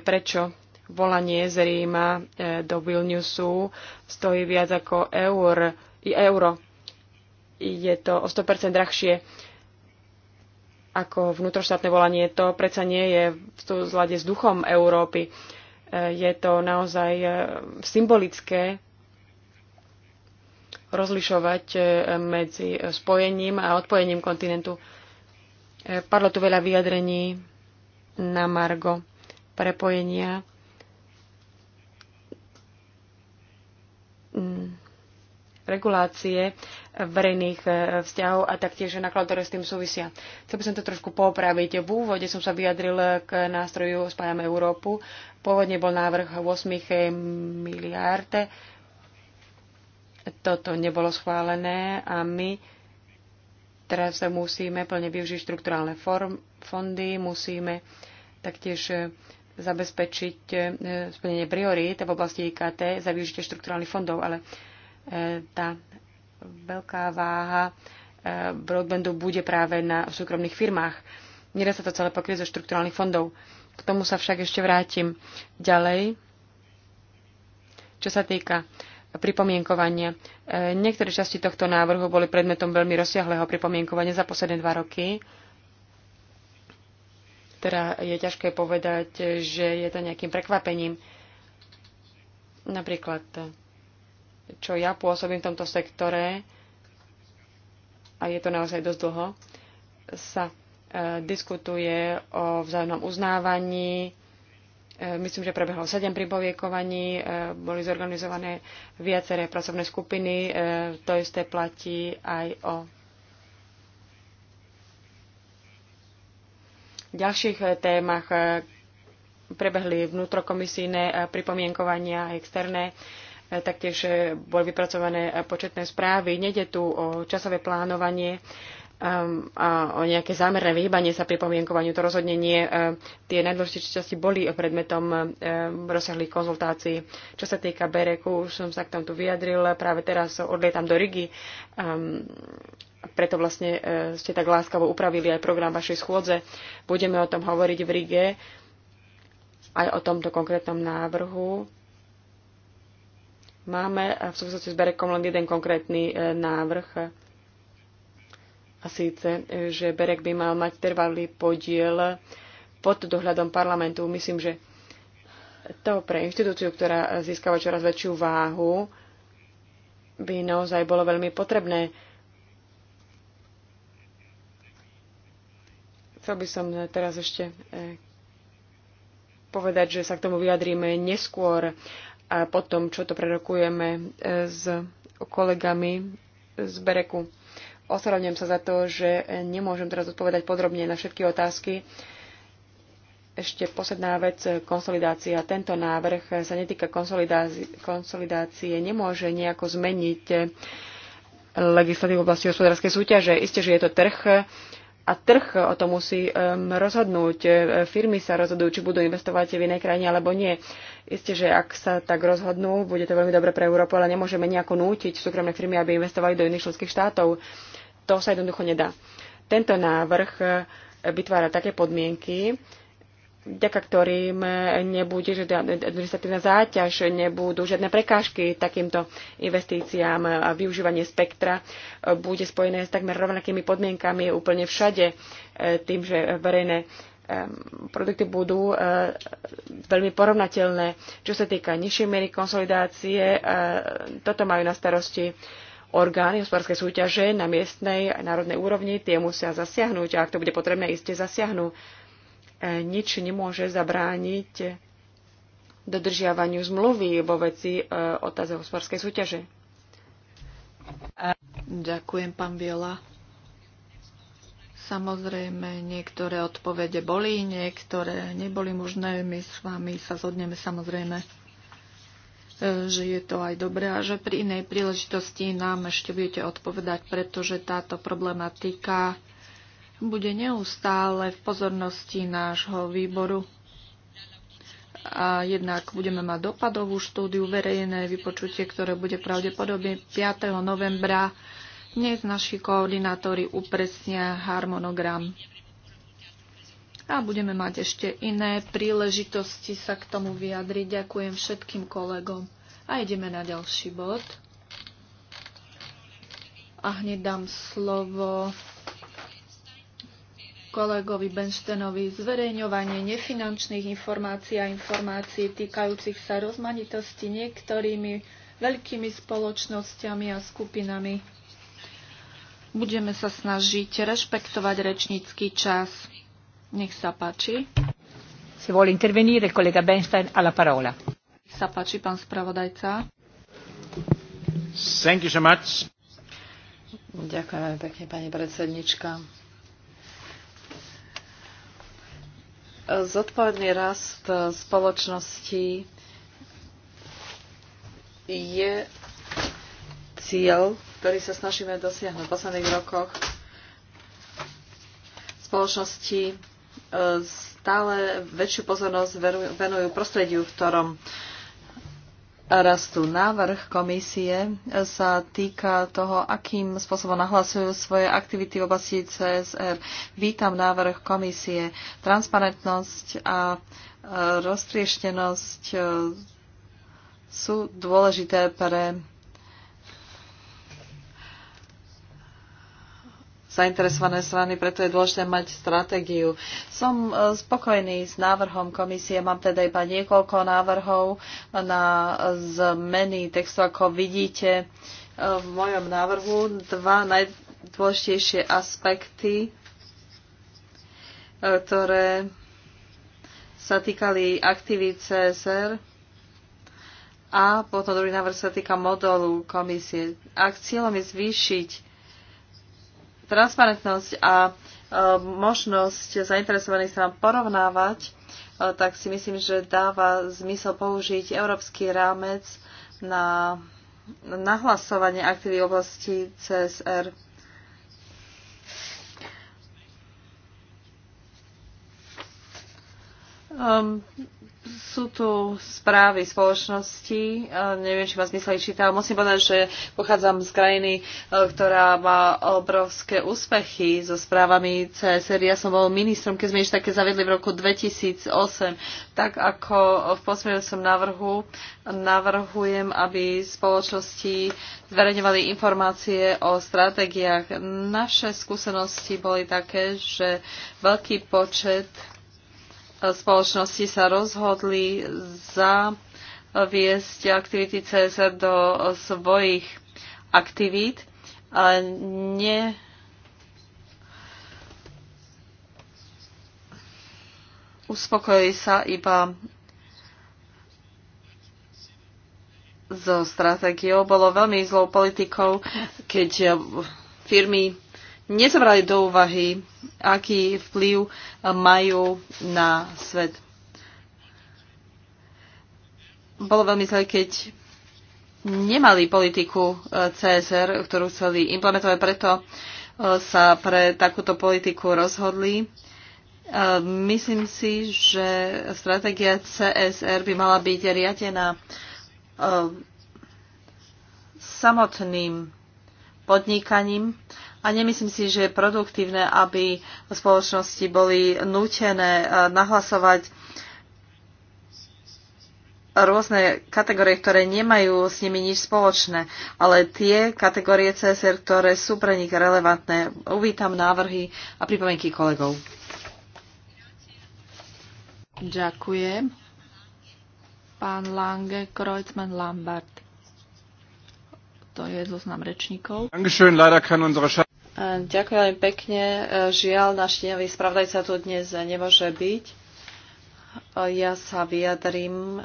prečo volanie z Ríma e, do Vilniusu stojí viac ako eur, i euro. Je to o 100% drahšie ako vnútroštátne volanie. To predsa nie je v zlade s duchom Európy. E, je to naozaj e, symbolické rozlišovať medzi spojením a odpojením kontinentu. Padlo tu veľa vyjadrení na Margo prepojenia Mm, regulácie verejných e, vzťahov a taktiež náklad, ktoré s tým súvisia. Chcel by som to trošku popraviť. V úvode som sa vyjadril k nástroju Spájame Európu. Pôvodne bol návrh 8 miliárd. Toto nebolo schválené a my teraz musíme plne využiť štrukturálne form, fondy, musíme taktiež zabezpečiť e, splnenie priorít v oblasti IKT za využitie štrukturálnych fondov, ale e, tá veľká váha e, broadbandu bude práve na súkromných firmách. Nedá sa to celé pokryť zo štrukturálnych fondov. K tomu sa však ešte vrátim ďalej. Čo sa týka pripomienkovania. Niektoré časti tohto návrhu boli predmetom veľmi rozsiahleho pripomienkovania za posledné dva roky. Teda je ťažké povedať, že je to nejakým prekvapením. Napríklad, čo ja pôsobím v tomto sektore, a je to naozaj dosť dlho, sa e, diskutuje o vzájomnom uznávaní. E, myslím, že prebehlo sedem pripoviekovaní, e, boli zorganizované viaceré pracovné skupiny, to isté platí aj o ďalších eh, témach eh, prebehli vnútrokomisijné eh, pripomienkovania externé, taktiež boli vypracované početné správy. Nede tu o časové plánovanie ehm, a o nejaké zámerné vyhýbanie sa pripomienkovaniu. To rozhodne nie. Tie najdôležitejšie časti boli predmetom rozsiahlých konzultácií. Čo sa týka Bereku, už som sa k tomu vyjadril. Práve teraz odlietam do Rigi ehm, preto vlastne e, ste tak láskavo upravili aj program vašej schôdze. Budeme o tom hovoriť v Rige, aj o tomto konkrétnom návrhu. Máme v súvislosti s Berekom len jeden konkrétny e, návrh, a síce, e, že Berek by mal mať trvalý podiel pod dohľadom parlamentu. Myslím, že to pre inštitúciu, ktorá získava čoraz väčšiu váhu, by naozaj bolo veľmi potrebné Chcel by som eh, teraz ešte eh, povedať, že sa k tomu vyjadríme neskôr a potom, čo to prerokujeme eh, s kolegami z Bereku. Ospravedlňujem sa za to, že nemôžem teraz odpovedať podrobne na všetky otázky. Ešte posledná vec, konsolidácia. Tento návrh sa netýka konsolidácie, nemôže nejako zmeniť legislatívu v oblasti hospodárskej súťaže. Isté, že je to trh, a trh o tom musí um, rozhodnúť. E, firmy sa rozhodujú, či budú investovať v inej krajine alebo nie. Isté, že ak sa tak rozhodnú, bude to veľmi dobre pre Európu, ale nemôžeme nejako nútiť súkromné firmy, aby investovali do iných členských štátov. To sa jednoducho nedá. Tento návrh e, vytvára také podmienky, vďaka ktorým nebude žiadna administratívna záťaž, nebudú žiadne prekážky takýmto investíciám a využívanie spektra bude spojené s takmer rovnakými podmienkami úplne všade, eh, tým, že verejné ehm, produkty budú eh, veľmi porovnateľné. Čo sa týka nižšej miery konsolidácie, eh, toto majú na starosti orgány hospodárskej súťaže na miestnej a národnej úrovni, tie musia zasiahnuť a ak to bude potrebné, iste zasiahnu nič nemôže zabrániť dodržiavaniu zmluvy vo veci e, otázok hospodárskej súťaže. Ďakujem, pán Biola. Samozrejme, niektoré odpovede boli, niektoré neboli možné. My s vami sa zhodneme samozrejme, e, že je to aj dobré a že pri inej príležitosti nám ešte budete odpovedať, pretože táto problematika bude neustále v pozornosti nášho výboru. A jednak budeme mať dopadovú štúdiu, verejné vypočutie, ktoré bude pravdepodobne 5. novembra. Dnes naši koordinátori upresnia harmonogram. A budeme mať ešte iné príležitosti sa k tomu vyjadriť. Ďakujem všetkým kolegom. A ideme na ďalší bod. A hneď dám slovo kolegovi Benštenovi. Zverejňovanie nefinančných informácií a informácií týkajúcich sa rozmanitosti niektorými veľkými spoločnosťami a skupinami. Budeme sa snažiť rešpektovať rečnícky čas. Nech sa páči. Si vuole intervenire, kolega Benstein, alla parola. Nech sa páči, pán spravodajca. Thank you so much. Ďakujem pekne, pani predsednička. Zodpovedný rast e, spoločnosti je cieľ, ktorý sa snažíme dosiahnuť v posledných rokoch. Spoločnosti e, stále väčšiu pozornosť venujú prostrediu, v ktorom rastu. Návrh komisie sa týka toho, akým spôsobom nahlasujú svoje aktivity v oblasti CSR. Vítam návrh komisie. Transparentnosť a e, roztrieštenosť e, sú dôležité pre zainteresované strany, preto je dôležité mať stratégiu. Som e, spokojný s návrhom komisie, mám teda iba niekoľko návrhov na zmeny textu, ako vidíte e, v mojom návrhu. Dva najdôležitejšie aspekty, e, ktoré sa týkali aktivít CSR a potom druhý návrh sa týka modelu komisie. Ak cieľom je zvýšiť transparentnosť a e, možnosť zainteresovaných vám porovnávať, e, tak si myslím, že dáva zmysel použiť európsky rámec na nahlasovanie aktivít v oblasti CSR. Um, ehm, sú tu správy spoločnosti, e, neviem, či ma zmysel čítal, musím povedať, že pochádzam z krajiny, e, ktorá má obrovské úspechy so správami CSR. Ja som bol ministrom, keď sme ešte také zavedli v roku 2008. Tak ako v posmielujúcom návrhu navrhujem, aby spoločnosti zverejňovali informácie o stratégiách. Naše skúsenosti boli také, že veľký počet spoločnosti sa rozhodli zaviesť aktivity CSR do svojich aktivít. A ne uspokojili sa iba so stratégiou. Bolo veľmi zlou politikou, keď firmy nezobrali do úvahy, aký vplyv eh, majú na svet. Bolo veľmi zle, keď nemali politiku eh, CSR, ktorú chceli implementovať, preto eh, sa pre takúto politiku rozhodli. Myslím si, že stratégia CSR by mala byť riadená samotným podnikaním a nemyslím si, že je produktívne, aby spoločnosti boli nútené e, nahlasovať rôzne kategórie, ktoré nemajú s nimi nič spoločné, ale tie kategórie CSR, ktoré sú pre nich relevantné. Uvítam návrhy a pripomienky kolegov. Ďakujem. Pán Lange, Kreuzmann, Lambert. To je zoznam rečníkov. Ďakujem veľmi pekne. E, žiaľ, náš tenový spravdajca tu dnes nemôže byť. E, ja sa vyjadrím e,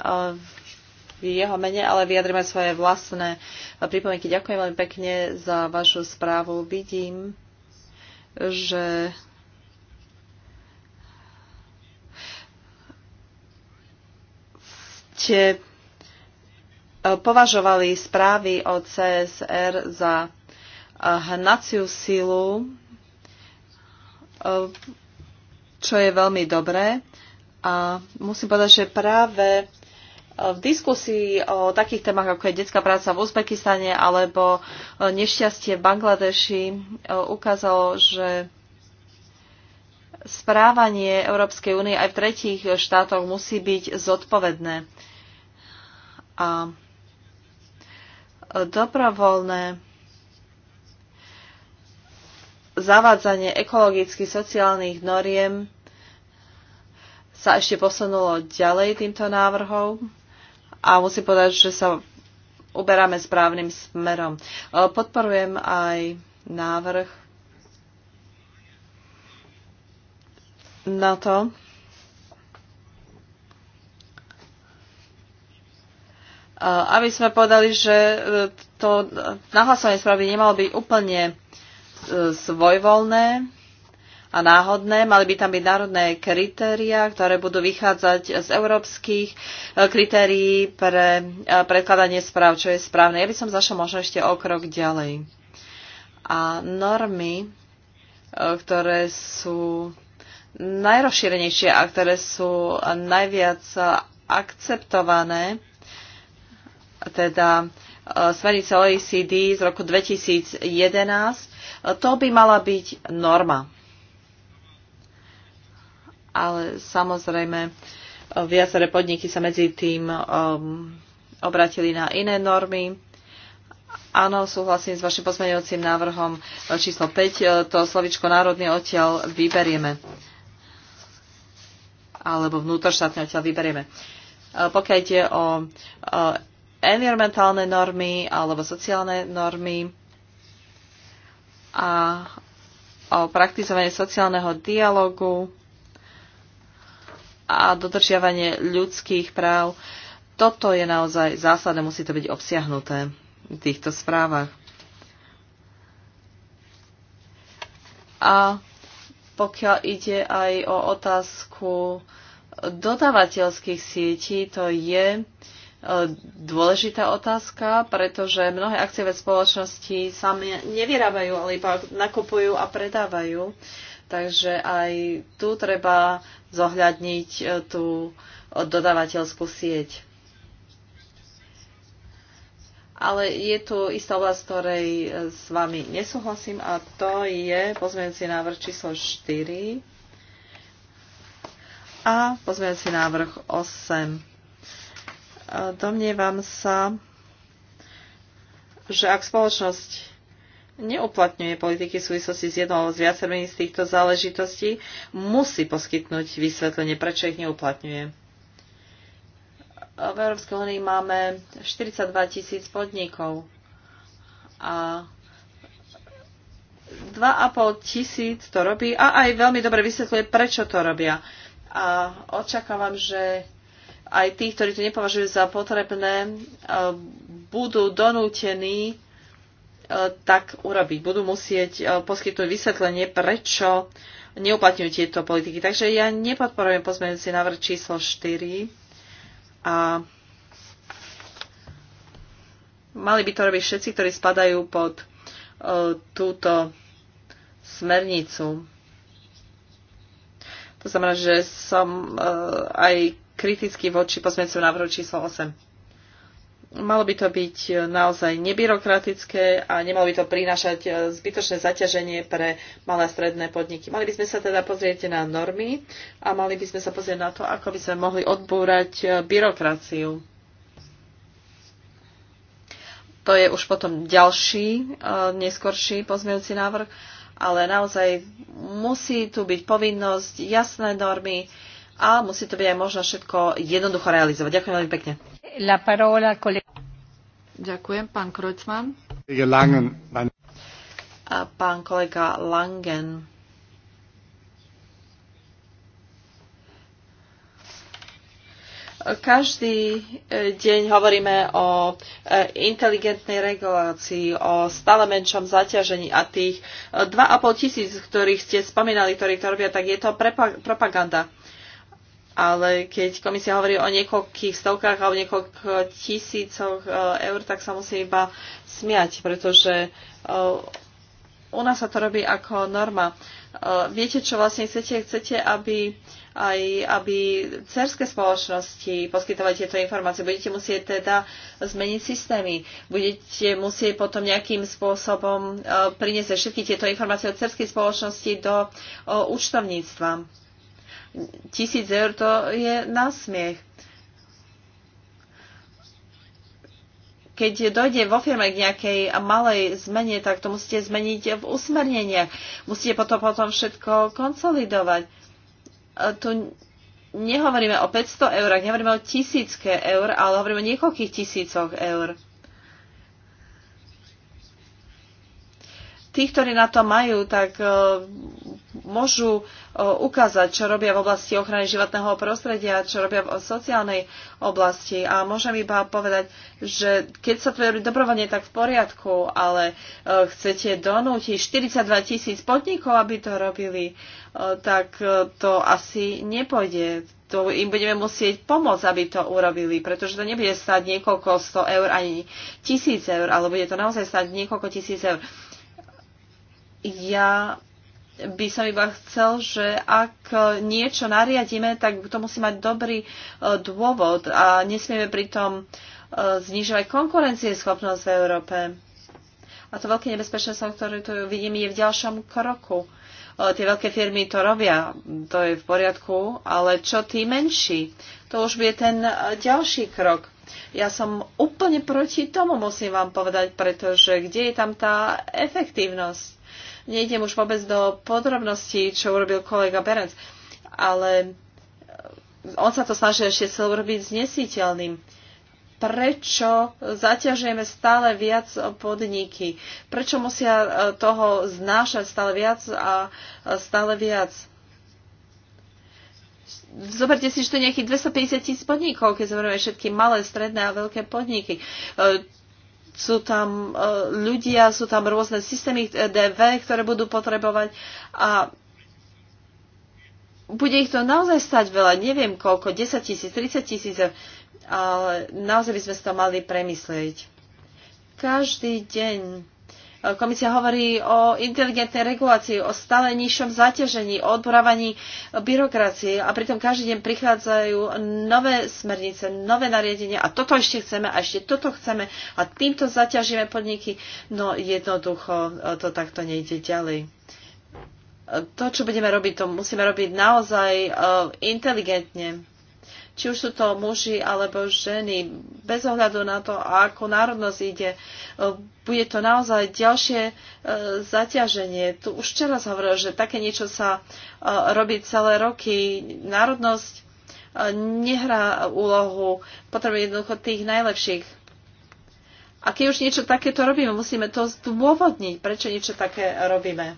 v jeho mene, ale vyjadrím aj svoje vlastné pripomienky. Ďakujem veľmi pekne za vašu správu. Vidím, že ste považovali správy o CSR za eh, hnaciu silu, eh, čo je veľmi dobré. A musím povedať, že práve eh, v diskusii o takých témach, ako je detská práca v Uzbekistane alebo nešťastie v Bangladeši, ukázalo, že správanie Európskej únie aj v tretích štátoch musí byť zodpovedné. A dobrovoľné zavádzanie ekologických sociálnych noriem sa ešte posunulo ďalej týmto návrhom a musím povedať, že sa uberáme správnym smerom. E, podporujem aj návrh na to, aby sme povedali, že e, to nahlasovanie správy nemalo byť úplne e, svojvoľné a náhodné. Mali by tam byť národné kritériá, ktoré budú vychádzať z európskych e, kritérií pre predkladanie správ, čo je správne. Ja by som zašla možno ešte o krok ďalej. A normy, ktoré sú najrozšírenejšie a ktoré sú najviac akceptované, teda e, smernice OECD z roku 2011, e, to by mala byť norma. Ale samozrejme, e, viaceré podniky sa medzi tým um, obratili na iné normy. Áno, súhlasím s vašim pozmeňujúcim návrhom číslo 5. To slovičko národný odtiaľ vyberieme. Alebo vnútorštátny odtiaľ vyberieme. Pokiaľ ide o environmentálne normy alebo sociálne normy a o praktizovanie sociálneho dialogu a dodržiavanie ľudských práv. Toto je naozaj zásadné, musí to byť obsiahnuté v týchto správach. A pokiaľ ide aj o otázku dodávateľských sietí, to je uh, dôležitá otázka, pretože mnohé akciové spoločnosti sami nevyrábajú, ale iba nakupujú a predávajú. Takže aj tu treba zohľadniť e, tú dodávateľskú sieť. Ale je tu istá oblasť, ktorej e, s vami nesúhlasím a to je pozmeňujúci návrh číslo 4 a pozmeňujúci návrh 8. Domnievam sa, že ak spoločnosť neuplatňuje politiky v súvislosti s jednou alebo s viacerými z týchto záležitostí, musí poskytnúť vysvetlenie, prečo ich neuplatňuje. V Európskej únii máme 42 tisíc podnikov a 2,5 tisíc to robí a aj veľmi dobre vysvetľuje, prečo to robia. A očakávam, že aj tí, ktorí to nepovažujú za potrebné, e, budú donútení e, tak urobiť. Budú musieť e, poskytnúť vysvetlenie, prečo neuplatňujú tieto politiky. Takže ja nepodporujem pozmeňujúci návrh číslo 4 a mali by to robiť všetci, ktorí spadajú pod túto smernicu. To znamená, že som aj kritický voči pozmeňujúcemu návrhu číslo 8. Malo by to byť e, naozaj nebyrokratické a nemalo by to prinášať e, zbytočné zaťaženie pre malé a stredné podniky. Mali by sme sa teda pozrieť na normy a mali by sme sa pozrieť na to, ako by sme mohli odbúrať e, byrokraciu. To je už potom ďalší, neskorší pozmeňujúci návrh ale naozaj musí tu byť povinnosť, jasné normy, a musí to byť aj možno všetko jednoducho realizovať. Ďakujem veľmi pekne. La parola, kole... Ďakujem, pán Kreutzmann. A pán kolega Langen. Každý e, deň hovoríme o e, inteligentnej regulácii, o stále menšom zaťažení a tých 2,5 e, tisíc, ktorých ste spomínali, ktorí to robia, tak je to propaganda ale keď komisia hovorí o niekoľkých stovkách alebo niekoľko tisícoch e, eur, tak sa musí iba smiať, pretože e, u nás sa to robí ako norma. E, viete, čo vlastne chcete? Chcete, aby aj aby cerské spoločnosti poskytovali tieto informácie. Budete musieť teda zmeniť systémy. Budete musieť potom nejakým spôsobom priniesť všetky tieto informácie od cerských spoločnosti do účtovníctva Tisíc eur to je smiech. keď dojde vo firme k nejakej malej zmene, tak to musíte zmeniť v usmerneniach. Musíte potom, potom všetko konsolidovať. Tu nehovoríme o 500 eurách, nehovoríme o tisícke eur, ale hovoríme o niekoľkých tisícoch eur. Tí, ktorí na to majú, tak môžu ukázať, čo robia v oblasti ochrany životného prostredia, čo robia v sociálnej oblasti. A môžem iba povedať, že keď sa to robí dobrovoľne, tak v poriadku, ale chcete donútiť 42 tisíc podnikov, aby to robili, tak to asi nepôjde. To im budeme musieť pomôcť, aby to urobili, pretože to nebude stať niekoľko 100 eur ani tisíc eur, ale bude to naozaj stať niekoľko tisíc eur. Ja by som iba chcel, že ak niečo nariadíme, tak to musí mať dobrý e, dôvod a nesmieme pritom e, znižovať schopnosť v Európe. A to veľké nebezpečenstvo, ktoré tu vidím, je v ďalšom kroku. E, tie veľké firmy to robia, to je v poriadku, ale čo tí menší? To už je ten ďalší krok. Ja som úplne proti tomu, musím vám povedať, pretože kde je tam tá efektívnosť? Nejdem už vôbec do podrobností, čo urobil kolega Berenc, ale on sa to snaží ešte chcel urobiť znesiteľným. Prečo zaťažujeme stále viac podniky? Prečo musia e, toho znášať stále viac a stále viac? zoberte si, že to je nejakých 250 tisíc podnikov, keď zoberieme všetky malé, stredné a veľké podniky. E, sú tam e, ľudia, sú tam rôzne systémy e, DV, ktoré budú potrebovať a bude ich to naozaj stať veľa, neviem koľko, 10 tisíc, 30 tisíc, e, ale naozaj by sme si to mali premyslieť. Každý deň Komisia hovorí o inteligentnej regulácii, o stále nižšom zaťažení, o odborávaní byrokracie a pritom každý deň prichádzajú nové smernice, nové nariadenia a toto ešte chceme a ešte toto chceme a týmto zaťažíme podniky. No jednoducho e, to takto nejde ďalej. E, to, čo budeme robiť, to musíme robiť naozaj e, inteligentne či už sú to muži alebo ženy, bez ohľadu na to, ako národnosť ide, e, bude to naozaj ďalšie e, zaťaženie. Tu už včera sa hovorilo, že také niečo sa e, robí celé roky. Národnosť nehrá úlohu, potrebuje jednoducho tých najlepších. A keď už niečo takéto robíme, musíme to zdôvodniť, prečo niečo také robíme.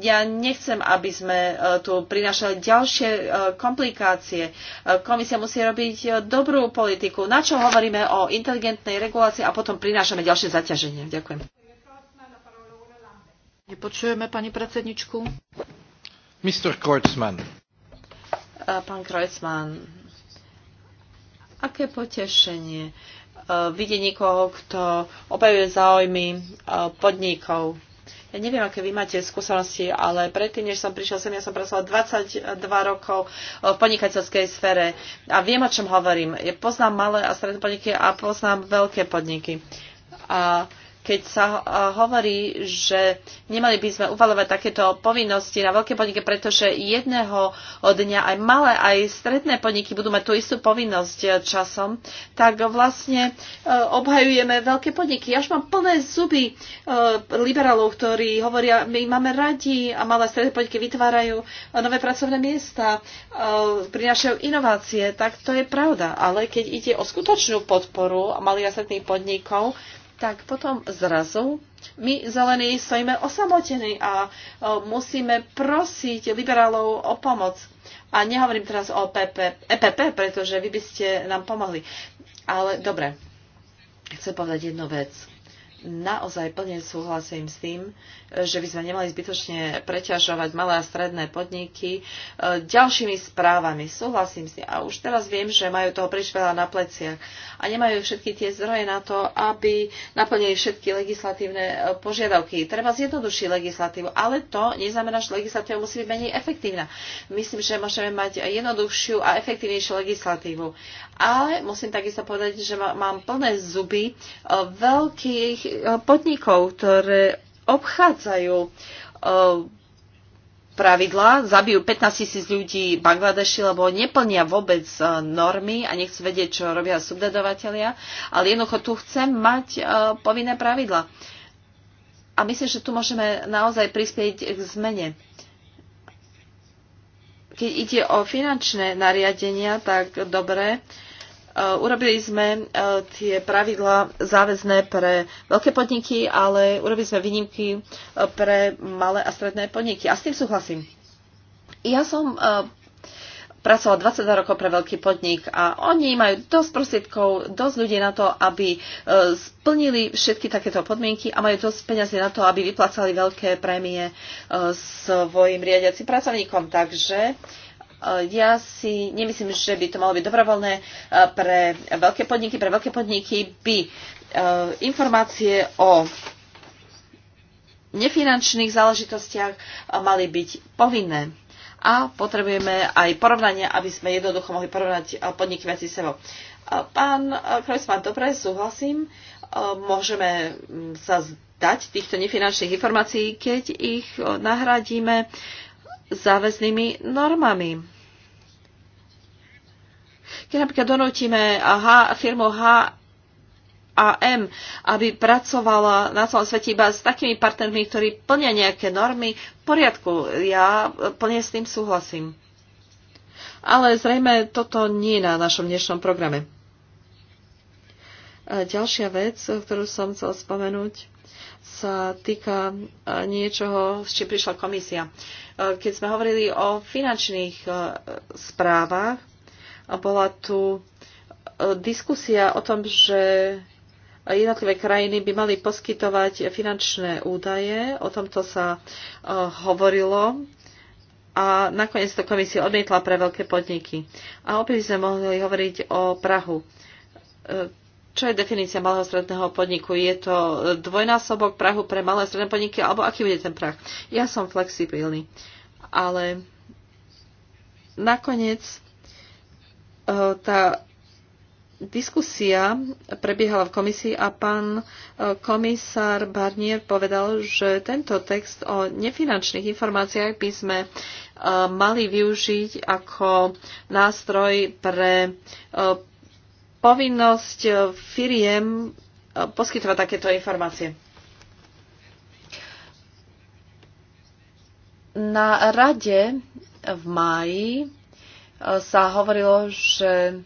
ja nechcem, aby sme e, tu prinašali ďalšie e, komplikácie. E, komisia musí robiť dobrú politiku. Na čo hovoríme o inteligentnej regulácii a potom prinášame ďalšie zaťaženie. Ďakujem. Nepočujeme pani predsedničku. Mr. Kreutzmann. Pán Kreutzmann, aké potešenie vidieť niekoho, kto obajuje záujmy podnikov ja neviem, aké vy máte skúsenosti, ale predtým, než som prišiel sem, ja som pracovala 22 rokov v podnikateľskej sfére a viem, o čom hovorím. Ja poznám malé a stredné podniky a poznám veľké podniky. A keď sa hovorí, že nemali by sme uvalovať takéto povinnosti na veľké podniky, pretože jedného dňa aj malé, aj stredné podniky budú mať tú istú povinnosť e, časom, tak vlastne e, obhajujeme veľké podniky. Ja už mám plné zuby e, liberálov, ktorí hovoria, my máme radi a malé stredné podniky vytvárajú nové pracovné miesta, prinášajú inovácie, tak to je pravda. Ale keď ide o skutočnú podporu malých a stredných podnikov, tak potom zrazu my zelení stojíme osamotení a e, musíme prosiť liberálov o pomoc. A nehovorím teraz o PP, EPP, pretože vy by ste nám pomohli. Ale dobre, chcem povedať jednu vec naozaj plne súhlasím s tým, že by sme nemali zbytočne preťažovať malé a stredné podniky e, ďalšími správami. Súhlasím s A už teraz viem, že majú toho príliš veľa na pleciach a nemajú všetky tie zdroje na to, aby naplnili všetky legislatívne e, požiadavky. Treba zjednodušiť legislatívu, ale to neznamená, že legislatíva musí byť menej efektívna. Myslím, že môžeme mať jednoduchšiu a efektívnejšiu legislatívu. Ale musím takisto povedať, že mám plné zuby e, veľkých e, podnikov, ktoré obchádzajú e, pravidlá, zabijú 15 tisíc ľudí v Bangladeši, lebo neplnia vôbec normy a nechcú vedieť, čo robia subdodavatelia, ale jednoducho tu chcem mať povinné pravidlá. A myslím, že tu môžeme naozaj prispieť k zmene. Keď ide o finančné nariadenia, tak dobre, Eh, urobili sme eh, tie pravidla záväzné pre veľké podniky, ale urobili sme výnimky eh, pre malé a stredné podniky. A s tým súhlasím. Ja som pracoval 22 rokov pre veľký podnik a oni majú dosť prostriedkov, dosť ľudí na to, aby splnili všetky takéto podmienky a majú dosť peniazy na to, aby vyplácali veľké prémie svojim riadiacim pracovníkom. Takže Eh, ja si nemyslím, že by to malo byť dobrovoľné eh, pre veľké podniky. Pre veľké podniky by eh, informácie o nefinančných záležitostiach mali byť povinné. A potrebujeme aj porovnanie, aby sme jednoducho mohli porovnať podniky medzi sebou. Pán Krojsman, dobre, súhlasím. Môžeme mm, sa zdať týchto nefinančných informácií, keď ich nahradíme záväznými normami. Keď napríklad donútime H, firmu H a M, aby pracovala na celom svete iba s takými partnermi, ktorí plnia nejaké normy, v poriadku, ja plne s tým súhlasím. Ale zrejme toto nie je na našom dnešnom programe. Ďalšia vec, ktorú som chcel spomenúť, sa týka e, niečoho, s čím prišla komisia. E, keď sme hovorili o finančných e, správach, bola tu diskusia o tom, že jednotlivé krajiny by mali poskytovať finančné údaje. O tomto sa hovorilo a nakoniec to komisia odmietla pre veľké podniky. A opäť sme mohli hovoriť o Prahu. Čo je definícia malého stredného podniku? Je to dvojnásobok Prahu pre malé stredné podniky, alebo aký bude ten prach? Ja som flexibilný, ale nakoniec e, tá diskusia prebiehala v komisii a pán e, komisár Barnier povedal, že tento text o nefinančných informáciách by sme e, mali využiť ako nástroj pre povinnosť e, firiem e, poskytovať takéto informácie. Na rade v máji e, sa hovorilo, že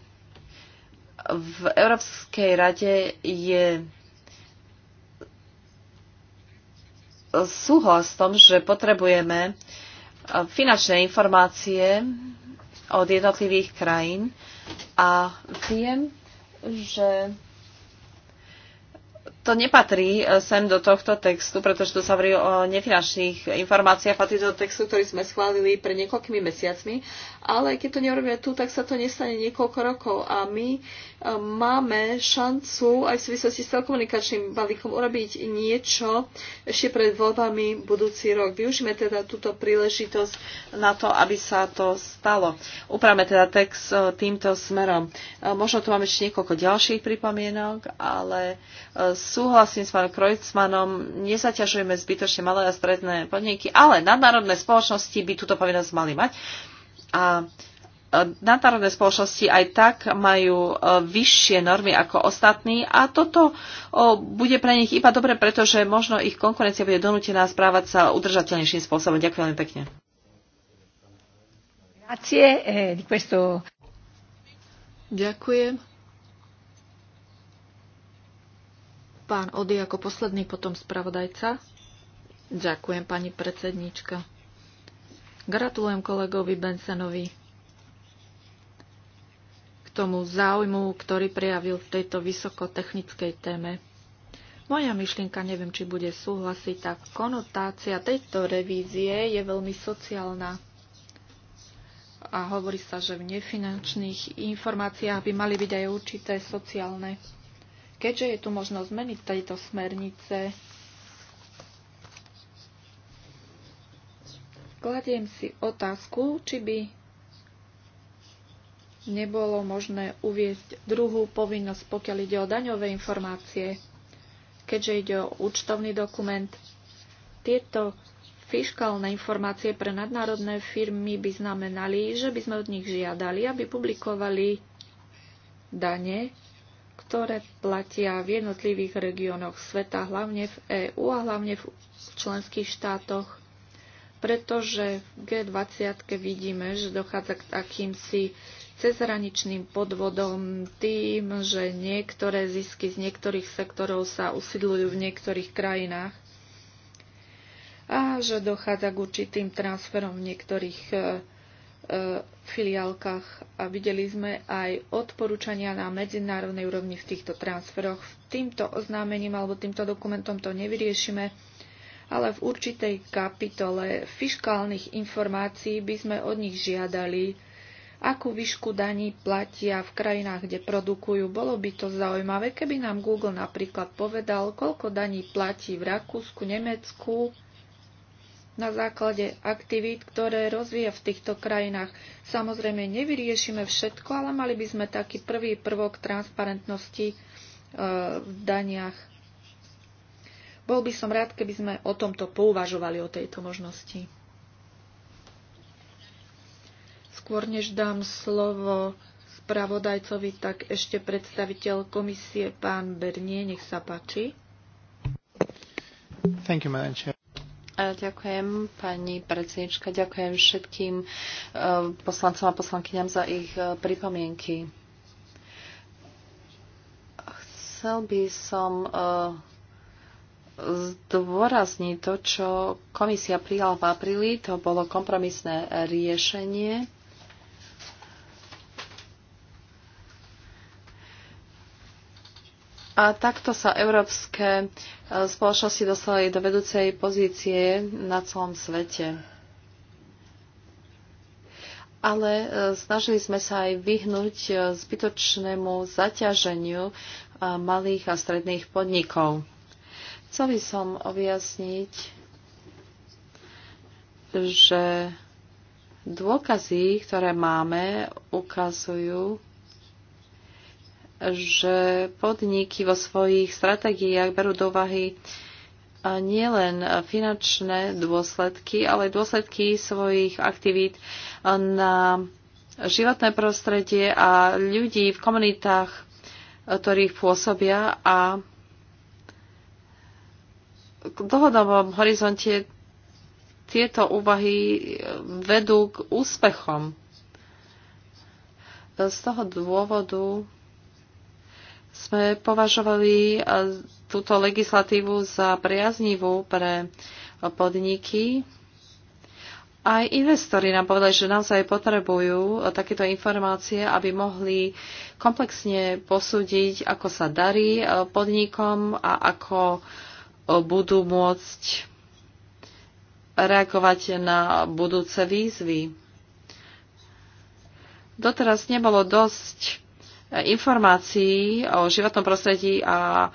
v Európskej rade je súhlas s tom, že potrebujeme finančné informácie od jednotlivých krajín a viem, že to nepatrí e, sem do tohto textu, pretože to sa hovorí o nefinančných informáciách, patrí do textu, ktorý sme schválili pre niekoľkými mesiacmi, ale keď to neurobíme tu, tak sa to nestane niekoľko rokov a my e, máme šancu aj v súvislosti s telekomunikačným balíkom urobiť niečo ešte pred voľbami budúci rok. Využíme teda túto príležitosť na to, aby sa to stalo. Upravme teda text e, týmto smerom. Možno tu máme ešte niekoľko ďalších pripomienok, ale súhlasím s pánom Krojcmanom, nezaťažujeme zbytočne malé a stredné podniky, ale nadnárodné spoločnosti by túto povinnosť mali mať. A nadnárodné spoločnosti aj tak majú e, vyššie normy ako ostatní a toto e, bude pre nich iba dobre, pretože možno ich konkurencia bude donútená správať sa udržateľnejším spôsobom. Ďakujem veľmi pekne. Eh, Ďakujem. Pán Ody ako posledný, potom spravodajca. Ďakujem, pani predsednička. Gratulujem kolegovi Bensenovi k tomu záujmu, ktorý prejavil v tejto vysokotechnickej téme. Moja myšlienka, neviem, či bude súhlasiť, tak konotácia tejto revízie je veľmi sociálna a hovorí sa, že v nefinančných informáciách by mali byť aj určité sociálne Keďže je tu možnosť zmeniť tejto smernice, kladiem si otázku, či by nebolo možné uviezť druhú povinnosť, pokiaľ ide o daňové informácie, keďže ide o účtovný dokument. Tieto fiskálne informácie pre nadnárodné firmy by znamenali, že by sme od nich žiadali, aby publikovali dane ktoré platia v jednotlivých regiónoch sveta, hlavne v EÚ a hlavne v členských štátoch, pretože v G20 vidíme, že dochádza k akýmsi cezhraničným podvodom tým, že niektoré zisky z niektorých sektorov sa usidľujú v niektorých krajinách a že dochádza k určitým transferom v niektorých e, E, filiálkach a videli sme aj odporúčania na medzinárodnej úrovni v týchto transferoch. Týmto oznámením alebo týmto dokumentom to nevyriešime, ale v určitej kapitole fiškálnych informácií by sme od nich žiadali, akú výšku daní platia v krajinách, kde produkujú. Bolo by to zaujímavé, keby nám Google napríklad povedal, koľko daní platí v Rakúsku, Nemecku, na základe aktivít, ktoré rozvíja v týchto krajinách. Samozrejme, nevyriešime všetko, ale mali by sme taký prvý prvok transparentnosti e, v daniach. Bol by som rád, keby sme o tomto pouvažovali, o tejto možnosti. Skôr než dám slovo spravodajcovi, tak ešte predstaviteľ komisie, pán Bernie, nech sa páči. Thank you, Ďakujem pani predsednička, ďakujem všetkým e, poslancom a poslankyňam za ich e, pripomienky. Chcel by som e, zdôrazniť to, čo komisia prijala v apríli. To bolo kompromisné riešenie A takto sa európske e, spoločnosti dostali do vedúcej pozície na celom svete. Ale e, snažili sme sa aj vyhnúť e, zbytočnému zaťaženiu malých a stredných podnikov. Chcel by som objasniť, že dôkazy, ktoré máme, ukazujú, že podniky vo svojich stratégiách berú do úvahy nielen finančné dôsledky, ale aj dôsledky svojich aktivít na životné prostredie a ľudí v komunitách, ktorých pôsobia a v dlhodobom horizonte tieto úvahy vedú k úspechom. Z toho dôvodu sme považovali eh, túto legislatívu za priaznivú pre eh, podniky. Aj investori nám povedali, že naozaj potrebujú eh, takéto informácie, aby mohli komplexne posúdiť, ako sa darí podnikom a ako budú môcť reagovať na budúce výzvy. Doteraz nebolo dosť informácií o životnom prostredí a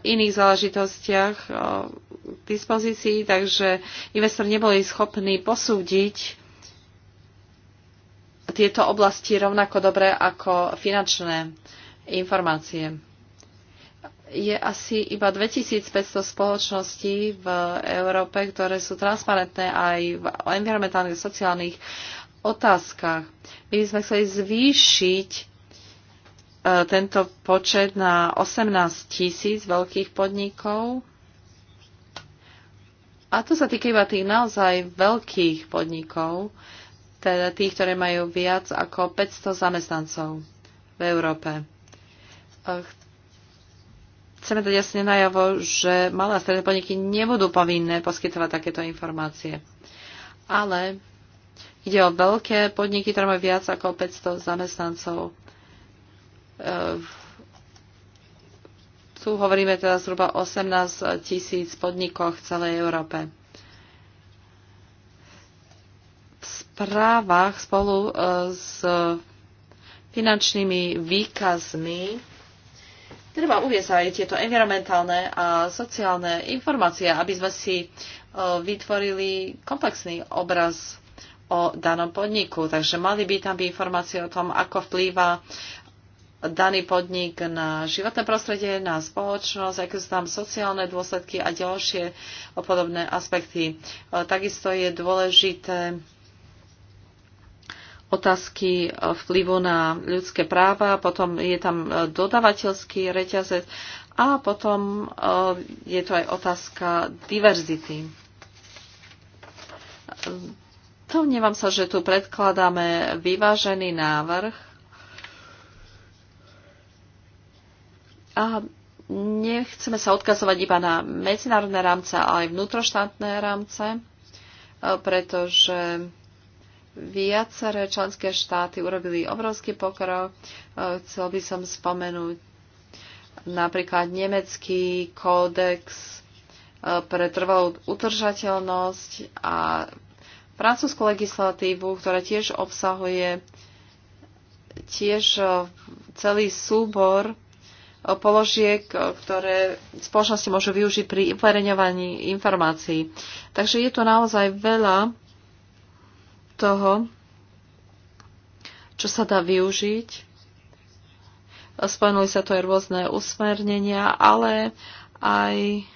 iných záležitostiach k dispozícii, takže investor neboli schopní posúdiť tieto oblasti rovnako dobre ako finančné informácie. Je asi iba 2500 spoločností v Európe, ktoré sú transparentné aj v environmentálnych a sociálnych otázkach. My by sme chceli zvýšiť E, tento počet na 18 tisíc veľkých podnikov. A to sa týka iba tých naozaj veľkých podnikov, teda tých, ktoré majú viac ako 500 zamestnancov v Európe. E, chceme dať jasne najavo, že malé a stredné podniky nebudú povinné poskytovať takéto informácie. Ale ide o veľké podniky, ktoré majú viac ako 500 zamestnancov. E, tu hovoríme teda zhruba 18 tisíc podnikoch v celej Európe. V správach spolu e, s finančnými výkazmi Treba uvieť aj tieto environmentálne a sociálne informácie, aby sme si e, vytvorili komplexný obraz o danom podniku. Takže mali by tam byť informácie o tom, ako vplýva daný podnik na životné prostredie, na spoločnosť, aké sú tam sociálne dôsledky a ďalšie podobné aspekty. E, takisto je dôležité otázky e, vplyvu na ľudské práva, potom je tam e, dodavateľský reťazec a potom je to aj otázka diverzity. Domnievam sa, že tu predkladáme vyvážený návrh, A nechceme sa odkazovať iba na medzinárodné rámce, ale aj vnútroštátne rámce, e, pretože viaceré členské štáty urobili obrovský pokrok. E, chcel by som spomenúť napríklad nemecký kódex e, pre trvalú utržateľnosť a francúzsku legislatívu, ktorá tiež obsahuje tiež celý súbor položiek, ktoré spoločnosti môžu využiť pri uverejňovaní informácií. Takže je tu naozaj veľa toho, čo sa dá využiť. Spomenuli sa to aj rôzne usmernenia, ale aj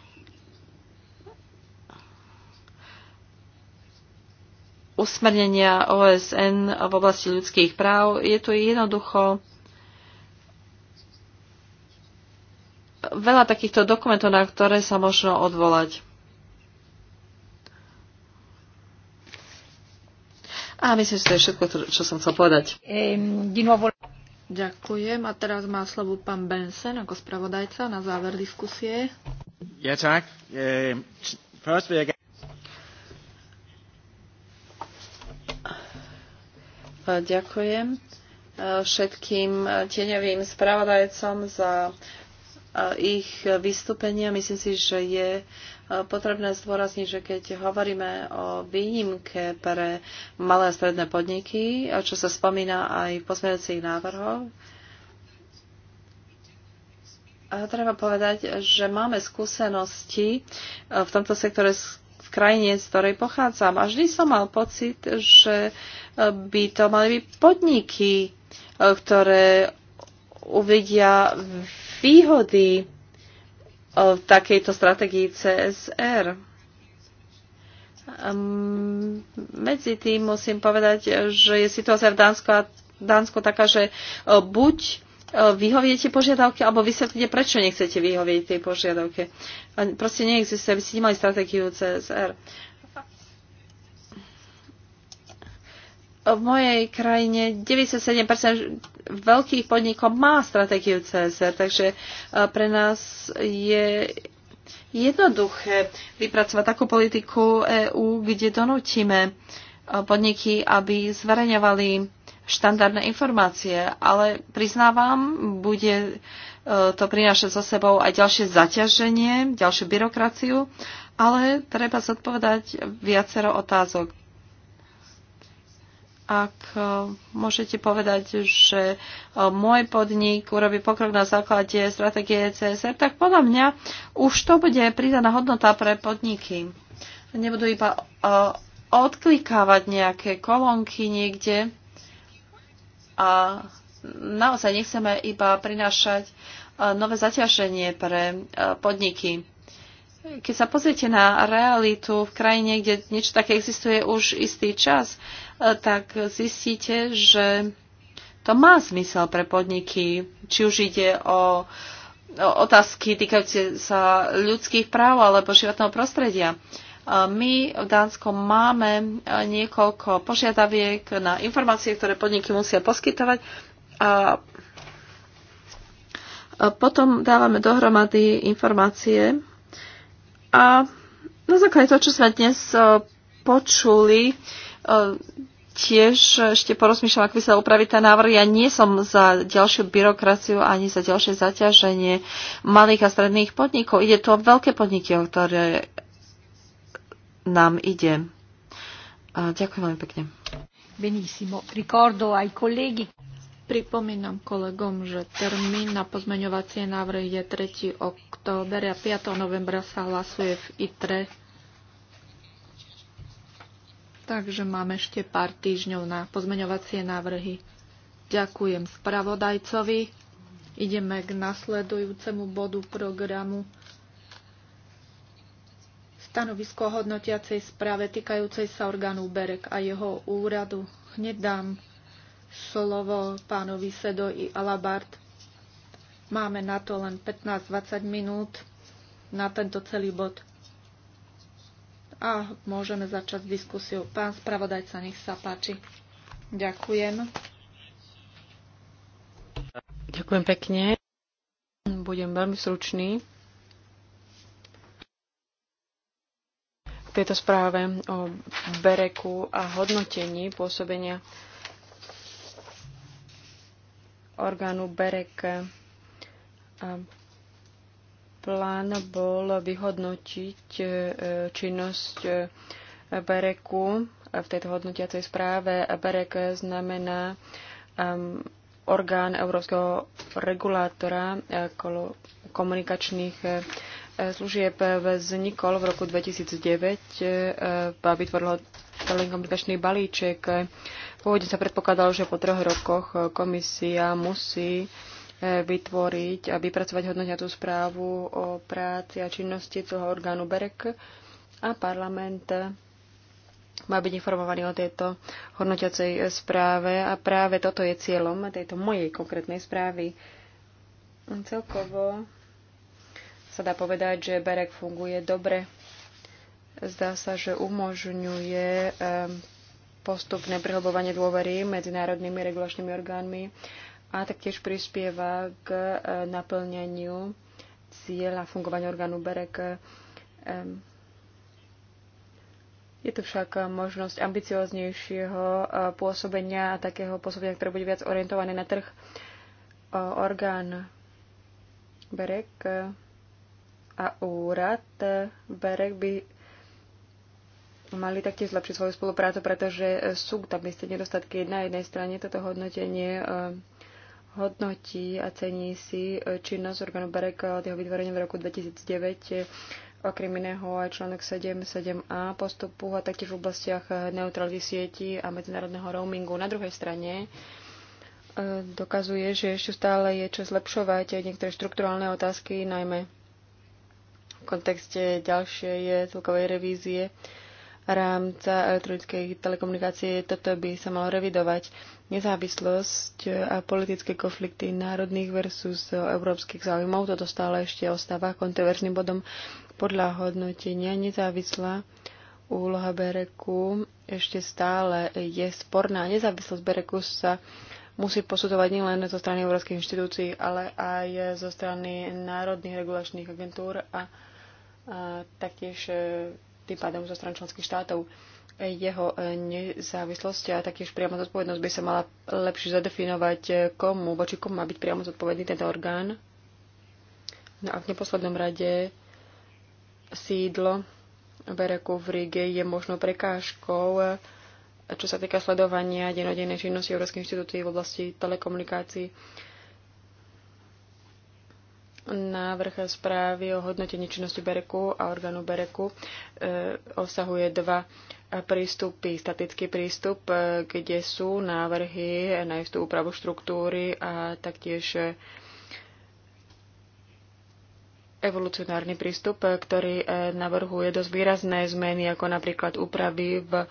usmernenia OSN v oblasti ľudských práv. Je tu jednoducho veľa takýchto dokumentov, na ktoré sa možno odvolať. A myslím, že to je všetko, čo som chcel povedať. Ďakujem. A teraz má slovo pán Benson ako spravodajca na záver diskusie. Ja, tak. Ďakujem e, všetkým e, tieňovým spravodajcom za ich vystúpenia. Myslím si, že je e, potrebné zdôrazniť, že keď hovoríme o výnimke pre malé a stredné podniky, čo sa spomína aj v posmerujúcich návrhoch, a treba povedať, že máme skúsenosti e, v tomto sektore v krajine, z ktorej pochádzam. A vždy som mal pocit, že e, by to mali byť podniky, ktoré uvidia výhody e, v takejto strategii CSR. Ehm, medzi tým musím povedať, že je situácia v Dánsku, a Dánsku taká, že e, buď e, vyhoviete požiadavky, alebo vysvetlíte, prečo nechcete vyhovieť tej požiadavke. Proste neexistuje, aby ste nemali stratégiu CSR. v mojej krajine 97% veľkých podnikov má stratégiu CSR, takže e, pre nás je jednoduché vypracovať takú politiku EÚ, kde donútime e, podniky, aby zverejňovali štandardné informácie, ale priznávam, bude e, to prinášať so sebou aj ďalšie zaťaženie, ďalšiu byrokraciu, ale treba zodpovedať viacero otázok ak e, môžete povedať, že e, môj podnik urobí pokrok na základe stratégie CSR, tak podľa mňa už to bude pridaná hodnota pre podniky. Nebudú iba e, odklikávať nejaké kolónky niekde a naozaj nechceme iba prinášať nové zaťaženie pre podniky. Keď sa pozriete na realitu v krajine, kde niečo také existuje už istý čas, e, tak zistíte, že to má zmysel pre podniky, či už ide o otázky týkajúce sa ľudských práv alebo životného prostredia. E, my v Dánsku máme e, niekoľko požiadaviek na informácie, ktoré podniky musia poskytovať a potom dávame dohromady informácie a na základe toho, čo sme dnes počuli, tiež ešte porozmýšľam, ak by sa upraviť tá návrh. Ja nie som za ďalšiu byrokraciu ani za ďalšie zaťaženie malých a stredných podnikov. Ide tu o veľké podniky, o ktoré nám ide. A ďakujem veľmi pekne. Benissimo. Ricordo ai colleghi. Pripomínam kolegom, že termín na pozmeňovacie návrhy je 3. október a 5. novembra sa hlasuje v ITRE. Takže máme ešte pár týždňov na pozmeňovacie návrhy. Ďakujem spravodajcovi. Ideme k nasledujúcemu bodu programu. Stanovisko hodnotiacej správe týkajúcej sa orgánu BEREK a jeho úradu. Hneď dám slovo pánovi Sedo i Alabart. Máme na to len 15-20 minút na tento celý bod. A môžeme začať s diskusiou. Pán spravodajca, nech sa páči. Ďakujem. Ďakujem pekne. Budem veľmi sručný. V tejto správe o bereku a hodnotení pôsobenia orgánu BEREK. Plán bol vyhodnotiť e, činnosť e, BEREKu v tejto hodnotiacej správe. BEREK znamená orgán Európskeho regulátora e, komunikačných služieb vznikol v roku 2009 a vytvoril telekomunikačný balíček. Pôvodne sa predpokladalo, že po troch rokoch e, komisia musí e, vytvoriť a vypracovať hodnotiacú správu o práci a činnosti celého orgánu BEREK a parlament má byť informovaný o tejto hodnotiacej e, správe a práve toto je cieľom tejto mojej konkrétnej správy. Celkovo sa dá povedať, že BEREK funguje dobre. Zdá sa, že umožňuje postupné prehlbovanie dôvery medzinárodnými regulačnými orgánmi a taktiež prispieva k e, naplňaniu cieľa fungovania orgánu BEREK. Je tu však možnosť ambicioznejšieho e, pôsobenia a takého pôsobenia, ktoré bude viac orientované na trh. Orgán BEREK e, a úrad BEREK by mali taktiež zlepšiť svoju spoluprácu, pretože e, sú tam isté nedostatky. Na jednej strane toto hodnotenie e, hodnotí a cení si e, činnosť orgánu BEREK od jeho vytvorenia v roku 2009, okrem iného aj článok 7, 7a postupu a taktiež v oblastiach neutrality sieti a medzinárodného roamingu. Na druhej strane dokazuje, že ešte stále je čo zlepšovať niektoré štrukturálne otázky, najmä v kontekste ďalšej celkovej revízie rámca elektronickej telekomunikácie. Toto by sa malo revidovať. Nezávislosť a politické konflikty národných versus európskych záujmov, toto stále ešte ostáva kontroverzným bodom podľa hodnotenia nezávislá úloha Bereku ešte stále je sporná. Nezávislosť Bereku sa musí posudzovať nielen zo strany európskych inštitúcií, ale aj zo strany národných regulačných agentúr a, a taktiež tým pádom zo stran členských štátov. Jeho e, nezávislosť a taktiež priamo zodpovednosť by sa mala lepšie zadefinovať, e, komu, voči komu má byť priamo zodpovedný tento orgán. No a v neposlednom rade sídlo Bereku v Ríge je možno prekážkou, e, čo sa týka sledovania denodenej činnosti Európskej inštitúty v oblasti telekomunikácií Návrh správy o hodnotení činnosti Bereku a orgánu Bereku e, obsahuje dva prístupy. Statický prístup, e, kde sú návrhy na istú úpravu štruktúry a taktiež evolucionárny prístup, ktorý e, navrhuje dosť výrazné zmeny, ako napríklad úpravy v,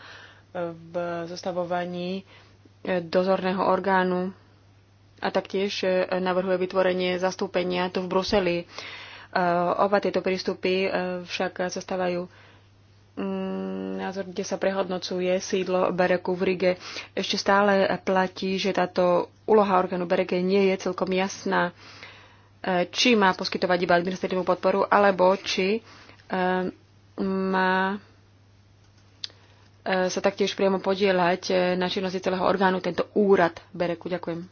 v zostavovaní dozorného orgánu a taktiež e, navrhuje vytvorenie zastúpenia tu v Bruseli. E, oba tieto prístupy e, však zastávajú mm, názor, kde sa prehodnocuje sídlo Bereku v Rige. Ešte stále platí, že táto úloha orgánu Bereke nie je celkom jasná, či má poskytovať iba administratívnu podporu, alebo či má sa taktiež priamo podielať na činnosti celého orgánu tento úrad Bereku. Ďakujem.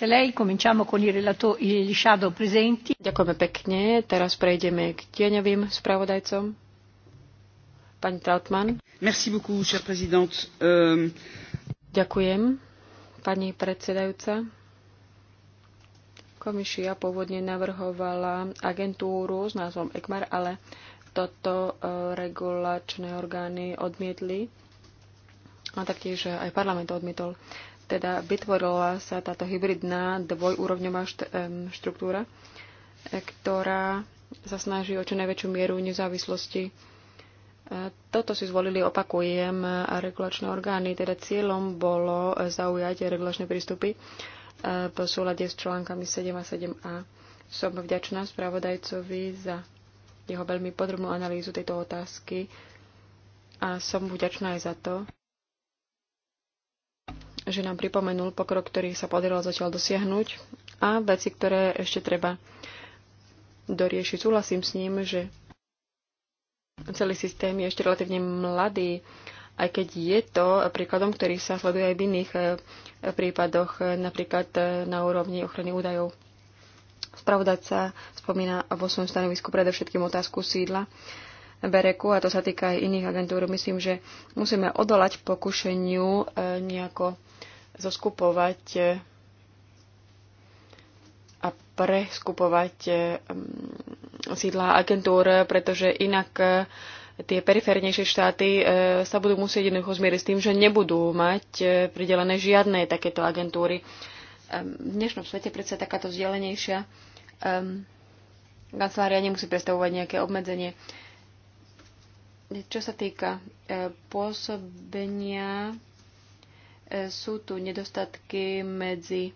Ďakujeme pekne. Teraz prejdeme k tieňovým spravodajcom. Pani Trautmann. Merci beaucoup, chère présidente. Euh, Ďakujem, pani predsedajúca. Komisia pôvodne navrhovala agentúru s názvom ECMAR, ale toto e, regulačné orgány odmietli a taktiež aj parlament odmietol teda vytvorila sa táto hybridná dvojúrovňová štruktúra, e, ktorá sa snaží o čo najväčšiu mieru nezávislosti. E, toto si zvolili, opakujem, a regulačné orgány. Teda cieľom bolo zaujať regulačné prístupy e, v súlade s článkami 7 a 7a. Som vďačná spravodajcovi za jeho veľmi podrobnú analýzu tejto otázky a som vďačná aj za to, že nám pripomenul pokrok, ktorý sa podarilo zatiaľ dosiahnuť a veci, ktoré ešte treba doriešiť. Súhlasím s ním, že celý systém je ešte relatívne mladý, aj keď je to príkladom, ktorý sa sleduje aj v iných e, prípadoch, e, napríklad e, na úrovni ochrany údajov. Spravodajca spomína vo svojom stanovisku predovšetkým otázku sídla. Bereku a to sa týka aj iných agentúr. Myslím, že musíme odolať pokušeniu e, nejako zoskupovať e, a preskupovať e, mm, sídla agentúr, pretože inak tie periférnejšie štáty sa budú musieť jednoducho zmieriť s tým, že nebudú mať pridelené žiadne takéto agentúry. V dnešnom svete predsa takáto vzdelenejšia kancelária nemusí predstavovať nejaké obmedzenie. Čo sa týka e, pôsobenia, e, sú tu nedostatky medzi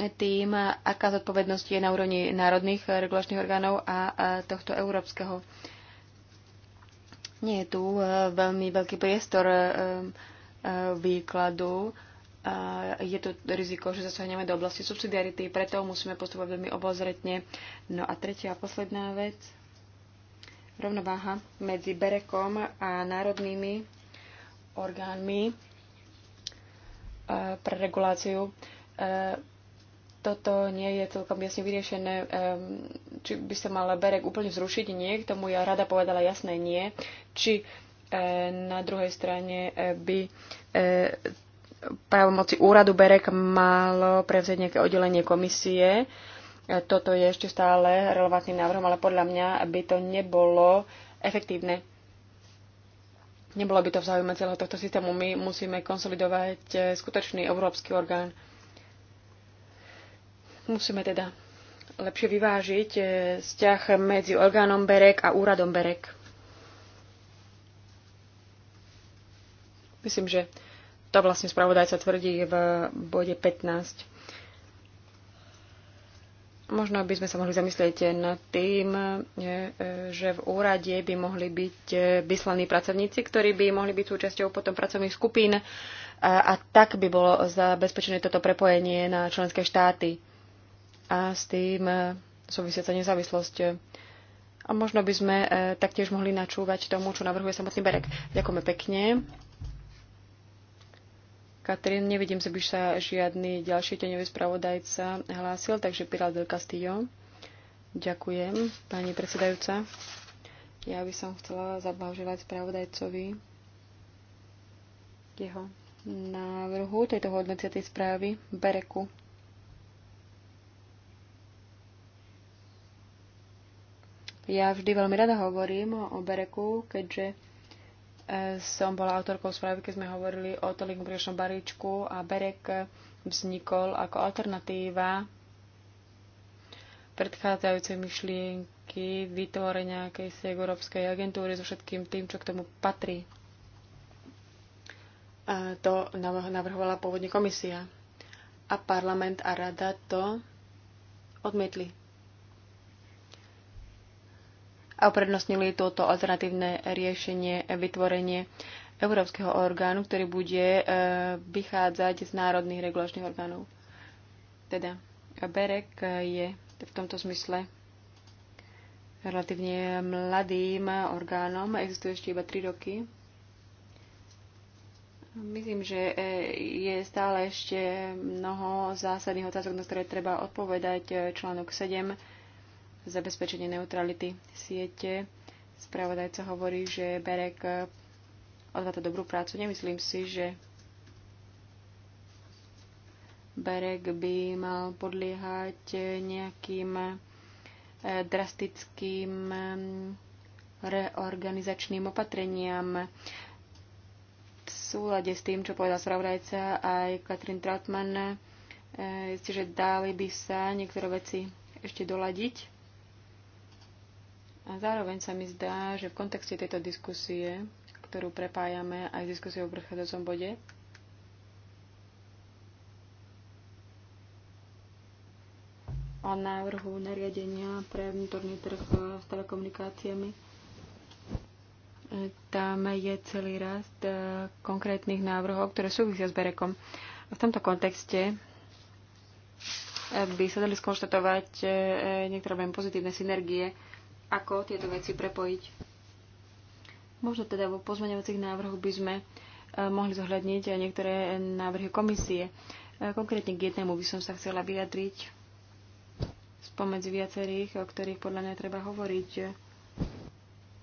tým, aká zodpovednosť je na úrovni národných regulačných orgánov a tohto európskeho. Nie je tu e, veľmi veľký priestor výkladu. Je tu riziko, že zasahneme do oblasti subsidiarity, preto musíme postupovať veľmi obozretne. No a tretia a posledná vec – rovnováha medzi Berekom a národnými orgánmi e, pre reguláciu. E, toto nie je celkom jasne vyriešené, e, či by sa mal Berek úplne zrušiť. Nie, k tomu ja rada povedala jasné nie. Či na druhej strane by právomoci úradu Berek malo prevzeť nejaké oddelenie komisie toto je ešte stále relevantným návrhom, ale podľa mňa by to nebolo efektívne. Nebolo by to v záujme celého tohto systému. My musíme konsolidovať eh, skutočný európsky orgán. Musíme teda lepšie vyvážiť eh, vzťah medzi orgánom BEREK a úradom BEREK. Myslím, že to vlastne spravodajca tvrdí v bode 15. Možno by sme sa mohli zamyslieť nad tým, e, e, že v úrade by mohli byť e, vyslaní pracovníci, ktorí by mohli byť súčasťou potom pracovných skupín a, a tak by bolo zabezpečené toto prepojenie na členské štáty a s tým súvisiaca nezávislosť. A možno by sme taktiež mohli načúvať tomu, čo navrhuje samotný Berek. Ďakujeme pekne. Katrin, nevidím, že by sa žiadny ďalší teňový spravodajca hlásil, takže Piral del Castillo. Ďakujem, pani predsedajúca. Ja by som chcela zablahoželať spravodajcovi jeho návrhu tejto hodnotiacej správy Bereku. Ja vždy veľmi rada hovorím o, o Bereku, keďže som bola autorkou správy, keď sme hovorili o tolik príročnom baríčku a Berek vznikol ako alternatíva predchádzajúcej myšlienky vytvorenia akejsi európskej agentúry so všetkým tým, čo k tomu patrí. A to navrhovala pôvodne komisia. A parlament a rada to odmietli a uprednostnili toto alternatívne riešenie vytvorenie európskeho orgánu, ktorý bude e, vychádzať z národných regulačných orgánov. Teda Berek je v tomto zmysle relatívne mladým orgánom, existuje ešte iba 3 roky. Myslím, že e, je stále ešte mnoho zásadných otázok, na ktoré treba odpovedať. E, článok 7 zabezpečenie neutrality siete. Spravodajca hovorí, že Berek odváta dobrú prácu. Nemyslím si, že Berek by mal podliehať nejakým eh, drastickým mm, reorganizačným opatreniam. V súlade s tým, čo povedal spravodajca aj Katrin Trautmann, eh, že dali by sa niektoré veci ešte doladiť a zároveň sa mi zdá, že v kontexte tejto diskusie, ktorú prepájame aj s diskusiou v prechádzajúcom bode, o návrhu nariadenia pre vnútorný trh s telekomunikáciami. Tam je celý rast e, konkrétnych návrhov, ktoré súvisia s Berekom. V tomto kontexte e, by sa dali skonštatovať e, niektoré pozitívne synergie ako tieto veci prepojiť. Možno teda vo pozmeňovacích návrhoch by sme e, mohli zohľadniť aj niektoré návrhy komisie. E, konkrétne k jednému by som sa chcela vyjadriť spomedzi viacerých, o ktorých podľa mňa treba hovoriť.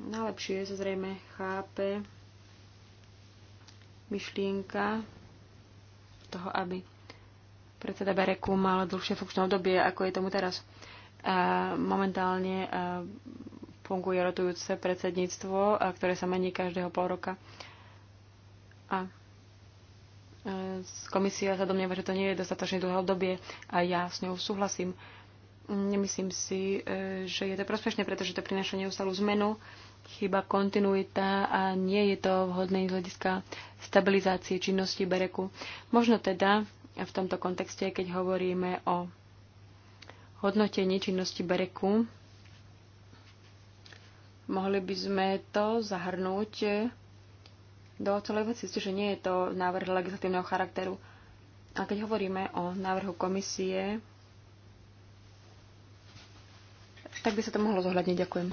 Najlepšie sa zrejme chápe myšlienka toho, aby predseda Bereku mal dlhšie funkčné obdobie, ako je tomu teraz. Momentálne funguje rotujúce predsedníctvo, ktoré sa mení každého pol roka. A komisia sa domnieva, že to nie je dostatočne obdobie a ja s ňou súhlasím. Nemyslím si, e, že je to prospešné, pretože to prináša neustalú zmenu, chyba kontinuita a nie je to vhodné z hľadiska stabilizácie činnosti Bereku. Možno teda v tomto kontexte, keď hovoríme o hodnotenie činnosti Bereku. Mohli by sme to zahrnúť do celej veci, že nie je to návrh legislatívneho charakteru. A keď hovoríme o návrhu komisie, tak by sa to mohlo zohľadniť. Ďakujem.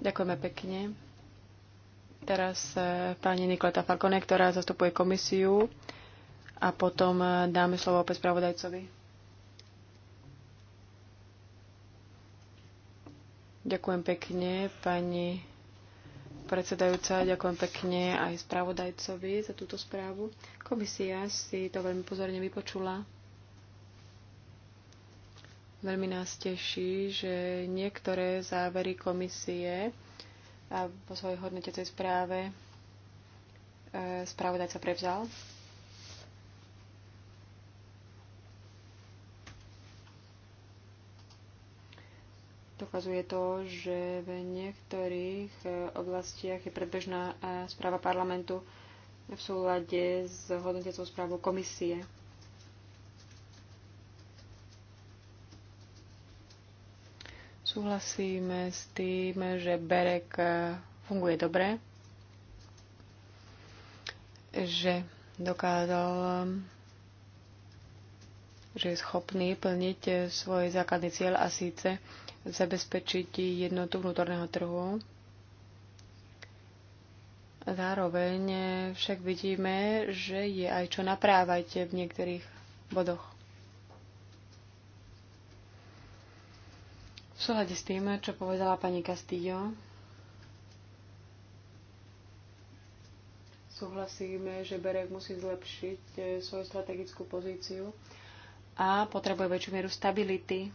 Ďakujeme pekne. Teraz eh, pani Nikleta Falcone, ktorá zastupuje komisiu a potom eh, dáme slovo opäť spravodajcovi. Ďakujem pekne, pani predsedajúca, ďakujem pekne aj spravodajcovi za túto správu. Komisia si to veľmi pozorne vypočula. Veľmi nás teší, že niektoré závery komisie a po svojej hodnotecej správe eh, spravodajca prevzal. Dokazuje to, že v niektorých eh, oblastiach je predbežná eh, správa parlamentu v súlade s hodnotiacou správou komisie. Súhlasíme s tým, že Berek eh, funguje dobre, že dokázal že je schopný plniť svoj základný cieľ a síce zabezpečiť jednotu vnútorného trhu. Zároveň však vidíme, že je aj čo naprávať v niektorých bodoch. V súhľade s tým, čo povedala pani Castillo, súhlasíme, že Berek musí zlepšiť eh, svoju strategickú pozíciu a potrebuje väčšiu mieru stability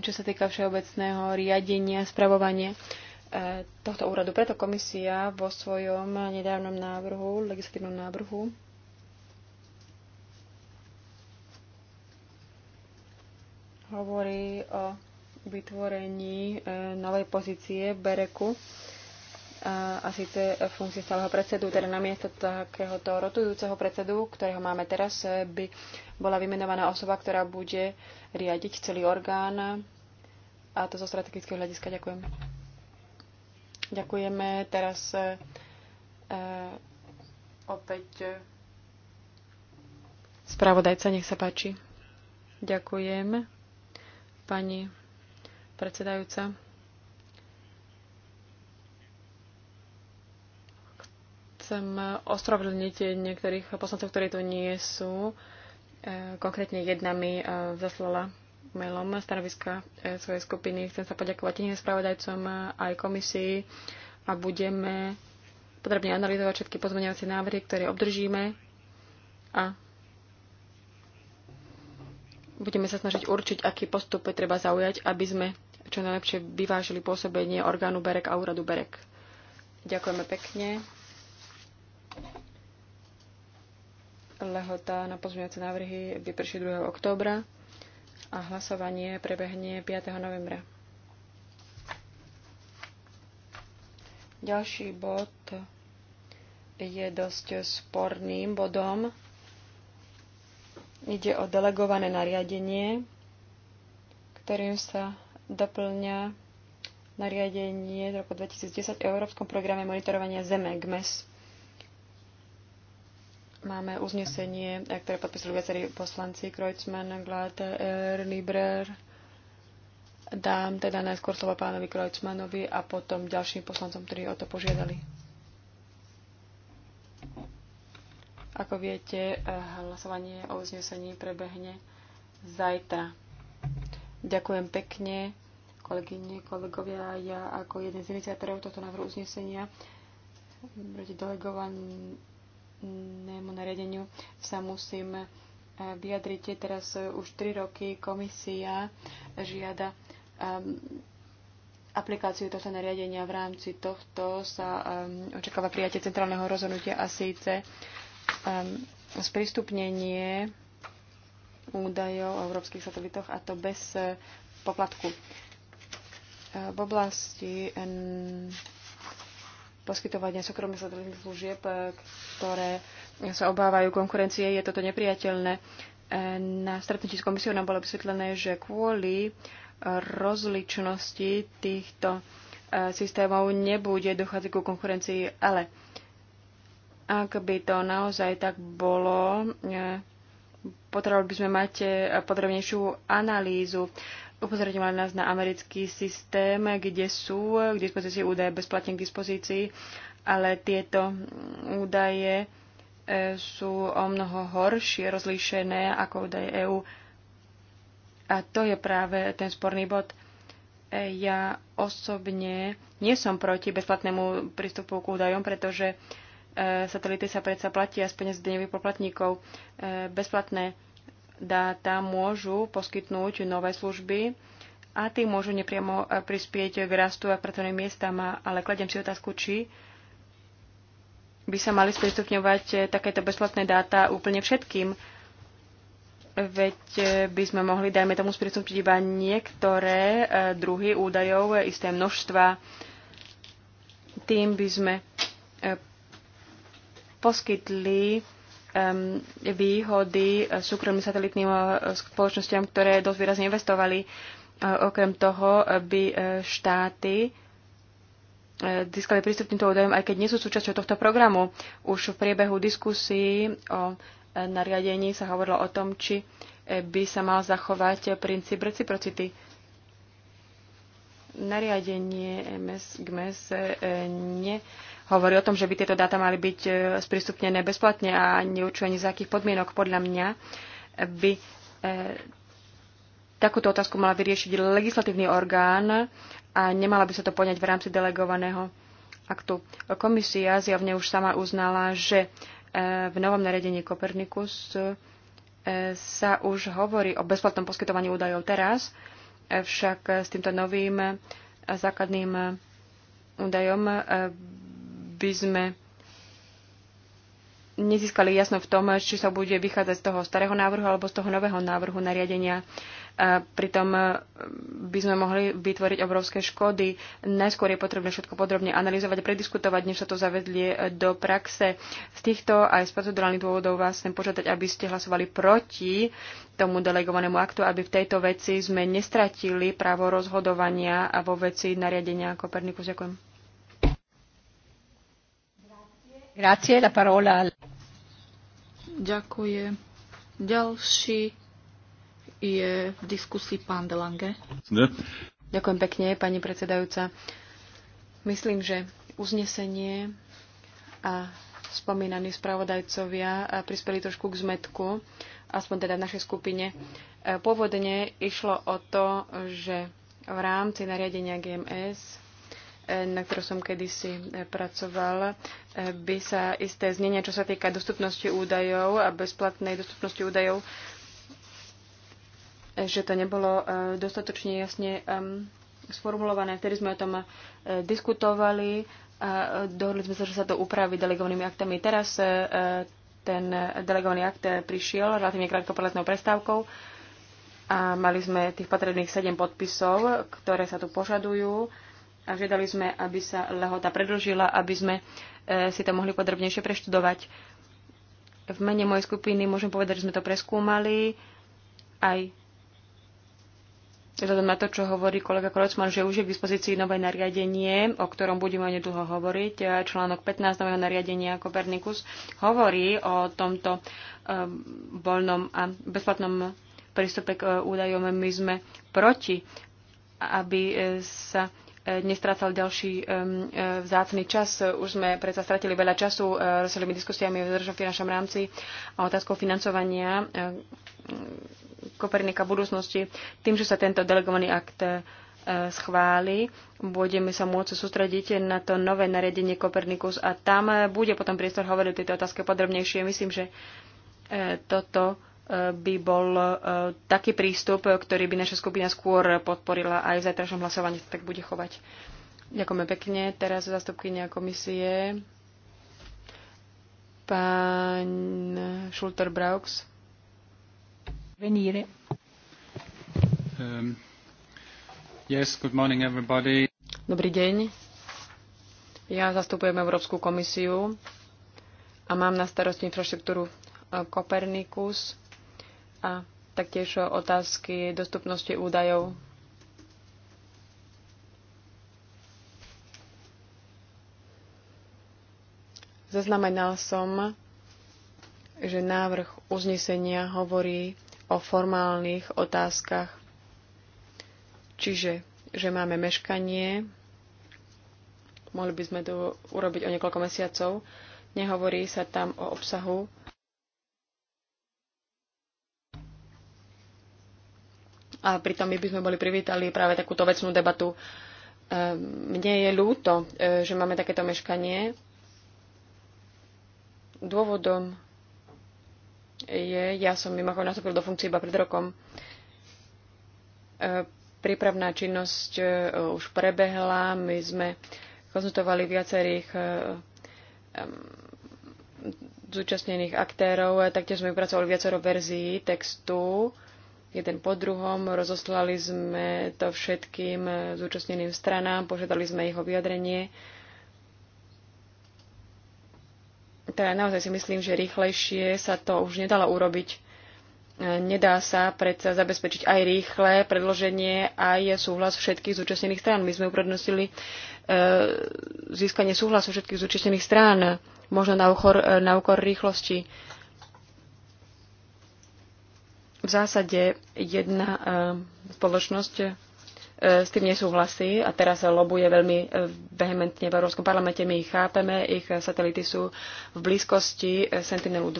čo sa týka všeobecného riadenia, spravovania e, tohto úradu. Preto komisia vo svojom nedávnom návrhu, legislatívnom návrhu, hovorí o vytvorení e, novej pozície Bereku a síce funkcie stáleho predsedu, teda na miesto takéhoto rotujúceho predsedu, ktorého máme teraz, eh, by bola vymenovaná osoba, ktorá bude riadiť celý orgán a to zo strategického hľadiska. Ďakujem. Ďakujeme. Teraz eh, eh opäť eh, spravodajca, nech sa páči. Ďakujem, pani predsedajúca. Chcem ospravedlniť niektorých poslancov, ktorí tu nie sú. E, konkrétne jedna mi e, zaslala mailom stanoviska e, svojej skupiny. Chcem sa poďakovať iným spravodajcom aj komisii a budeme podrobne analyzovať všetky pozmeňovacie návrhy, ktoré obdržíme a budeme sa snažiť určiť, aký postup treba zaujať, aby sme čo najlepšie vyvážili pôsobenie orgánu BEREK a úradu BEREK. Ďakujeme pekne. Lehota na pozmeňovacie návrhy vyprší 2. októbra a hlasovanie prebehne 5. novembra. Ďalší bod je dosť sporným bodom. Ide o delegované nariadenie, ktorým sa doplňa nariadenie z roku 2010 v Európskom programe monitorovania zeme GMES. Máme uznesenie, eh, ktoré podpísali viacerí poslanci Kreutzmann, Glater, eh, Librer. Dám teda najskôr slovo pánovi Kreutzmannovi a potom ďalším poslancom, ktorí o to požiadali. Ako viete, eh, hlasovanie o uznesení prebehne zajtra. Ďakujem pekne, kolegyne, kolegovia. Ja ako jeden z iniciátorov tohto návrhu uznesenia proti delegovaným námu hm, nariadeniu sa musím eh, vyjadriť. Teraz eh, už 3 roky komisia žiada ehm, aplikáciu tohto nariadenia v rámci tohto sa um, očakáva prijatie centrálneho rozhodnutia a síce um, sprístupnenie údajov o európskych satelitoch a to bez uh, poplatku. Uh, v oblasti um, poskytovania súkromných sledovných služieb, e, ktoré sa obávajú konkurencie, je toto nepriateľné. E, na stretnutí s komisiou nám bolo vysvetlené, že kvôli rozličnosti týchto e, systémov nebude dochádzať ku konkurencii, ale ak by to naozaj tak bolo, potrebovali by sme mať podrobnejšiu analýzu upozorňovala nás na americký systém, kde sú k dispozícii údaje bezplatne k dispozícii, ale tieto údaje e, sú o mnoho horšie rozlíšené ako údaje EÚ. A to je práve ten sporný bod. E, ja osobne nie som proti bezplatnému prístupu k údajom, pretože e, satelity sa predsa platia z peniaz daňových poplatníkov. Bezplatné dáta môžu poskytnúť nové služby a tým môžu nepriamo eh, prispieť k rastu a pracovným miestam, ale kladem si otázku, či by sa mali sprístupňovať eh, takéto bezplatné dáta úplne všetkým. Veď eh, by sme mohli, dajme tomu, sprístupniť iba niektoré druhy údajov, isté množstva. Tým by sme poskytli výhody súkromným satelitným eh, spoločnosťam, ktoré dosť výrazne investovali. Eh, okrem toho eh, by štáty získali prístup k týmto údajom, aj keď nie sú súčasťou tohto programu. Už v priebehu diskusí o nariadení sa hovorilo o tom, či by sa mal zachovať princíp reciprocity. Nariadenie MS GMS ne hovorí o tom, že by tieto dáta mali byť e, sprístupnené bezplatne a neurčuje ani za akých podmienok. Podľa mňa by e, takúto otázku mala vyriešiť legislatívny orgán a nemala by sa to poňať v rámci delegovaného aktu. Komisia zjavne už sama uznala, že e, v novom naredení Kopernikus sa už hovorí o bezplatnom poskytovaní údajov teraz, však s týmto novým základným údajom by sme nezískali jasno v tom, či sa bude vychádzať z toho starého návrhu alebo z toho nového návrhu nariadenia. A pritom e, by sme mohli vytvoriť obrovské škody. Najskôr je potrebné všetko podrobne analyzovať a prediskutovať, než sa to zavedlie e, do praxe. Z týchto aj z procedurálnych dôvodov vás chcem požiadať, aby ste hlasovali proti tomu delegovanému aktu, aby v tejto veci sme nestratili právo rozhodovania a vo veci nariadenia Kopernikus. Ďakujem. Grazie, la parola. Ďakujem. Ďalší je v diskusii pán Delange. Ne? Ďakujem pekne, pani predsedajúca. Myslím, že uznesenie a spomínaní spravodajcovia prispeli trošku k zmetku, aspoň teda v našej skupine. Pôvodne išlo o to, že v rámci nariadenia GMS na ktorom som kedysi e, pracoval, e, by sa isté znenie, čo sa týka dostupnosti údajov a bezplatnej dostupnosti údajov, e, že to nebolo dostatočne jasne sformulované. Vtedy sme o tom diskutovali a dohodli sme sa, že sa to upraví delegovanými aktami. Teraz ten delegovaný akt prišiel relatívne krátko pred letnou prestávkou a mali sme tých potrebných 7 podpisov, ktoré sa tu požadujú a žiadali sme, aby sa lehota predlžila, aby sme e, si to mohli podrobnejšie preštudovať. V mene mojej skupiny môžem povedať, že sme to preskúmali aj vzhľadom na to, čo hovorí kolega Krocman, že už je k dispozícii nové nariadenie, o ktorom budeme nedlho hovoriť. E, článok 15 nového nariadenia Kopernikus hovorí o tomto e, voľnom a bezplatnom prístupe k údajom. My sme proti, aby sa E, nestrácal ďalší e, vzácný čas. Už sme predsa stratili veľa času celými e, diskusiami o zdržom finančnom rámci a otázkou financovania Kopernika budúcnosti. Tým, že sa tento delegovaný akt schváli, budeme sa môcť sústrediť na to nové nariadenie Kopernikus a tam bude potom priestor hovoriť o tejto otázke podrobnejšie. Myslím, že toto by bol e, taký prístup, ktorý by naša skupina skôr podporila aj v zajtrajšom hlasovaní tak bude chovať. Ďakujeme pekne. Teraz zastupkynia komisie. Pán Schulter Braux. Venire. Um, yes, good morning everybody. Dobrý deň. Ja zastupujem Európsku komisiu a mám na starosti infraštruktúru e, Kopernikus a taktiež otázky dostupnosti údajov. Zaznamenal som, že návrh uznesenia hovorí o formálnych otázkach, čiže že máme meškanie, mohli by sme to urobiť o niekoľko mesiacov, nehovorí sa tam o obsahu A pritom my by sme boli privítali práve takúto vecnú debatu. Ehm, mne je ľúto, e, že máme takéto meškanie. Dôvodom je, ja som mimochodom nastúpil do funkcie iba pred rokom, e, prípravná činnosť e, už prebehla, my sme konzultovali viacerých zúčastnených aktérov, taktiež sme vypracovali viacero verzií textu, jeden po druhom. Rozoslali sme to všetkým eh, zúčastneným stranám, požiadali sme ich o vyjadrenie. Teda naozaj si myslím, že rýchlejšie sa to už nedalo urobiť. Eh, nedá sa predsa zabezpečiť aj rýchle predloženie, aj súhlas všetkých zúčastnených strán. My sme uprednostili eh, získanie súhlasu všetkých zúčastnených strán, možno na úkor, na úkor rýchlosti v zásade jedna eh, spoločnosť eh, s tým nesúhlasí a teraz lobuje veľmi eh, vehementne v Európskom parlamente. My ich chápeme, ich satelity sú v blízkosti Sentinelu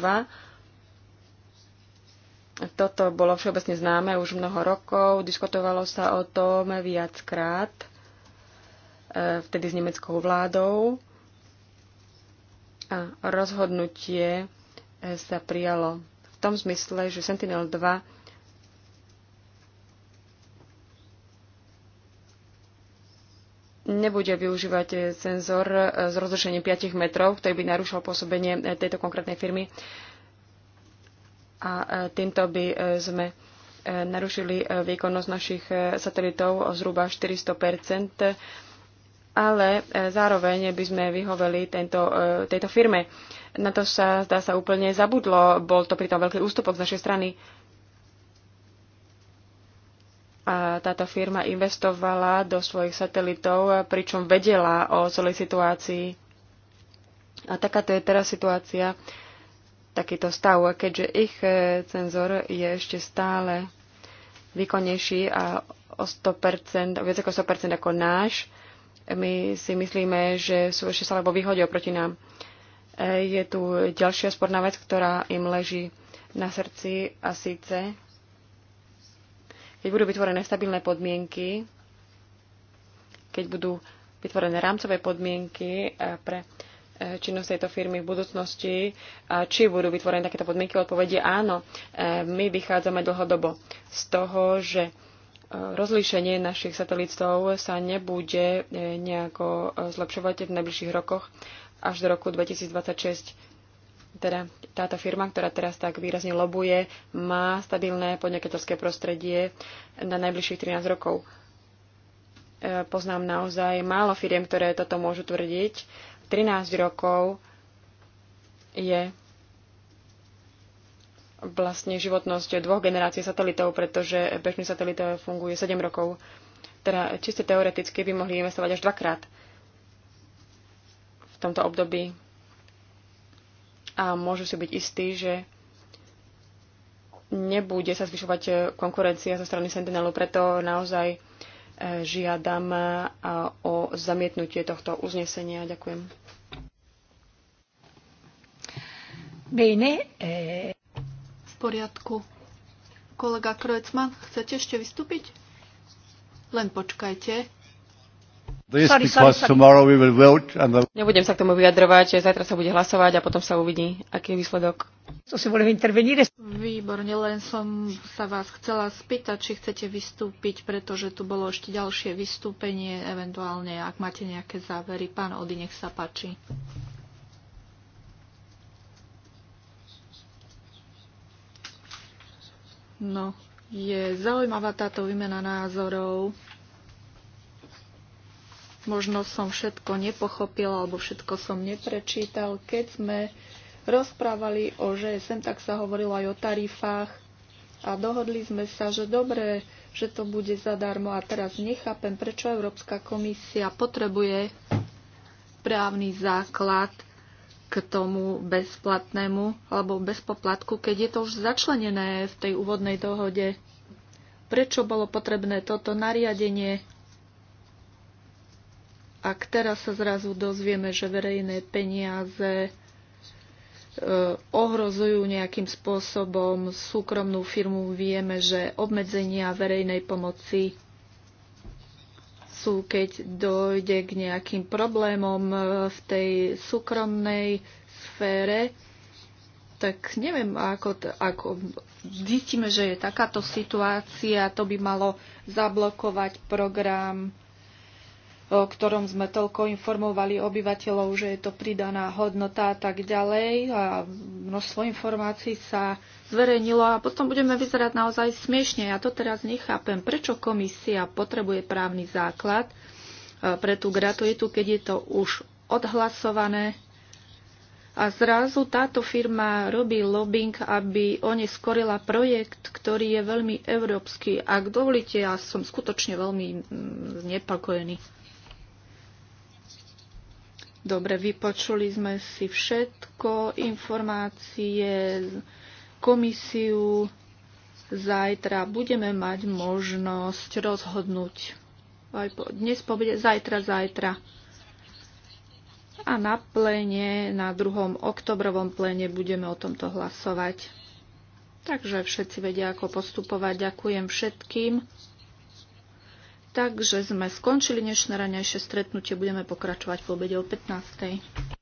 2. Toto bolo všeobecne známe už mnoho rokov, diskutovalo sa o tom viackrát, vtedy s nemeckou vládou. A rozhodnutie sa prijalo tom zmysle, že Sentinel-2 nebude využívať senzor e, s rozlišením 5 metrov, ktorý by narušil pôsobenie e, tejto konkrétnej firmy. A e, týmto by sme narušili výkonnosť našich satelitov o zhruba 400 ale zároveň by sme vyhoveli tento, tejto firme. Na to sa, zdá sa, úplne zabudlo. Bol to pritom veľký ústupok z našej strany. A táto firma investovala do svojich satelitov, pričom vedela o celej situácii. A takáto je teraz situácia, takýto stav, keďže ich e, cenzor je ešte stále výkonnejší a o 100%, viac ako 100% ako náš. My si myslíme, že sú ešte stále vo výhode oproti nám je tu ďalšia sporná vec, ktorá im leží na srdci a síce, keď budú vytvorené stabilné podmienky, keď budú vytvorené rámcové podmienky e, pre e, činnosť tejto firmy v budúcnosti, či budú vytvorené takéto podmienky, odpovedie áno. E, my vychádzame dlhodobo z toho, že rozlíšenie našich satelitov sa nebude nejako zlepšovať v najbližších rokoch až do roku 2026. Teda táto firma, ktorá teraz tak výrazne lobuje, má stabilné podnikateľské prostredie na najbližších 13 rokov. E, poznám naozaj málo firiem, ktoré toto môžu tvrdiť. 13 rokov je vlastne životnosť dvoch generácií satelitov, pretože bežný satelit funguje 7 rokov. Teda čiste teoreticky by mohli investovať až dvakrát tomto období a môžu si byť istí, že nebude sa zvyšovať konkurencia zo strany Sentinelu, preto naozaj e, žiadam e, o zamietnutie tohto uznesenia. Ďakujem. Bene. E, v poriadku. Kolega Krojcman, chcete ešte vystúpiť? Len počkajte sorry, sorry, tomorrow we will vote and the... Nebudem sa k tomu vyjadrovať, že zajtra sa bude hlasovať a potom sa uvidí, aký je výsledok. si Výborne, len som sa vás chcela spýtať, či chcete vystúpiť, pretože tu bolo ešte ďalšie vystúpenie, eventuálne, ak máte nejaké závery. Pán Ody, nech sa páči. No, je zaujímavá táto výmena názorov. Možno som všetko nepochopil, alebo všetko som neprečítal. Keď sme rozprávali o ŽSM, tak sa hovorilo aj o tarifách a dohodli sme sa, že dobre, že to bude zadarmo a teraz nechápem, prečo Európska komisia potrebuje právny základ k tomu bezplatnému alebo bez poplatku, keď je to už začlenené v tej úvodnej dohode. Prečo bolo potrebné toto nariadenie? Ak teraz sa zrazu dozvieme, že verejné peniaze e, ohrozujú nejakým spôsobom súkromnú firmu, vieme, že obmedzenia verejnej pomoci sú, keď dojde k nejakým problémom e, v tej súkromnej sfére, tak neviem, ako, ako zistíme, že je takáto situácia, to by malo zablokovať program o ktorom sme toľko informovali obyvateľov, že je to pridaná hodnota a tak ďalej. A množstvo informácií sa zverejnilo a potom budeme vyzerať naozaj smiešne. Ja to teraz nechápem, prečo komisia potrebuje právny základ e, pre tú gratuitu, keď je to už odhlasované a zrazu táto firma robí lobbying, aby oneskorila projekt, ktorý je veľmi európsky. Ak dovolíte, ja som skutočne veľmi mm, znepokojený. Dobre, vypočuli sme si všetko, informácie, komisiu. Zajtra budeme mať možnosť rozhodnúť. Aj po, dnes povede, zajtra, zajtra. A na plene, na druhom oktobrovom plene budeme o tomto hlasovať. Takže všetci vedia, ako postupovať. Ďakujem všetkým. Takže sme skončili dnešné ranejšie stretnutie. Budeme pokračovať po obede o 15.